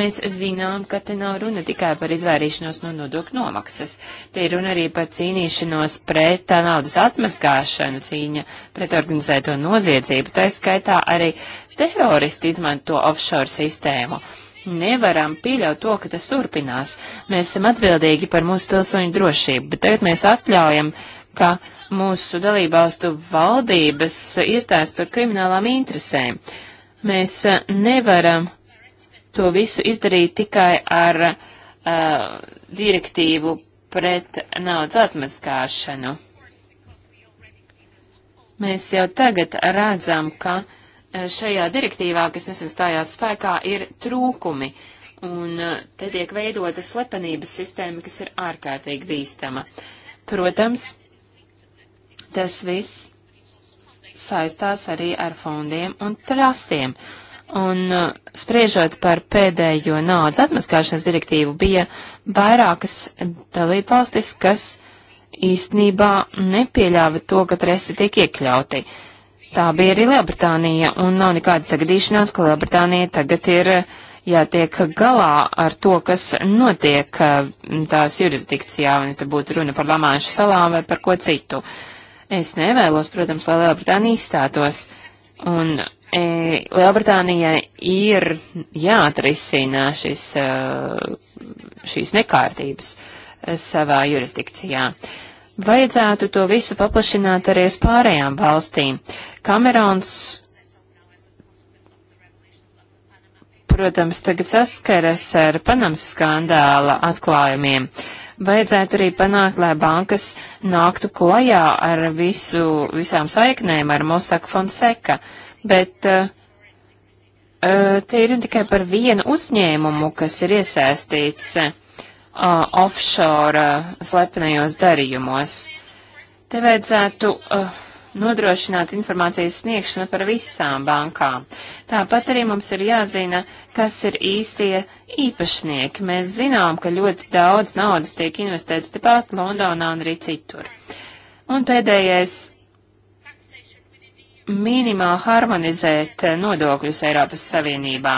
Mēs zinām, ka te nav runa tikai par izvairīšanos no nodokļu nomaksas. Te ir runa arī par cīnīšanos pret naudas atmaskāšanu, cīņa pret organizēto noziedzību. Tā skaitā arī teroristi izmanto offshore sistēmu. Nevaram pieļaut to, ka tas turpinās. Mēs esam atbildīgi par mūsu pilsoņu drošību, bet tagad mēs atļaujam, ka uh, mūsu dalībvalstu valdības iestājas par kriminālām interesēm. Mēs eh, nevaram to visu izdarīt tikai ar uh, direktīvu pret naudas atmaskāšanu. Mēs jau tagad redzam, ka eh, šajā direktīvā, kas nesen stājās spēkā, ir trūkumi, un te tiek veidota slepenības sistēma, kas ir ārkārtīgi bīstama. Protams, Tas viss saistās arī ar fondiem un trastiem. Un uh, spriežot par pēdējo naudas atmaskāšanas direktīvu, bija vairākas dalībvalstis, kas īstenībā nepieļāva to, ka tresi tiek iekļauti. Tā bija arī Lielbritānija, un nav nekāda sagadīšanās, ka Lielbritānija tagad ir uh, jātiek galā ar to, kas notiek uh, tās jurisdikcijā, vai te būtu runa par Lamāņu salām vai par ko citu. Uh, Es nevēlos, protams, lai Lielbritānija izstātos. Un e, Lielbritānijai ir jāatrisina šis, e, šīs nekārtības e, savā jurisdikcijā. Vajadzētu to visu paplašināt arī uz pārējām valstīm. Kamerons protams, tagad saskaras ar Panamas skandāla atklājumiem vajadzētu arī panākt, lai bankas nāktu klajā ar visu, visām saiknēm, ar Mossack Fonseca, bet uh, te ir tikai par vienu uzņēmumu, kas ir iesaistīts uh, offshore uh, slepenajos darījumos. Te vajadzētu uh, nodrošināt informācijas sniegšanu par visām bankām. Tāpat arī mums ir jāzina, kas ir īstie īpašnieki. Mēs zinām, ka ļoti daudz naudas tiek investēts tepat Londonā un arī citur. Un pēdējais - minimāli harmonizēt nodokļus Eiropas Savienībā.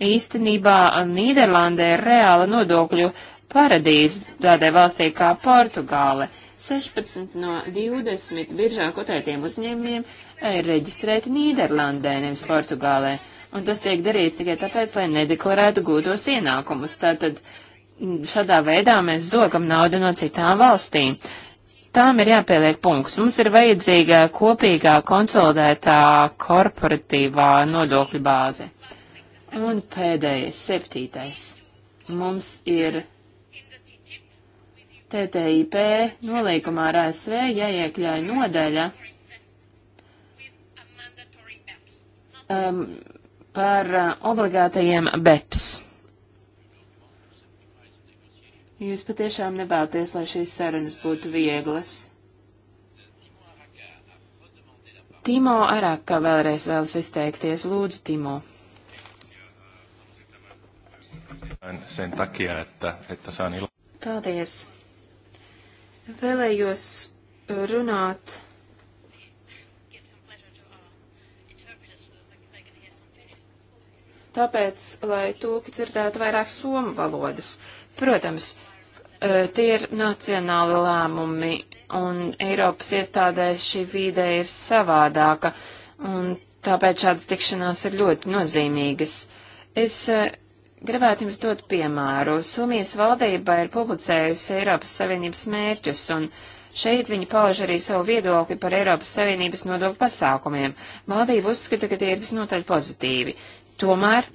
Īstenībā Nīderlandē ir reāla nodokļu paradīze tādai valstī kā Portugāle. 16 no 20 biržā kotētiem uzņēmumiem ir reģistrēti Nīderlandē, nevis Portugālē, un tas tiek darīts tikai tāpēc, lai nedeklarētu gūtos ienākumus. Tātad šādā veidā mēs zogam naudu no citām valstīm. Tām ir jāpieliek punkts. Mums ir vajadzīga kopīgā konsolidētā korporatīvā nodokļu bāze. Un pēdējais, septītais. Mums ir TTIP nolīgumā ar ASV jāiekļauj nodeļa um, par uh, obligātajiem BEPS. Jūs patiešām nevēlaties, lai šīs sarunas būtu vieglas. Timo Araka vēlreiz vēlas izteikties. Lūdzu, Timo. Sen takia, että, että saan ilo. Paldies. Vēlējos runāt tāpēc, lai tūki dzirdētu vairāk somu valodas. Protams, eh, tie ir nacionāli lēmumi, un Eiropas iestādēs šī vīde ir savādāka, un tāpēc šādas tikšanās ir ļoti nozīmīgas. Es eh, Gribētu jums dot piemēru. Somijas valdība ir publicējusi Eiropas Savienības mērķus, un šeit viņi pauž arī savu viedokli par Eiropas Savienības nodokļu pasākumiem. Valdība uzskata, ka tie ir visnotaļ pozitīvi. Tomēr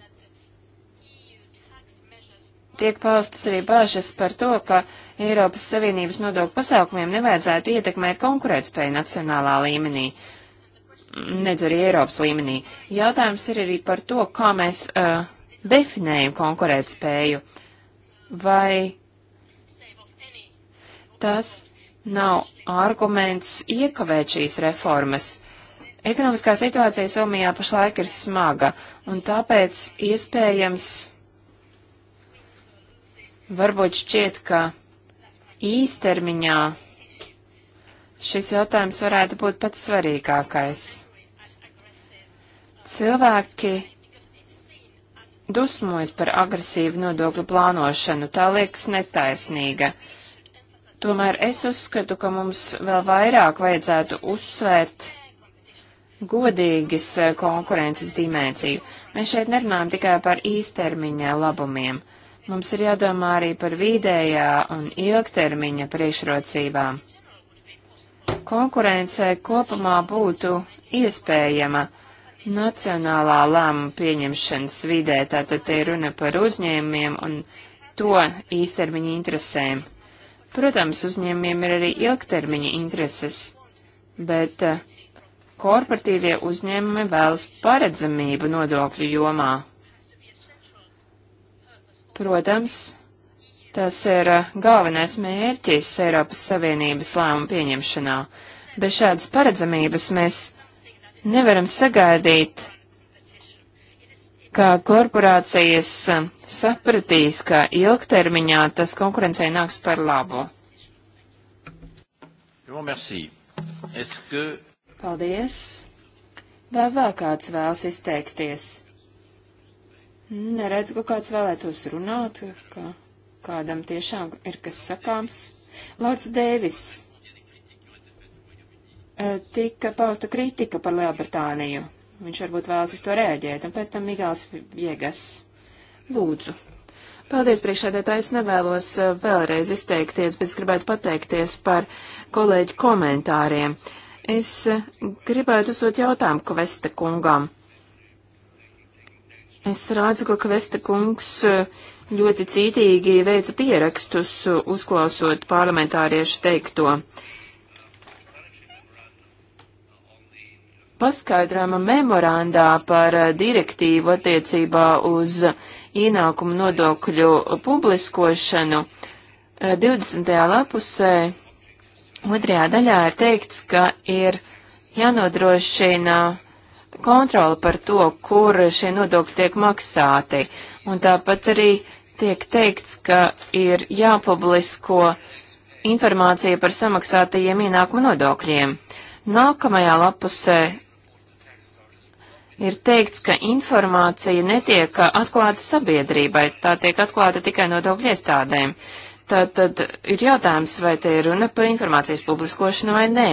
tiek paustas arī bāžas par to, ka Eiropas Savienības nodokļu pasākumiem nevajadzētu ietekmēt konkurētspēju nacionālā līmenī nedz arī Eiropas līmenī. Jautājums ir arī par to, kā mēs uh, definējam konkurētspēju, vai tas nav arguments iekavēt šīs reformas. Ekonomiskā situācija Somijā pašlaik ir smaga, un tāpēc iespējams varbūt šķiet, ka īstermiņā šis jautājums varētu būt pats svarīgākais. Cilvēki dusmojas par agresīvu nodokļu plānošanu, tā liekas netaisnīga. Tomēr es uzskatu, ka mums vēl vairāk vajadzētu uzsvērt godīgas eh, konkurences dimensiju. Mēs šeit nerunājam tikai par īstermiņa labumiem. Mums ir jādomā arī par vidējā un ilgtermiņa priekšrocībām. Konkurence kopumā būtu iespējama nacionālā lēmuma pieņemšanas vidē, tātad te ir runa par uzņēmumiem un to īstermiņa interesēm. Protams, uzņēmumiem ir arī ilgtermiņa intereses, bet eh, korporatīvie uzņēmumi vēlas paredzamību nodokļu jomā. Protams, tas ir eh, galvenais mērķis Eiropas Savienības lēmumu pieņemšanā. Bez šādas paredzamības mēs nevaram sagaidīt, ka korporācijas um, sapratīs, ka ilgtermiņā tas konkurencei nāks par labu. Paldies. Vai vēl kāds vēlas izteikties? Neredzu, ka kāds vēlētos runāt, ka kādam tiešām ir kas sakāms. Lords Dēvis. Eh, tika pausta kritika par Lielbritāniju. Viņš varbūt vēlas uz to rēģēt, un pēc tam Migāls Viegas. Lūdzu. Paldies, priekšsēdētājs, nevēlos eh, vēlreiz izteikties, bet es gribētu pateikties par kolēģu komentāriem. Es eh, gribētu uzdot jautājumu Kvesta kungam. Es redzu, ka Kvesta kungs ļoti cītīgi veica pierakstus, uzklausot parlamentāriešu teikto. Uh, paskaidrojuma memorandā par eh, direktīvu attiecībā uz ienākumu nodokļu publiskošanu 20. Eh, lapusē otrajā daļā ir teikts, ka ir jānodrošina kontroli par to, kur šie nodokļi tiek maksāti. Un tāpat arī tiek teikts, ka ir jāpublisko informācija par samaksātajiem ienākumu nodokļiem. Nākamajā lapusē ir teikts, ka informācija netiek uh, atklāta sabiedrībai, tā tiek atklāta tikai nodokļu iestādēm. Tātad ir jautājums, vai te ir runa par informācijas publiskošanu vai nē.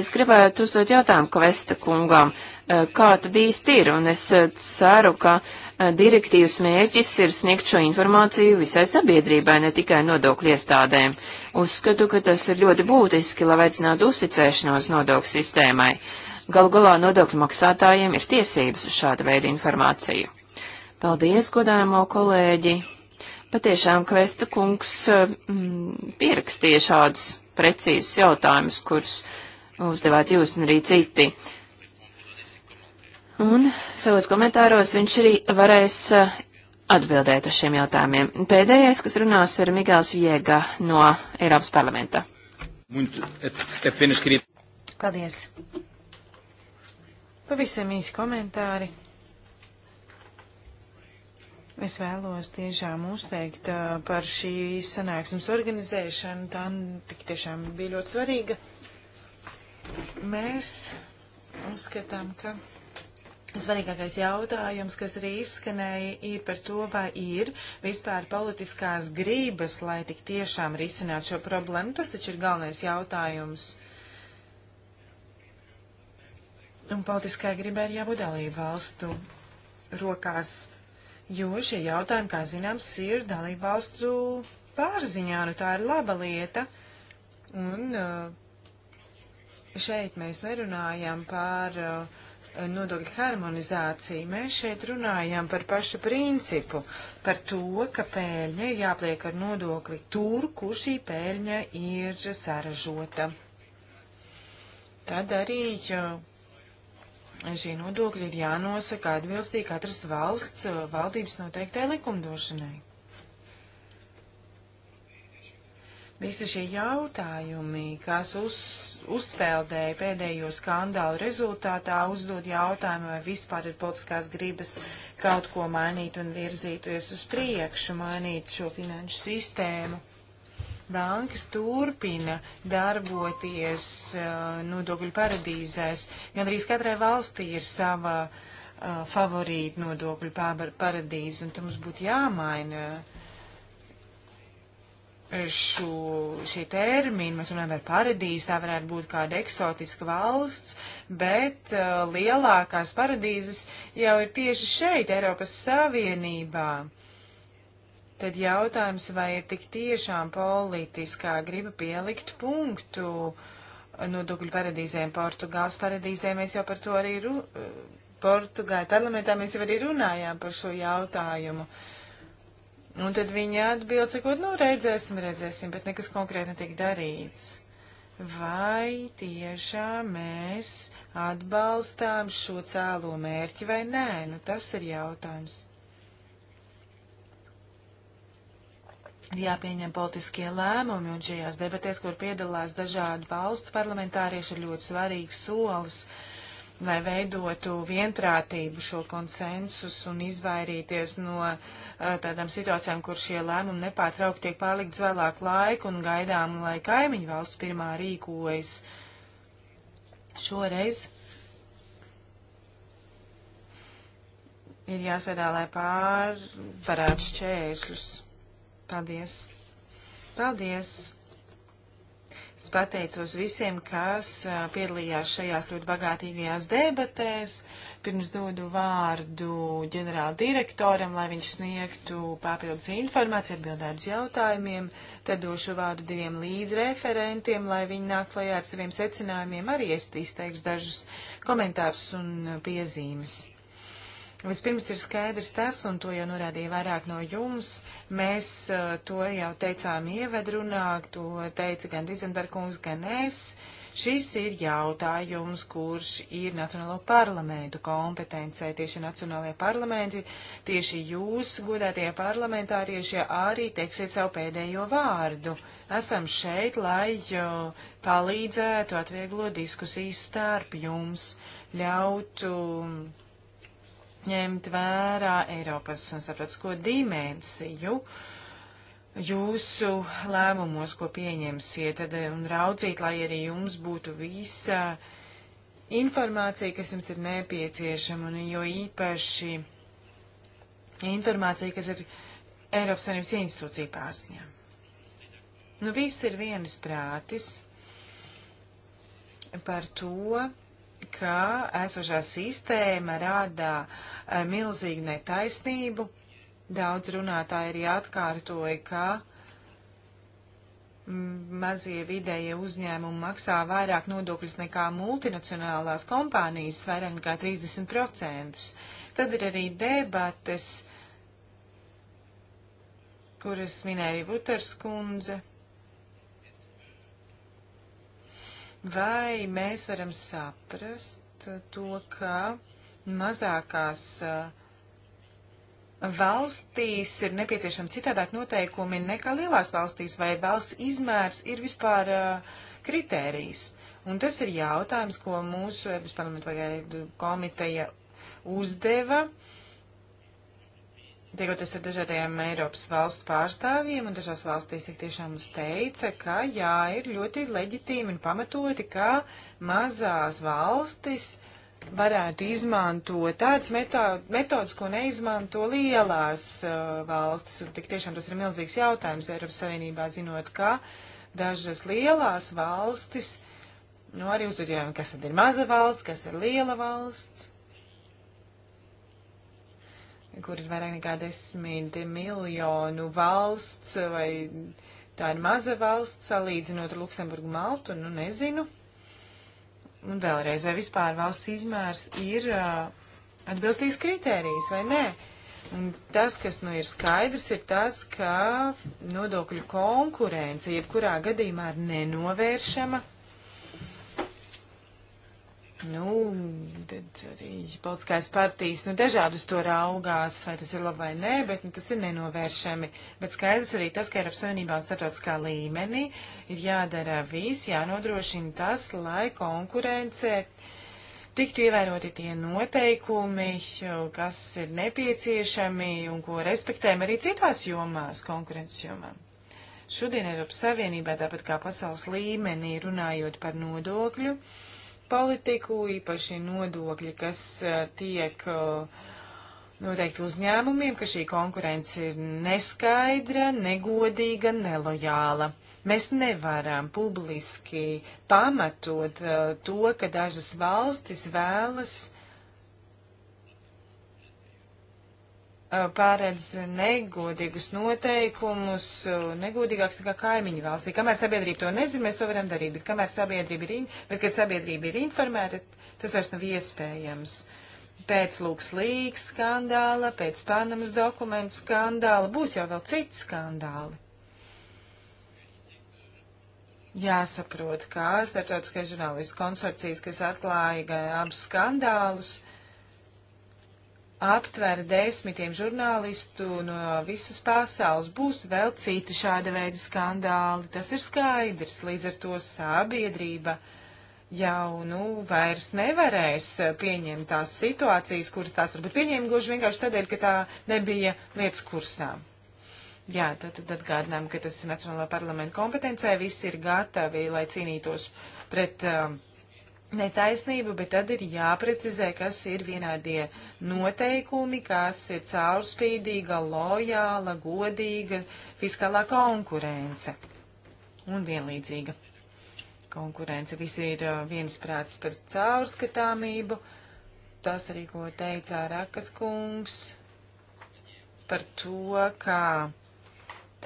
Es gribētu uzdot jautājumu Kvesta kungam, uh, kā tad īsti ir, un es uh, ceru, ka direktīvas mērķis ir sniegt šo informāciju visai sabiedrībai, ne tikai nodokļu iestādēm. Uzskatu, ka tas ir ļoti būtiski, lai veicinātu uzticēšanos nodokļu sistēmai. Uh, Galu galā nodokļu maksātājiem ir tiesības uz šāda veida informāciju. Paldies, godājumo kolēģi! Patiešām Kvesta kungs eh, mm, pierakstīja šādus precīzus jautājumus, kurus uzdevāt jūs un arī citi. Un savos komentāros viņš arī varēs eh, atbildēt uz šiem jautājumiem. Pēdējais, kas runās, ir Migāls Viega no Eiropas parlamenta. Paldies. Pavisam īsi komentāri. Es vēlos tiešām uzteikt par šī sanāksmes organizēšanu. Tā tik tiešām bija ļoti svarīga. Mēs uzskatām, ka svarīgākais jautājums, kas arī izskanēja, ir par to, vai ir vispār politiskās grības, lai tik tiešām risinātu šo problēmu. Tas taču ir galvenais jautājums. Uh, Un politiskai gribai ir jābūt dalību valstu rokās, jo šie jautājumi, kā zināms, ir dalību valstu pārziņā, nu tā ir laba lieta. Un uh, šeit mēs nerunājam par uh, nodokļu harmonizāciju, mēs šeit runājam par pašu principu, par to, ka pēļņa ir jāpliek ar nodokli tur, kur šī pēļņa ir saražota. Tad arī jau uh, šī nodokļa ir jānosaka atbilstīgi katras valsts uh, valdības noteiktai likumdošanai. Visi šie jautājumi, kas uz, uzspēldēja pēdējo skandālu rezultātā, uzdod jautājumu, vai vispār ir politiskās gribas kaut ko mainīt un virzīties uz priekšu, mainīt šo finanšu sistēmu bankas turpina darboties uh, nodokļu paradīzēs. Gan arī katrai valstī ir sava uh, favorīta nodokļu paradīze, un tam mums būtu jāmaina uh, šo, šie termini, mēs runājam par paradīzi, tā varētu būt kāda eksotiska valsts, bet uh, lielākās paradīzes jau ir tieši šeit, Eiropas Savienībā. Tad jautājums, vai ir tik tiešām politiskā griba pielikt punktu nodokļu paradīzēm, Portugāles paradīzēm, mēs jau par to arī, ru... Portugāļu parlamentā mēs jau arī runājām par šo jautājumu. Un tad viņi atbild, sakot, nu redzēsim, redzēsim, bet nekas konkrēti netiek darīts. Vai tiešām mēs atbalstām šo cēlo mērķi vai nē? Nu tas ir jautājums. jāpieņem politiskie lēmumi, un šajās debatēs, kur piedalās dažādu valstu parlamentārieši, ir ļoti svarīgs solis, lai veidotu vienprātību šo konsensus un izvairīties no uh, tādām situācijām, kur šie lēmumi nepārtraukti tiek pārlikt uz vēlāku laiku un gaidām, lai kaimiņu valsts pirmā rīkojas. Šoreiz ir jāsvedā, lai pārvarētu šķēršļus. Paldies! Paldies! Es pateicos visiem, kas piedalījās šajās ļoti bagātīgajās debatēs. Pirms dodu vārdu ģenerāla direktoram, lai viņš sniegtu papildus informāciju, atbildētu uz jautājumiem. Tad došu vārdu diviem līdzreferentiem, lai viņi nāk klajā ar saviem secinājumiem. Arī es izteikšu dažus komentārus un piezīmes. Vispirms ir skaidrs tas, un to jau norādīja vairāk no jums, mēs uh, to jau teicām ievedrunā, to teica gan Dizenberkungs, gan es. Šis ir jautājums, kurš ir Nacionālo parlamentu kompetencē. Tieši Nacionālajie parlamenti, tieši jūs, godātie parlamentārieši, arī teiksiet savu pēdējo vārdu. Esam šeit, lai uh, palīdzētu atvieglot diskusijas starp jums, ļautu. Um, ņemt vērā Eiropas un starptautisko dimensiju jūsu lēmumos, ko pieņemsiet, tad, eh, un raudzīt, lai arī jums būtu visa informācija, kas jums ir nepieciešama, un jo īpaši informācija, kas ir Eiropas Savienības institūcija pārziņā. Nu, viss ir vienas prātis par to, ka esošā sistēma rada eh, milzīgu netaisnību. Daudz runātāji arī atkārtoja, ka mm, mazie vidējie uzņēmumi maksā vairāk nodokļus nekā multinacionālās kompānijas, vairāk nekā 30%. Tad ir arī debates, kuras minēja Vuters kundze Vai mēs varam saprast to, ka mazākās uh, valstīs ir nepieciešami citādāk noteikumi nekā lielās valstīs, vai valsts izmērs ir vispār uh, kritērijs? Un tas ir jautājums, ko mūsu Eiropas parlamentu pagaidu komiteja uzdeva. Uh, Tiekoties ar dažādiem Eiropas valstu pārstāvjiem, un dažās valstīs tik tiešām mums teica, ka jā, ir ļoti leģitīmi un pamatoti, ka mazās valstis varētu izmantot tādas metodas, ko neizmanto lielās uh, valstis, un tik tiešām tas ir milzīgs jautājums Eiropas Savienībā, zinot, ka dažas lielās valstis, nu arī uzdot jautājumu, kas tad ir maza valsts, kas ir liela valsts kur ir vairāk nekā desmit miljonu valsts, vai tā ir maza valsts, salīdzinot ar Luksemburgu Maltu, nu nezinu. Un vēlreiz, vai vispār valsts izmērs ir uh, atbilstīgs kritērijs vai nē. Un tas, kas nu ir skaidrs, ir tas, ka nodokļu konkurence jebkurā gadījumā ir nenovēršama Nu, tad arī politiskās partijas nu, dažādus to raugās, vai tas ir labi vai nē, bet nu, tas ir nenovēršami. Bet skaidrs arī tas, ka Eiropas Savienībā un starptautiskā līmenī ir jādara viss, jānodrošina tas, lai konkurence tiktu ievēroti tie noteikumi, kas ir nepieciešami un ko respektējam arī citās jomās, konkurences jomām. Šodien Eiropas Savienībā, tāpat kā pasaules līmenī, runājot par nodokļu, uh, politiku, īpaši nodokļi, kas eh, tiek eh, noteikti uzņēmumiem, ka šī konkurence ir neskaidra, negodīga, nelojāla. Mēs nevaram publiski pamatot eh, to, ka dažas valstis vēlas Uh, pārēdz negodīgus noteikumus, uh, negodīgāks nekā kaimiņu valstī. Kamēr sabiedrība to nezina, mēs to varam darīt, bet kamēr sabiedrība ir, in, bet kad sabiedrība ir informēta, tas vairs nav iespējams. Pēc Lūks Līgas skandāla, pēc Panamas dokumentu skandāla būs jau vēl citi skandāli. Jāsaprot, kā starptautiskais žurnālistu konsorcijas, kas atklāja abus skandālus, aptver desmitiem žurnālistu no visas pasaules. Būs vēl citi šāda veida skandāli, tas ir skaidrs. Līdz ar to sabiedrība jau nu, vairs nevarēs pieņemt tās situācijas, kuras tās varbūt pieņēma gluži vienkārši tādēļ, ka tā nebija lietas kursā. Jā, tad, tad atgādinām, ka tas ir Nacionālā parlamenta kompetencē, visi ir gatavi, lai cīnītos pret. Uh, um, netaisnību, bet tad ir jāprecizē, kas ir vienādie noteikumi, kas ir caurspīdīga, lojāla, godīga fiskālā konkurence un vienlīdzīga konkurence. Visi ir uh, viensprāts par caurskatāmību. Tas arī, ko teica Rakas kungs par to, kā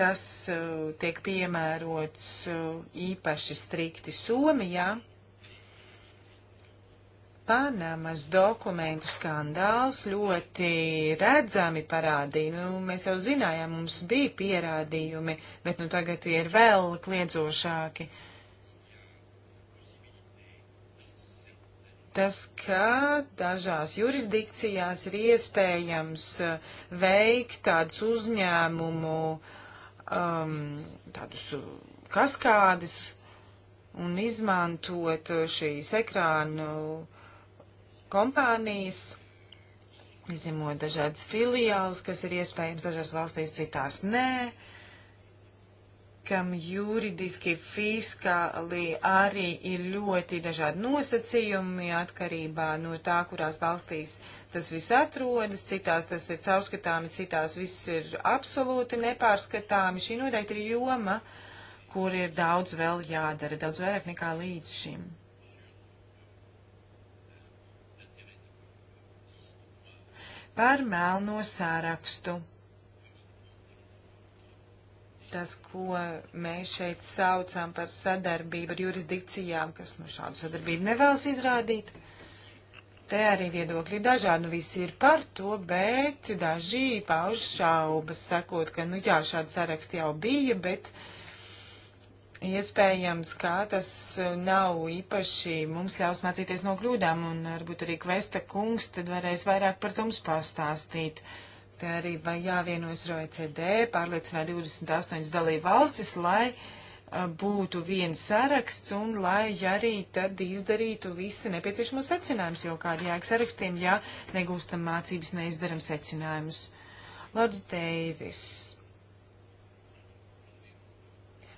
tas uh, tiek piemērots uh, īpaši strikti Somijā. Ja? Panamas dokumentu skandāls ļoti redzami parādīja. Nu, mēs jau zinājām, mums bija pierādījumi, bet nu tagad tie ir vēl kliedzošāki. Tas, ka dažās jurisdikcijās ir iespējams uh, veikt tādus uzņēmumu, um, tādus uh, kaskādes un izmantot uh, šīs ekrānu kompānijas, izņemot dažādas filiālas, kas ir iespējams dažās valstīs, citās nē, kam juridiski, fiskāli arī ir ļoti dažādi nosacījumi atkarībā no tā, kurās valstīs tas viss atrodas, citās tas ir caurskatāmi, citās viss ir absolūti nepārskatāmi. Šī noteikti ir joma, kur ir daudz vēl jādara, daudz vairāk nekā līdz šim. par melno sārakstu. Tas, ko mēs šeit saucam par sadarbību ar jurisdikcijām, kas nu šādu sadarbību nevēlas izrādīt. Te arī viedokļi ir dažādi, nu visi ir par to, bet daži pauž šaubas, sakot, ka, nu jā, šāds saraksts jau bija, bet uh, Iespējams, kā tas e, nav īpaši mums ļaus mācīties no kļūdām, un varbūt arī Kvesta kungs tad varēs vairāk par to mums pastāstīt. Te arī vai jāvienos ar OECD, pārliecināt 28 dalību valstis, lai e, būtu viens saraksts un lai arī tad izdarītu visi nepieciešamos secinājumus, jo kādi jāk sarakstiem, ja negūstam mācības, neizdaram secinājumus. Lods Deivis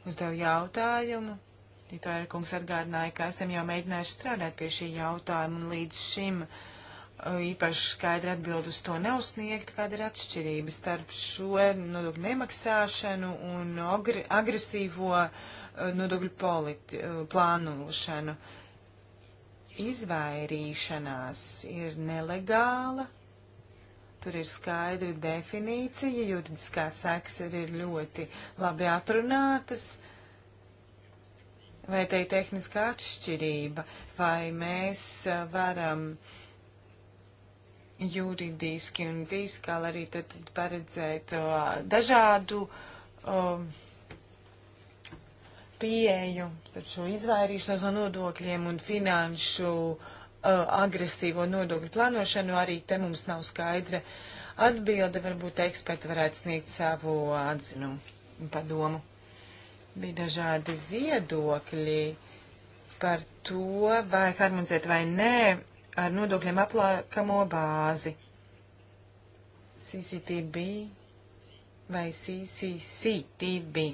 uzdevu jautājumu. Itāra kungs atgādināja, ka esam jau mēģinājuši strādāt pie šī jautājuma un līdz šim uh, īpaši skaidri atbild uz to nav sniegt, kāda ir atšķirība starp šo nodokļu nemaksāšanu un agri agresīvo uh, nodokļu politi uh, plānošanu. Izvairīšanās ir nelegāla Tur ir skaidra definīcija, juridiskās sekas arī ir ļoti labi atrunātas. Vai te ir tehniska atšķirība, vai mēs eh, varam juridiski un fiskāli arī tad paredzēt uh, dažādu um, pieeju par šo izvairīšanos no nodokļiem un finanšu uh, Uh, agresīvo nodokļu plānošanu, arī te mums nav skaidra atbilde. Varbūt eksperti varētu sniegt savu atzinumu un padomu. Bija dažādi viedokļi par to, vai harmonizēt vai nē ar nodokļiem aplākamo bāzi. CCTB vai CCCTB.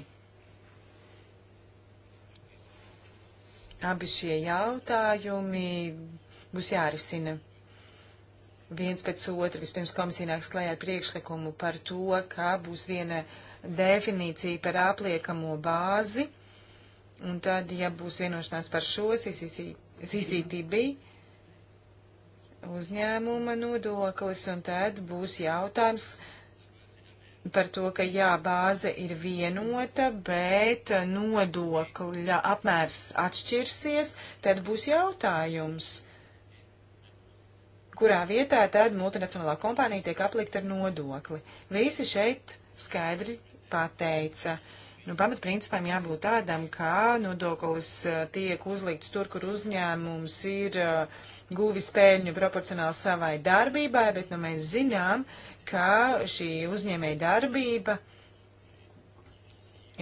Abi šie jautājumi būs jārisina viens pēc otra. Vispirms komisija nāks klajā ar priekšlikumu par to, kā būs viena definīcija par apliekamo bāzi, un tad, ja būs vienošanās par šo, CCTB uzņēmuma nodoklis, un tad būs jautājums par to, ka jā, bāze ir vienota, bet nodokļa apmērs atšķirsies, tad būs jautājums kurā vietā tad multinacionālā kompānija tiek aplikta ar nodokli. Visi šeit skaidri pateica. Nu, pamatprincipam jābūt tādam, ka nodoklis eh, tiek uzlikts tur, kur uzņēmums ir eh, guvis pēļņu proporcionāli savai darbībai, bet nu, mēs zinām, ka šī uzņēmēja darbība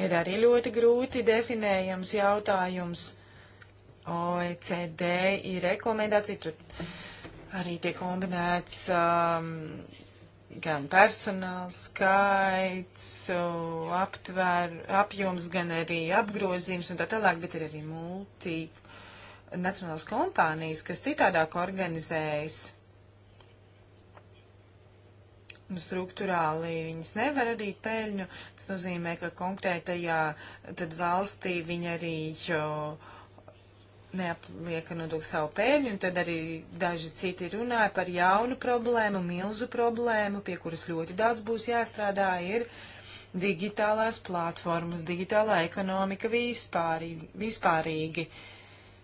ir arī ļoti grūti definējams jautājums. OECD ir rekomendācija, tur arī tiek kombinēts um, gan personāla skaits, aptvēr, apjoms, gan arī apgrozījums un tā tālāk, bet ir arī multinacionālas kompānijas, kas citādāk organizējas. Un nu, struktūrāli viņas nevar radīt peļņu. Tas nozīmē, ka konkrētajā tad valstī viņa arī jau uh, neaplieka nodokļu savu pēļņu, un tad arī daži citi runāja par jaunu problēmu, milzu problēmu, pie kuras ļoti daudz būs jāstrādā, ir digitālās platformas, digitālā ekonomika vispārīgi. vispārīgi.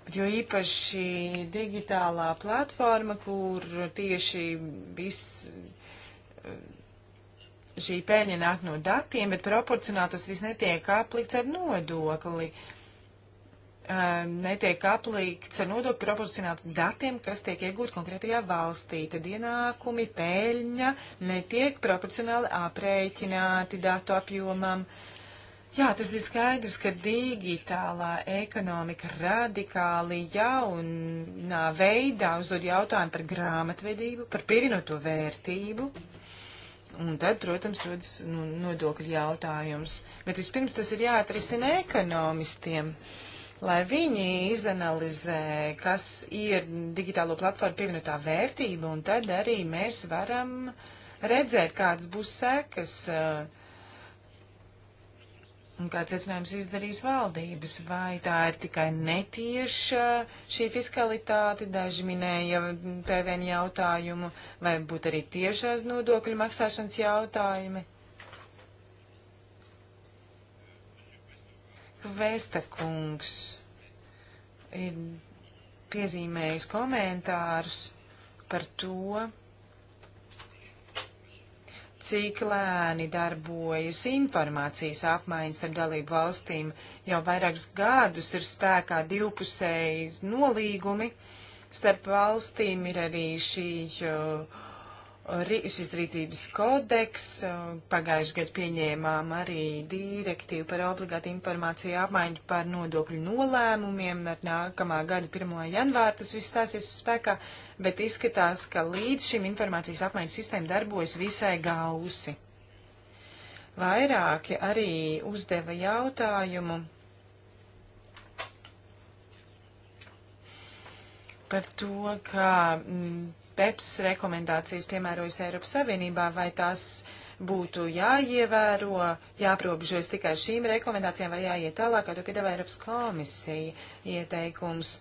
Bet jo īpaši digitālā platforma, kur tieši viss eh, šī pēļņa nāk no datiem, bet proporcionāli tas viss netiek aplikts ar nodokli. Uh, Um, netiek aplikts nodokļu proporcionāli datiem, kas tiek iegūti konkrētajā valstī. Tad ienākumi, peļņa netiek proporcionāli aprēķināti datu apjomam. Jā, tas ir skaidrs, ka digitālā ekonomika radikāli jaunā veidā uzdod jautājumu par grāmatvedību, par pievienoto vērtību. Un tad, protams, rodas nu, nodokļu jautājums. Bet vispirms tas ir jāatrisina ekonomistiem. Uh, lai viņi izanalizē, kas ir digitālo platformu pievienotā vērtība, un tad arī mēs varam redzēt, kādas būs sekas. Uh, Un kāds secinājums izdarīs valdības? Vai tā ir tikai netieša šī fiskalitāte, daži minēja PVN jautājumu, vai būtu arī tiešās nodokļu maksāšanas jautājumi? Vēstakungs ir piezīmējis komentārus par to, cik lēni darbojas informācijas apmaiņas ar dalību valstīm. Jau vairākus gadus ir spēkā divpusējas nolīgumi. Starp valstīm ir arī šī uh, šis rīcības kodeks. Um, pagājuši gadu pieņēmām arī direktīvu par obligātu informāciju apmaiņu par nodokļu nolēmumiem. Ar nākamā gada 1. janvāru tas viss stāsies spēkā, bet izskatās, ka līdz šim informācijas apmaiņas sistēma darbojas visai gausi. Vairāki arī uzdeva jautājumu par to, ka. Mm, PEPS rekomendācijas piemērojas Eiropas Savienībā, vai tās būtu jāievēro, jāprobežojas tikai šīm rekomendācijām vai jāiet tālāk, kā to piedāvā Eiropas komisija ieteikums.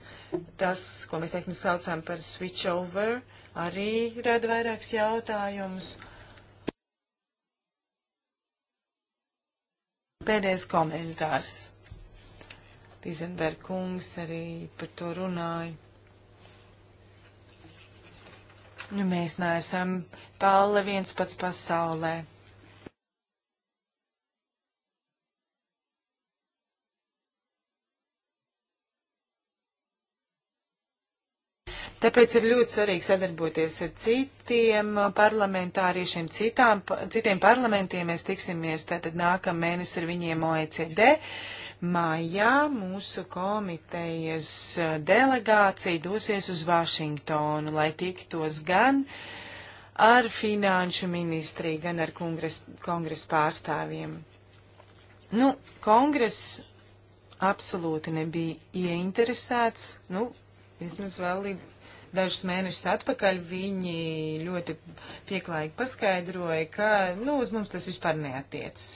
Tas, ko mēs teikti saucam par switch over, arī rada vairākus jautājumus. Pēdējais komentārs. Tizenberg kungs arī par to runāja. Nu, mēs neesam palle viens pats pasaulē. Tāpēc ir ļoti svarīgi sadarboties ar citiem parlamentāriešiem, citām, citiem parlamentiem. Mēs tiksimies tātad nākamā mēnesī ar viņiem OECD. Uh, Maijā mūsu komitejas eh, delegācija dosies uz Vašingtonu, lai tiktos gan ar finanšu ministriju, gan ar kongresu kongres pārstāvjiem. Nu, kongress absolūti nebija ieinteresēts, nu, vismaz vēl līdz dažus mēnešus atpakaļ viņi ļoti pieklājīgi paskaidroja, ka, nu, uz mums tas vispār neatiecas.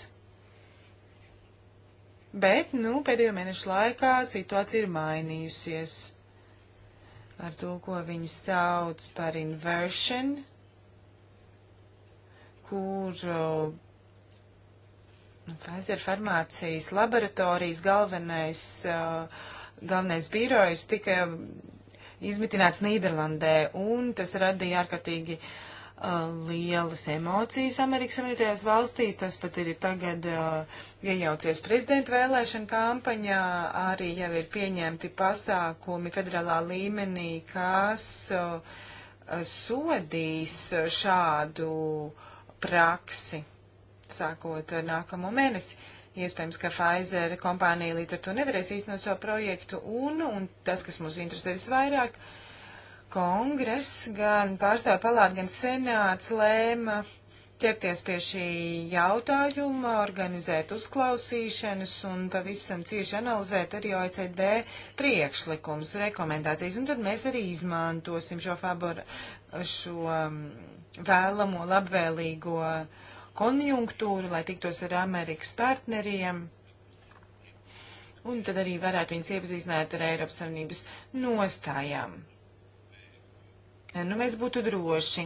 Bet, nu, pēdējo mēnešu laikā situācija ir mainījusies ar to, ko viņi sauc par inversion, kur nu, Pfizer farmācijas laboratorijas galvenais, uh, galvenais birojs tika izmitināts Nīderlandē, un tas radīja ārkārtīgi uh, lielas emocijas Amerikas Savienotajās valstīs. Tas pat ir tagad uh, iejaucies prezidenta vēlēšana kampaņā. Arī jau ir pieņemti pasākumi federālā līmenī, kas uh, sodīs šādu praksi, sākot ar nākamo mēnesi. Iespējams, ka Pfizer kompānija līdz ar to nevarēs īstenot savu projektu un, un tas, kas mūs interesē visvairāk, uh, kongress, gan pārstāvju palāta, gan senāts lēma ķerties pie šī jautājuma, organizēt uzklausīšanas un pavisam cieši analizēt arī OECD priekšlikums, rekomendācijas. Un tad mēs arī izmantosim šo, favor, šo mm, vēlamo labvēlīgo konjunktūru, lai tiktos ar Amerikas partneriem. Un tad arī varētu viņas iepazīstināt ar Eiropas Savienības nostājām. Eh, nu, mēs būtu droši,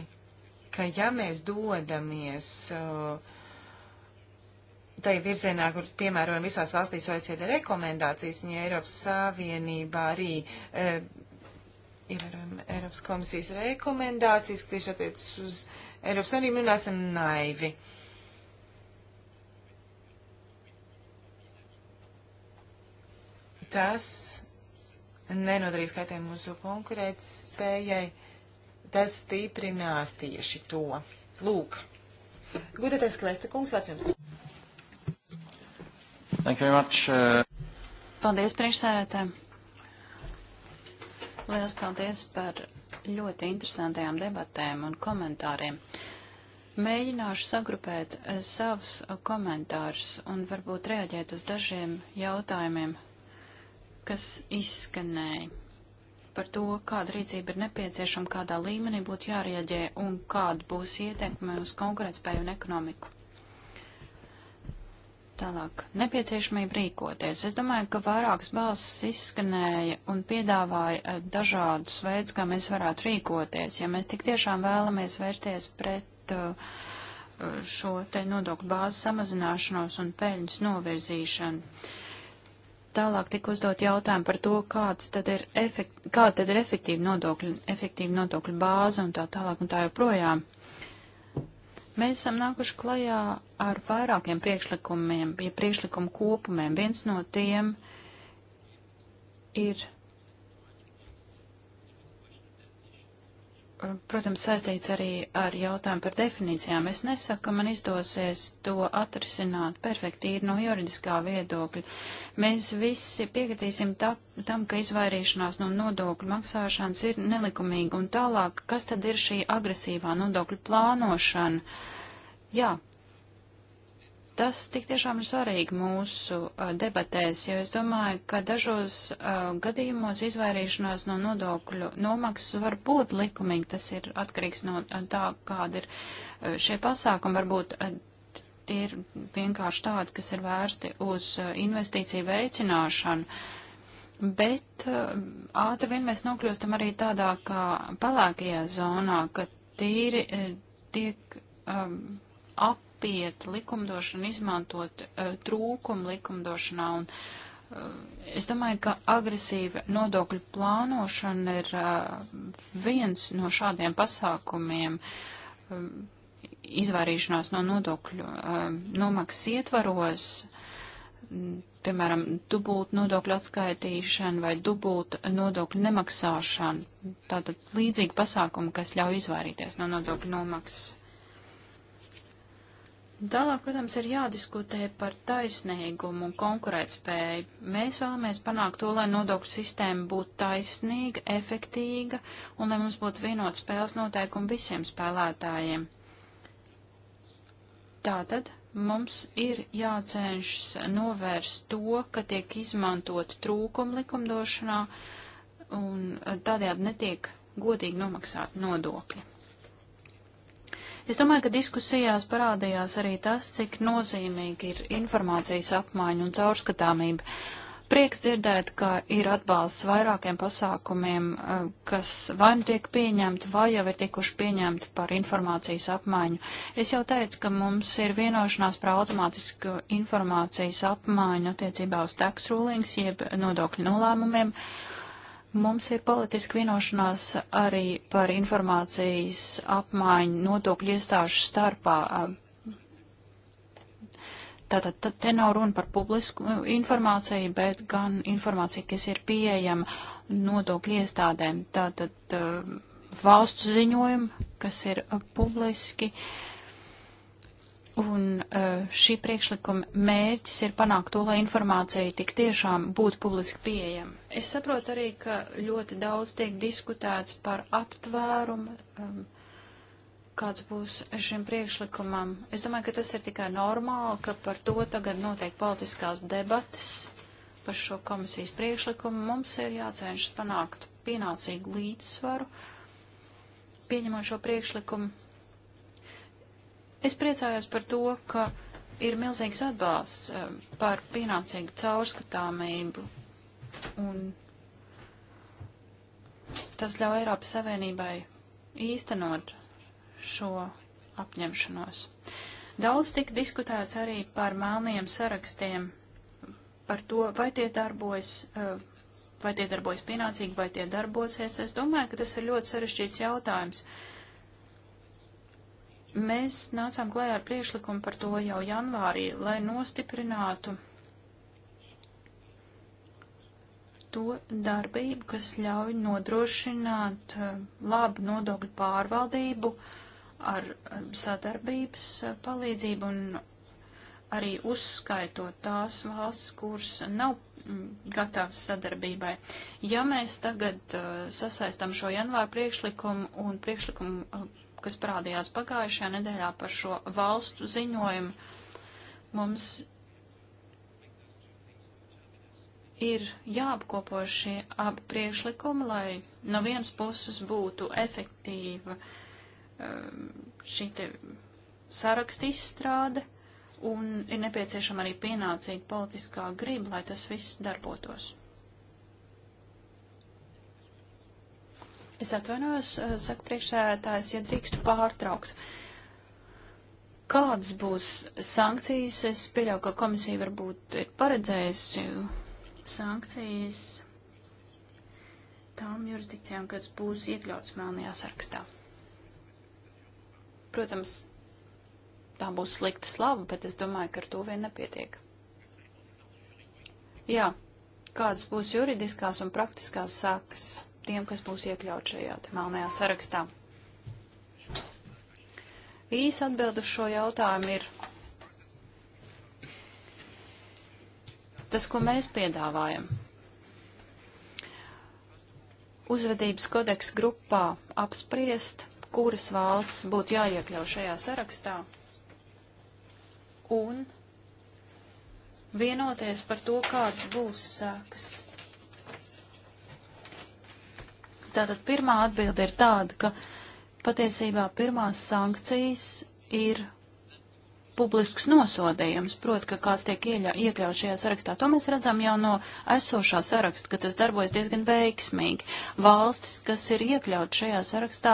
ka ja mēs dodamies eh, tai virzienā, kur piemērojam visās valstīs OECD rekomendācijas, un ja Eiropas Savienībā arī eh, ievērojam Eiropas komisijas rekomendācijas, kas tieši attiecas uz Eiropas Savienību, nu nesam naivi. Tas nenodarīs kaitējumu mūsu konkurētspējai. spējai tas stiprinās tieši to. Lūk, gudatais Klesta kungs, vārds jums. Thank you very much. Uh... Paldies priekšsēdētājiem. Liels paldies par ļoti interesantajām debatēm un komentāriem. Mēģināšu sagrupēt uh, savus uh, komentārus un varbūt reaģēt uz dažiem jautājumiem, kas izskanēja par to, kāda rīcība ir nepieciešama, kādā līmenī būtu jārieģē un kāda būs ietekme uz konkurētspēju un ekonomiku. Tālāk, nepieciešamība rīkoties. Es domāju, ka vairākas balsis izskanēja un piedāvāja eh, dažādus veidus, kā mēs varētu rīkoties, ja mēs tik tiešām vēlamies vērsties pret eh, šo te nodokļu bāzes samazināšanos un peļņas novirzīšanu Tālāk tika uzdot jautājumu par to, kāds tad ir, efekt, kāda tad ir efektīva nodokļa, efektīva nodokļa bāze un tā tālāk un tā joprojām. Mēs esam nākuši klajā ar vairākiem priekšlikumiem, ja priekšlikumu kopumiem. Viens no tiem ir protams, saistīts arī ar jautājumu par definīcijām. Es nesaku, ka man izdosies to atrisināt perfekti ir no juridiskā viedokļa. Mēs visi piekritīsim tā, tam, ka izvairīšanās no nodokļu maksāšanas ir nelikumīga un tālāk, kas tad ir šī agresīvā nodokļu plānošana. Jā, Tas tik tiešām ir svarīgi mūsu uh, debatēs, jo es domāju, ka dažos uh, gadījumos izvairīšanās no nodokļu nomaksas var būt likumīgi. Tas ir atkarīgs no uh, tā, kāda ir uh, šie pasākumi. Varbūt uh, tie ir vienkārši tādi, kas ir vērsti uz uh, investīciju veicināšanu. Bet uh, ātri vien mēs nokļūstam arī tādā kā pelēkajā zonā, ka tīri uh, tiek um, ap spiet likumdošanu izmantot uh, trūkumu likumdošanā. Un, uh, es domāju, ka agresīva nodokļu plānošana ir uh, viens no šādiem pasākumiem um, izvairīšanās no nodokļu um, nomaksas ietvaros. Um, piemēram, dubult nodokļu atskaitīšana vai dubult nodokļu nemaksāšana. Tātad līdzīgi pasākumi, kas ļauj izvairīties no nodokļu nomaksas. Tālāk, protams, ir jādiskutē par taisnīgumu un konkurētspēju. Mēs vēlamies panākt to, lai nodokļu sistēma būtu taisnīga, efektīga un lai mums būtu vienot spēles noteikumi visiem spēlētājiem. Tātad mums ir jācenšas novērst to, ka tiek izmantot trūkumu likumdošanā un tādējādi netiek godīgi nomaksāti nodokļi. Es domāju, ka diskusijās parādījās arī tas, cik nozīmīgi ir informācijas apmaiņa un caurskatāmība. Prieks dzirdēt, ka ir atbalsts vairākiem pasākumiem, eh, kas vai nu tiek pieņemti, vai jau ir tikuši pieņemti par informācijas apmaiņu. Es jau teicu, ka mums ir vienošanās par automātisku informācijas apmaiņu attiecībā uz tax rulings, jeb nodokļu nolēmumiem. Uh, Mums ir politiska vienošanās arī par informācijas apmaiņu nodokļu iestāžu starpā. Tātad tad te nav runa par publisku informāciju, bet gan informāciju, kas ir pieejama nodokļu iestādēm. Tātad eh, valstu ziņojumi, kas ir eh, publiski. Uh, Un eh, šī priekšlikuma mērķis ir panākt to, lai informācija tik tiešām būtu publiski pieejama. Es saprotu arī, ka ļoti daudz tiek diskutēts par aptvērumu, ehm, kāds būs šim priekšlikumam. Es domāju, ka tas ir tikai normāli, ka par to tagad notiek politiskās debatas par šo komisijas priekšlikumu. Mums ir jācenšas panākt pienācīgu līdzsvaru, pieņemot šo priekšlikumu Es priecājos par to, ka ir milzīgs atbalsts eh, par pienācīgu caurskatāmību, un tas ļauj Eiropas Savienībai īstenot šo apņemšanos. Daudz tika diskutēts arī par melniem sarakstiem, par to, vai tie darbojas, eh, vai tie darbojas pienācīgi, vai tie darbosies. Es domāju, ka tas ir ļoti sarežģīts jautājums. Uh, Mēs nācām klajā ar priekšlikumu par to jau janvārī, lai nostiprinātu to darbību, kas ļauj nodrošināt eh, labu nodokļu pārvaldību ar eh, sadarbības eh, palīdzību un arī uzskaitot tās valsts, kuras nav mm, gatavas sadarbībai. Ja mēs tagad sasaistam šo janvāru priekšlikumu un priekšlikumu kas parādījās pagājušajā nedēļā par šo valstu ziņojumu, mums ir jāapkopo šie abi priekšlikumi, lai no vienas puses būtu efektīva um, šī te saraksta izstrāde un ir nepieciešama arī pienācīga politiskā griba, lai tas viss darbotos. Es atvainojos, eh, saka priekšsēdētājs, ja drīkstu pārtraukt. Kādas būs sankcijas? Es pieļauju, ka komisija varbūt ir paredzējusi sankcijas tām jurisdikcijām, kas būs iekļauts melnajā sarakstā. Protams, tā būs slikta slava, bet es domāju, ka ar to vien nepietiek. Jā, kādas būs juridiskās un praktiskās sakas? tiem, kas būs iekļaut šajā melnajā sarakstā. Īsa atbild uz šo jautājumu ir tas, ko mēs piedāvājam. Uzvedības kodeks grupā apspriest, kuras valsts būtu jāiekļauj šajā sarakstā un vienoties par to, kāds būs sākas Tātad pirmā atbilde ir tāda, ka patiesībā pirmās sankcijas ir publisks nosodījums, proti, ka kāds tiek iekļauts šajā sarakstā. To mēs redzam jau no esošā saraksta, ka tas darbojas diezgan veiksmīgi. Valstis, kas ir iekļauts šajā sarakstā,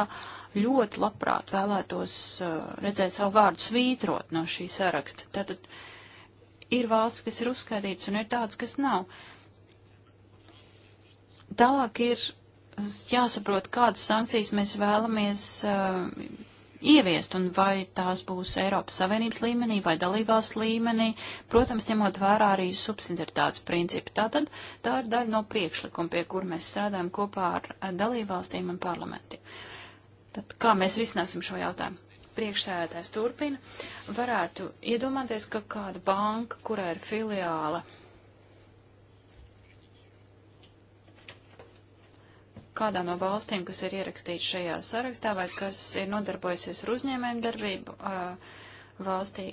ļoti labprāt vēlētos uh, redzēt savu vārdu svītrot no šī saraksta. Tātad ir valsts, kas ir uzskaitīts, un ir tāds, kas nav. Tālāk ir jāsaprot, kādas sankcijas mēs vēlamies uh, ieviest un vai tās būs Eiropas Savienības līmenī vai dalībās līmenī, protams, ņemot vērā arī subsidiaritātes principu. Tātad tā ir daļa no priekšlikuma, pie kur mēs strādājam kopā ar dalībvalstīm un parlamentiem. Tad kā mēs risināsim šo jautājumu? Priekšsēdētājs turpina. Varētu iedomāties, ka kāda banka, kurā ir filiāla kādā no valstīm, kas ir ierakstīts šajā sarakstā vai kas ir nodarbojusies ar uzņēmēm darbību valstī,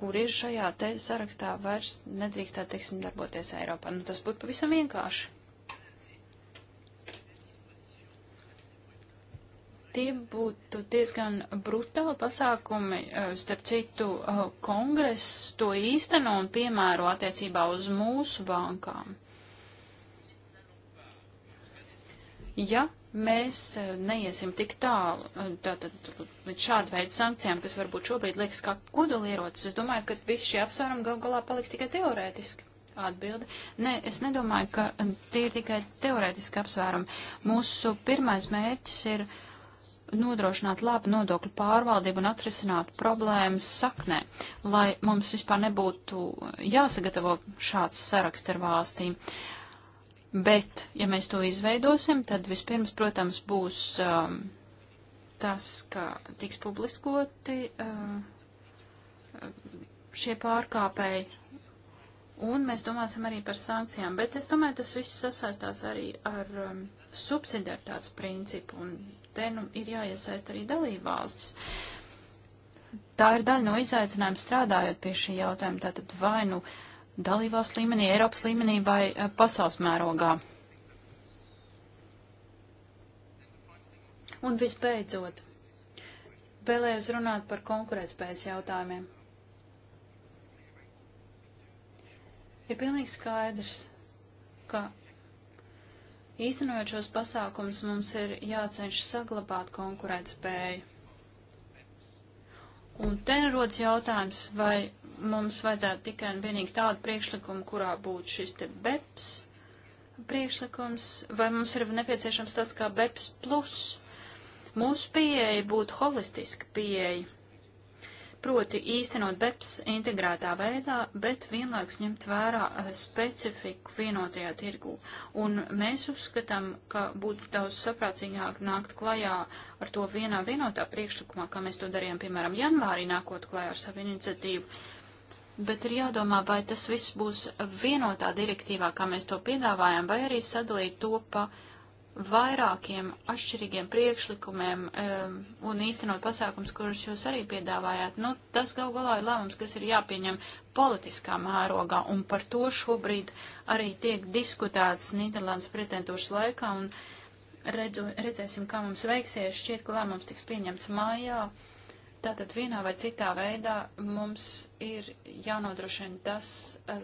kur ir šajā te sarakstā, vairs nedrīkst tā, teiksim, darboties Eiropā. Nu, tas būtu pavisam vienkārši. Tie būtu diezgan brutāli pasākumi, starp citu, kongress to īsteno un piemēro attiecībā uz mūsu bankām. Ja mēs e, neiesim tik tālu, e, tātad līdz šāda veida sankcijām, kas varbūt šobrīd liekas kā kodolierocis, es domāju, ka visi šie apsvērumi gal galā paliks tikai teorētiski. Atbilde. Nē, es nedomāju, ka e, tie ir tikai teorētiski apsvērumi. Mūsu pirmais mērķis ir nodrošināt labu nodokļu pārvaldību un atrisināt problēmas saknē, lai mums vispār nebūtu jāsagatavo šāds saraksts ar valstīm. Uh, Bet, ja mēs to izveidosim, tad vispirms, protams, būs um, tas, ka tiks publiskoti uh, šie pārkāpēji, un mēs domāsim arī par sankcijām. Bet es domāju, tas viss sasaistās arī ar um, subsidiartāts principu, un te nu, ir jāiesaist arī dalībvalstis. Tā ir daļa no izaicinājuma strādājot pie šī jautājuma, tātad vai nu. Uh, dalībās līmenī, Eiropas līmenī vai eh, pasaules mērogā. Un visbeidzot, vēlējos runāt par konkurētspējas jautājumiem. Ir pilnīgi skaidrs, ka īstenojot šos pasākumus mums ir jācenšas saglabāt konkurētspēju. Un te rodas jautājums, vai mums vajadzētu tikai un vienīgi tādu priekšlikumu, kurā būtu šis te BEPS priekšlikums, vai mums ir nepieciešams tāds kā BEPS plus. Mūsu pieeja būtu holistiska pieeja, proti īstenot BEPS integrētā veidā, bet vienlaikus ņemt vērā eh, specifiku vienotajā tirgū. Un mēs uzskatām, ka būtu daudz saprācīgāk nākt klajā ar to vienā vienotā priekšlikumā, kā mēs to darījām, piemēram, janvārī nākot klajā ar savu iniciatīvu bet ir jādomā, vai tas viss būs vienotā direktīvā, kā mēs to piedāvājam, vai arī sadalīt to pa vairākiem atšķirīgiem priekšlikumiem um, un īstenot pasākums, kurus jūs arī piedāvājāt. Nu, tas gal galā ir lēmums, kas ir jāpieņem politiskā mērogā, un par to šobrīd arī tiek diskutēts Nīderlandes prezidentūras laikā, un redzu, redzēsim, kā mums veiksies. Šķiet, ka lēmums tiks pieņemts mājā. Uh, Tātad vienā vai citā veidā mums ir jānodrošina tas,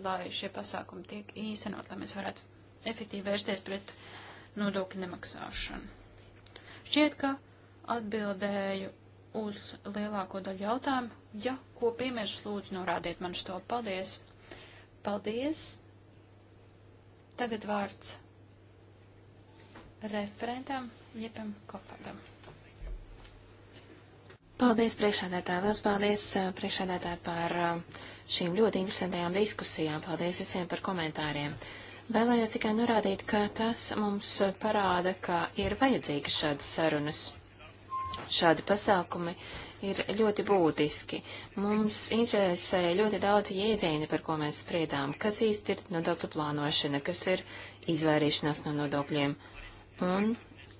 lai šie pasākumi tiek īstenot, lai mēs varētu efektīvi vērsties pret nodokļu nemaksāšanu. Šķiet, ka atbildēju uz lielāko daļu jautājumu. Ja ko piemērš, lūdzu, norādiet man to. Paldies! Paldies! Tagad vārds referentam Jepam Kofadam. Paldies priekšādētāji, liels paldies eh, priekšādētāji par eh, šīm ļoti interesantajām diskusijām. Paldies visiem par komentāriem. Vēlējos tikai norādīt, ka tas mums parāda, ka ir vajadzīgas šādas sarunas. Šādi pasākumi ir ļoti būtiski. Mums interesē ļoti daudz jēdzieni, par ko mēs spriedām, kas īsti ir nodokļu plānošana, kas ir izvairīšanās no nodokļiem. Un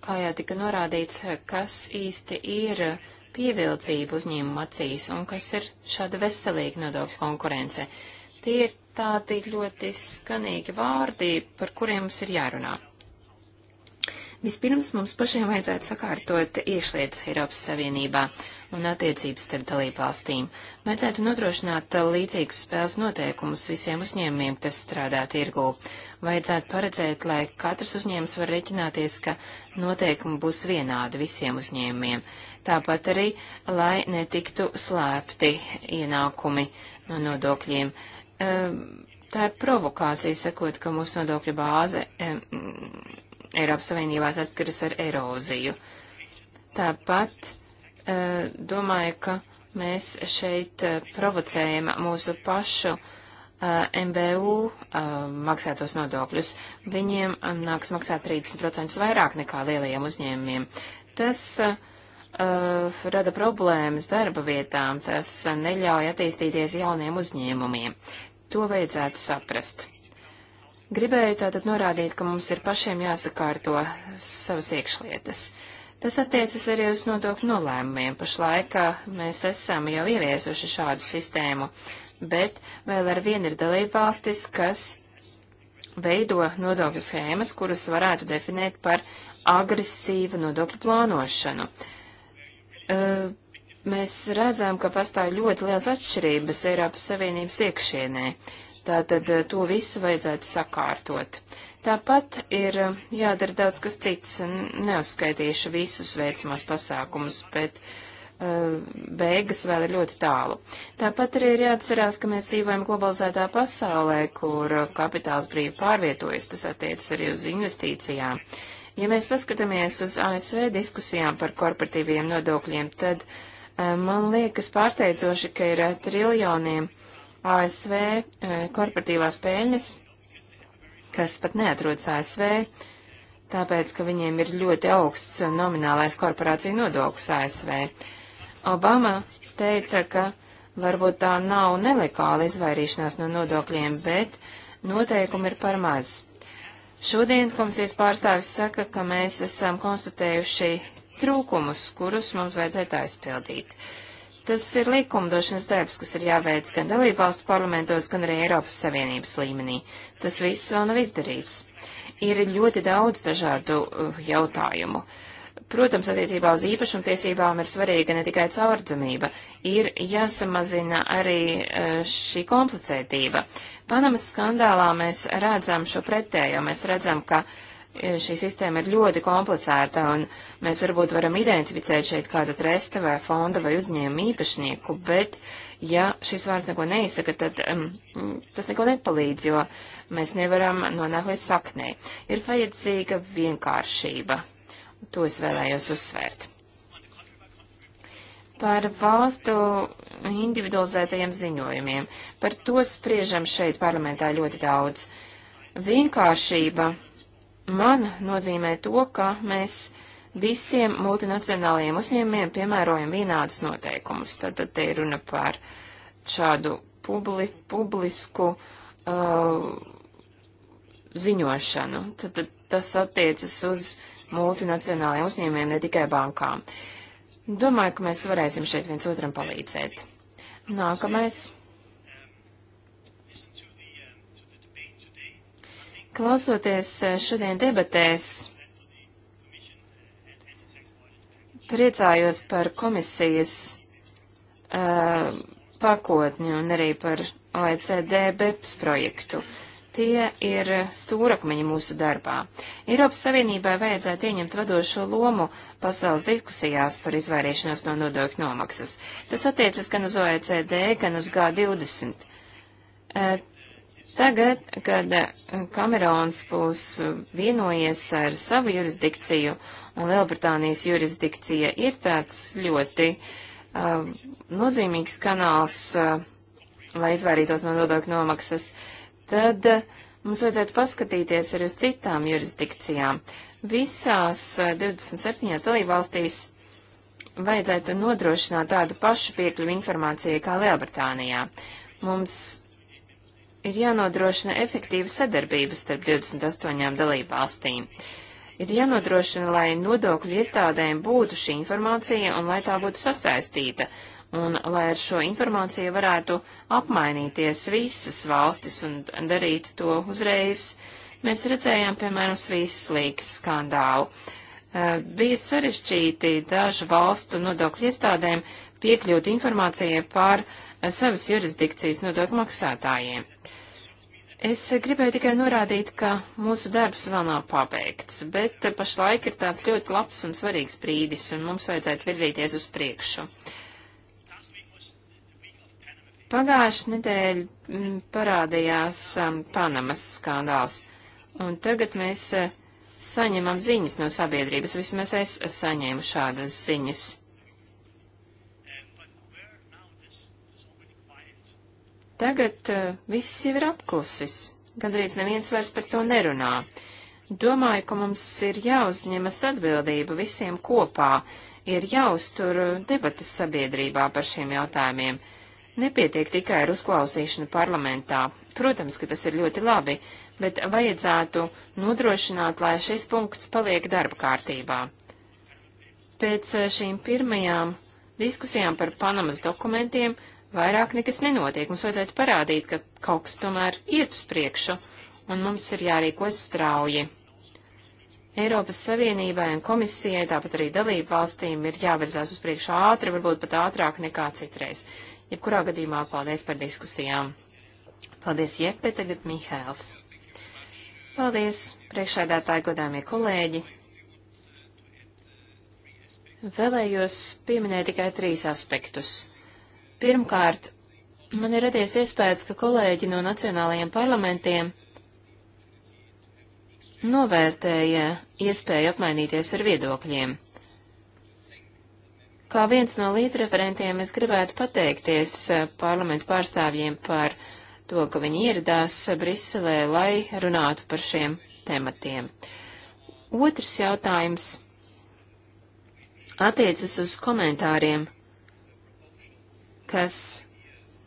kā jau tika norādīts, kas īsti ir pievilcība uzņēmuma acīs un kas ir šāda veselīga nodokļu konkurence. Tie ir tādi ļoti skanīgi vārdi, par kuriem mums ir jārunā. Vispirms mums pašiem vajadzētu sakārtot iekšlietas Eiropas Savienībā un attiecības starp dalībvalstīm. Vajadzētu nodrošināt līdzīgus spēles noteikumus visiem uzņēmumiem, kas strādā tirgū. Vajadzētu paredzēt, lai katrs uzņēmums var reķināties, ka noteikumi būs vienādi visiem uzņēmumiem. Tāpat arī, lai netiktu slēpti ienākumi no nodokļiem. Ehm, tā ir provokācija, sakot, ka mūsu nodokļu bāze ehm, Eiropas Savienībā saskaras ar eroziju. Tāpat e, domāju, ka mēs šeit e, provocējam mūsu pašu e, MBU maksātos nodokļus. Viņiem nāks maksāt 30% vairāk nekā lielajiem uzņēmumiem. Tas uh, uh, rada problēmas darba vietām, tas neļauj attīstīties jauniem uzņēmumiem. To vajadzētu saprast. Gribēju tātad norādīt, ka mums ir pašiem jāsakārto savas iekšlietas. Tas attiecas arī uz nodokļu nolēmumiem. Pašlaik mēs esam jau ieviesuši šādu sistēmu, bet vēl ar vienu ir dalība valstis, kas veido nodokļu schēmas, kuras varētu definēt par agresīvu nodokļu plānošanu. Uh, mēs redzam, ka pastāv ļoti liels atšķirības Eiropas Savienības iekšienē. Uh, Tātad eh, to visu vajadzētu sakārtot. Tāpat ir eh, jādara daudz kas cits. Neuzskaitīšu visus veicamos pasākumus, bet uh, beigas vēl ir ļoti tālu. Tāpat arī ir jāatcerās, ka mēs dzīvojam globalizētā pasaulē, kur kapitāls brīvi pārvietojas, tas attiecas arī uz investīcijām. Ja mēs paskatāmies uz ASV diskusijām par korporatīviem nodokļiem, tad uh, man liekas pārsteidzoši, ka ir uh, triljoniem uh, ASV eh, korporatīvās peļņas, kas pat neatrodas ASV, tāpēc, ka viņiem ir ļoti augsts nominālais korporācija nodoklis ASV. Obama teica, ka varbūt tā nav nelikāla izvairīšanās no nodokļiem, bet noteikumi ir par maz. Šodien komisijas pārstāvis saka, ka mēs esam konstatējuši trūkumus, kurus mums vajadzētu aizpildīt. Uh, Tas ir likumdošanas darbs, kas ir jāveic gan dalībvalstu parlamentos, gan arī Eiropas Savienības līmenī. Tas viss vēl nav izdarīts. Ir ļoti daudz dažādu uh, jautājumu. Protams, attiecībā uz īpašumtiesībām ir svarīga ne tikai caurdzamība, ir jāsamazina arī uh, šī komplicētība. Panamas skandālā mēs redzam šo pretējo, mēs redzam, ka uh, šī sistēma ir ļoti komplicēta, un mēs varbūt varam identificēt šeit kādu tresta vai fonda vai uzņēmuma īpašnieku, bet ja šis vārds neko neizsaka, tad um, tas neko nepalīdz, jo mēs nevaram nonākt līdz saknē. Ir vajadzīga vienkāršība. To es vēlējos uzsvērt. Par valstu individualizētajiem ziņojumiem. Par to spriežam šeit parlamentā ļoti daudz. Vienkāršība man nozīmē to, ka mēs visiem multinacionālajiem uzņēmumiem piemērojam vienādus noteikumus. Tad, tad te ir runa par šādu publi, publisku uh, ziņošanu. Tad, tad tas attiecas uz multinacionālajiem uzņēmumiem, ne tikai bankām. Domāju, ka mēs varēsim šeit viens otram palīdzēt. Nākamais. Klausoties eh, šodien debatēs, priecājos par komisijas uh, pakotni un arī par OECD BEPS projektu. Tie ir stūrakmeņi mūsu darbā. Eiropas Savienībai vajadzētu ieņemt vadošo lomu pasaules diskusijās par izvairīšanos no nodokļu nomaksas. Tas attiecas gan uz OECD, gan uz G20. Uh, Tagad, kad eh, Kamerons būs eh, vienojies ar savu jurisdikciju, un Lielbritānijas jurisdikcija ir tāds ļoti uh, nozīmīgs kanāls, uh, lai izvairītos no nodokļu nomaksas, tad uh, mums vajadzētu paskatīties arī uz citām jurisdikcijām. Visās 27 dalībvalstīs vajadzētu nodrošināt tādu pašu piekļuvu informācijai kā Lielbritānijā. Mums ir jānodrošina efektīva sadarbība starp 28 dalībvalstīm. Ir jānodrošina, lai nodokļu iestādēm būtu šī informācija un lai tā būtu sasaistīta, un lai ar šo informāciju varētu apmainīties visas valstis un darīt to uzreiz. Mēs redzējām, piemēram, Svīsas līgas skandālu. Eh, bija sarežģīti dažu valstu nodokļu iestādēm piekļūt informācijai par uh, savas jurisdikcijas nodokļu maksātājiem. Es gribēju tikai norādīt, ka mūsu darbs vēl nav pabeigts, bet pašlaik ir tāds ļoti labs un svarīgs brīdis, un mums vajadzētu virzīties uz priekšu. Pagājuši nedēļ mm, parādījās um, Panamas skandāls, un tagad mēs uh, saņemam ziņas no sabiedrības, vismaz es saņēmu šādas ziņas. Tagad uh, viss jau ir apklusis. Gandrīz neviens vairs par to nerunā. Domāju, ka mums ir jāuzņemas atbildība visiem kopā, ir jāuztur debatas sabiedrībā par šiem jautājumiem. Nepietiek tikai ar uzklausīšanu parlamentā. Protams, ka tas ir ļoti labi, bet vajadzētu nodrošināt, lai šis punkts paliek darba kārtībā. Pēc eh, šīm pirmajām diskusijām par Panamas dokumentiem vairāk nekas nenotiek. Mums vajadzētu parādīt, ka kaut kas tomēr iet uz priekšu, un mums ir jārīkojas strauji. Eiropas Savienībai un komisijai, tāpat arī dalību valstīm, ir jāvirzās uz priekšu ātri, varbūt pat ātrāk nekā citreiz. Jebkurā gadījumā paldies par diskusijām. Paldies, Jepe, tagad Mihēls. Paldies, priekšādātāji, godāmie kolēģi. Vēlējos pieminēt tikai trīs aspektus. Pirmkārt, man ir radies iespējas, ka kolēģi no nacionālajiem parlamentiem novērtēja iespēju apmainīties ar viedokļiem. Kā viens no līdzreferentiem es gribētu pateikties eh, parlamentu pārstāvjiem par to, ka viņi ieradās Briselē, lai runātu par šiem tematiem. Otrs jautājums attiecas uz komentāriem, kas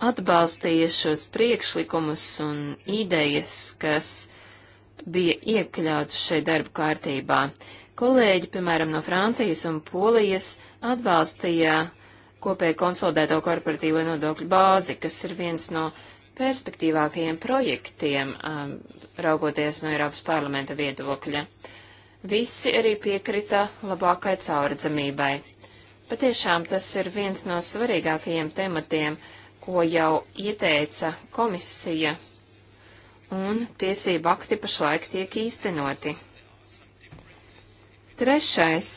atbalstīja šos priekšlikumus un idejas, kas bija iekļautas šeit darba kārtībā. Kolēģi, piemēram, no Francijas un Polijas atbalstīja kopēju konsolidēto korporatīvo nodokļu bāzi, kas ir viens no perspektīvākajiem projektiem, um, raugoties no Eiropas parlamenta viedokļa. Visi arī piekrita labākai caurdzamībai. Patiešām tas ir viens no svarīgākajiem tematiem, ko jau ieteica komisija, un tiesība akti pašlaik tiek īstenoti. Trešais.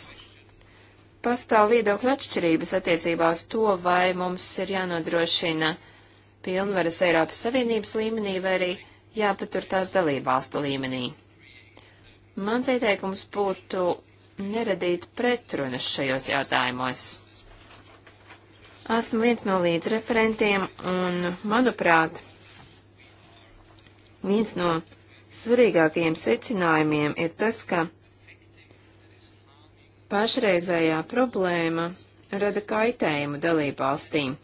Pastāv viedokļu atšķirības attiecībā uz to, vai mums ir jānodrošina pilnvaras Eiropas Savienības līmenī vai arī jāpatur tās dalībvalstu līmenī. Mans ieteikums būtu neradīt pretrunas šajos jautājumos. Esmu viens no līdzreferentiem un, manuprāt, viens no svarīgākajiem secinājumiem ir tas, ka pašreizējā problēma rada kaitējumu dalībvalstīm.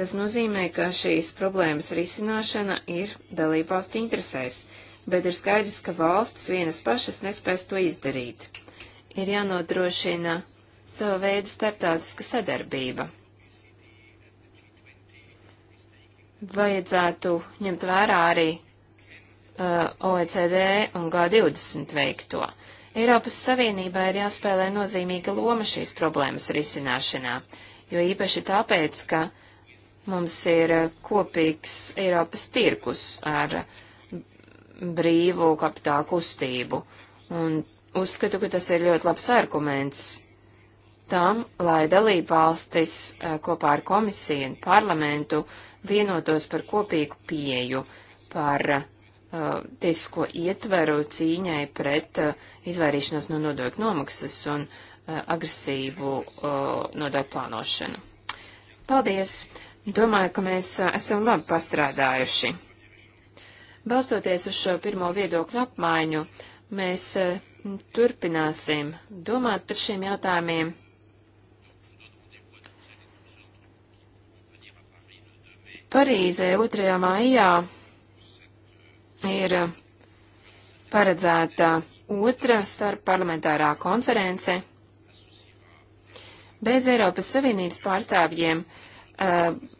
Tas nozīmē, ka šīs problēmas risināšana ir dalībvalstu interesēs, bet ir skaidrs, ka valstis vienas pašas nespēs to izdarīt ir jānodrošina savu veidu starptautiska sadarbība. Vajadzētu ņemt vērā arī uh, OECD un G20 veikto. Eiropas Savienībā ir jāspēlē nozīmīga loma šīs problēmas risināšanā, jo īpaši tāpēc, ka mums ir uh, kopīgs Eiropas tirkus ar brīvu kapitālu kustību, un Uzskatu, ka tas ir ļoti labs arguments tam, lai dalībvalstis eh, kopā ar komisiju un parlamentu vienotos par kopīgu pieju, par uh, tiesisko ietveru cīņai pret uh, izvairīšanos no nodokļu nomaksas un uh, agresīvu nodokļu plānošanu. Paldies! Domāju, ka mēs esam labi pastrādājuši. Balstoties uz šo pirmo viedokļu apmaiņu, mēs Turpināsim domāt par šiem jautājumiem. Parīzē 2. maijā ir paredzēta otra starpparlamentārā konference bez Eiropas Savienības pārstāvjiem. Uh,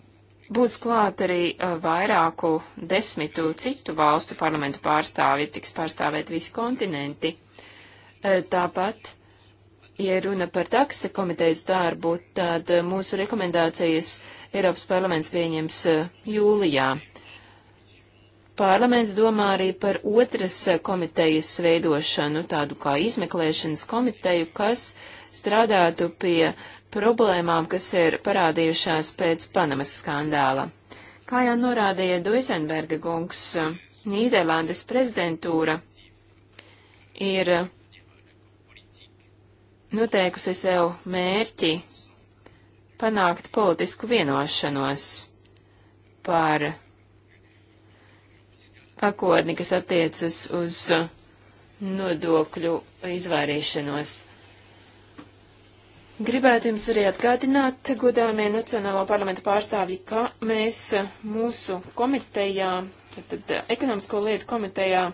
Būs klāt arī eh, vairāku desmitu citu valstu parlamentu pārstāvi, tiks pārstāvēt visi kontinenti. E, tāpat, ja runa par taksa komitejas darbu, tad mūsu rekomendācijas Eiropas parlaments pieņems e, jūlijā. Parlaments domā arī par otras komitejas veidošanu, tādu kā izmeklēšanas komiteju, kas strādātu pie problēmām, kas ir parādījušās pēc Panamas skandāla. Kā jau norādīja Duisenberga kungs, Nīderlandes prezidentūra ir noteikusi sev mērķi panākt politisku vienošanos par pakotni, kas attiecas uz nodokļu izvairīšanos. Gribētu jums arī atgādināt, godāmie Nacionālo parlamentu pārstāvji, ka mēs mūsu komitejā, tad ekonomisko lietu komitejā,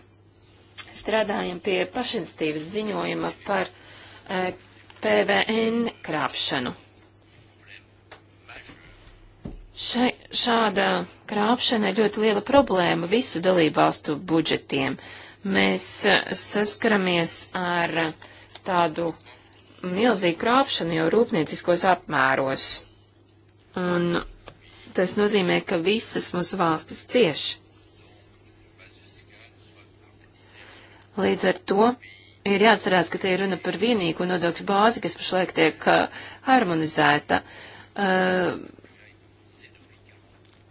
strādājam pie pašinstīvas ziņojuma par Eh, PVN krāpšanu. Še, šāda krāpšana ir ļoti liela problēma visu dalībvalstu budžetiem. Mēs eh, saskaramies ar tādu milzīgu krāpšanu jau rūpnieciskos apmēros. Un tas nozīmē, ka visas mūsu valstis cieš. Līdz ar to Ir jāatcerās, ka te ir runa par vienīgu nodokļu bāzi, kas pašlaik tiek uh, harmonizēta. Uh,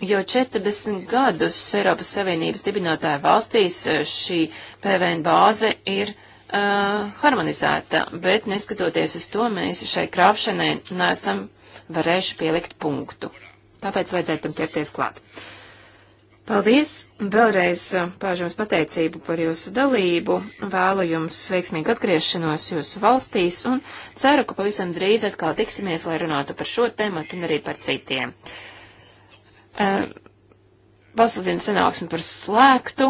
jo 40 gadus Eiropas Savienības dibinātāja valstīs uh, šī PVN bāze ir uh, harmonizēta, bet neskatoties uz to, mēs šai krāpšanai nesam varējuši pielikt punktu. Tāpēc vajadzētu tam ķerties klāt. Uh, Paldies! Vēlreiz eh, paužu jums pateicību par jūsu dalību, vēlu jums veiksmīgu atgriešanos jūsu valstīs un ceru, ka pavisam drīz atkal tiksimies, lai runātu par šo tematu un arī par citiem. Uh, Pasludinu sanāksmi par slēgtu.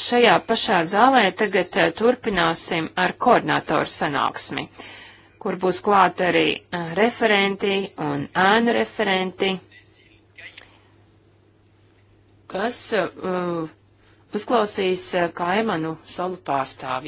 Šajā pašā zālē tagad uh, turpināsim ar koordinātoru sanāksmi, kur būs klāt arī uh, referenti un ēnu referenti kas uh, uzklausīs uh, kaimanu solu pārstāvjus.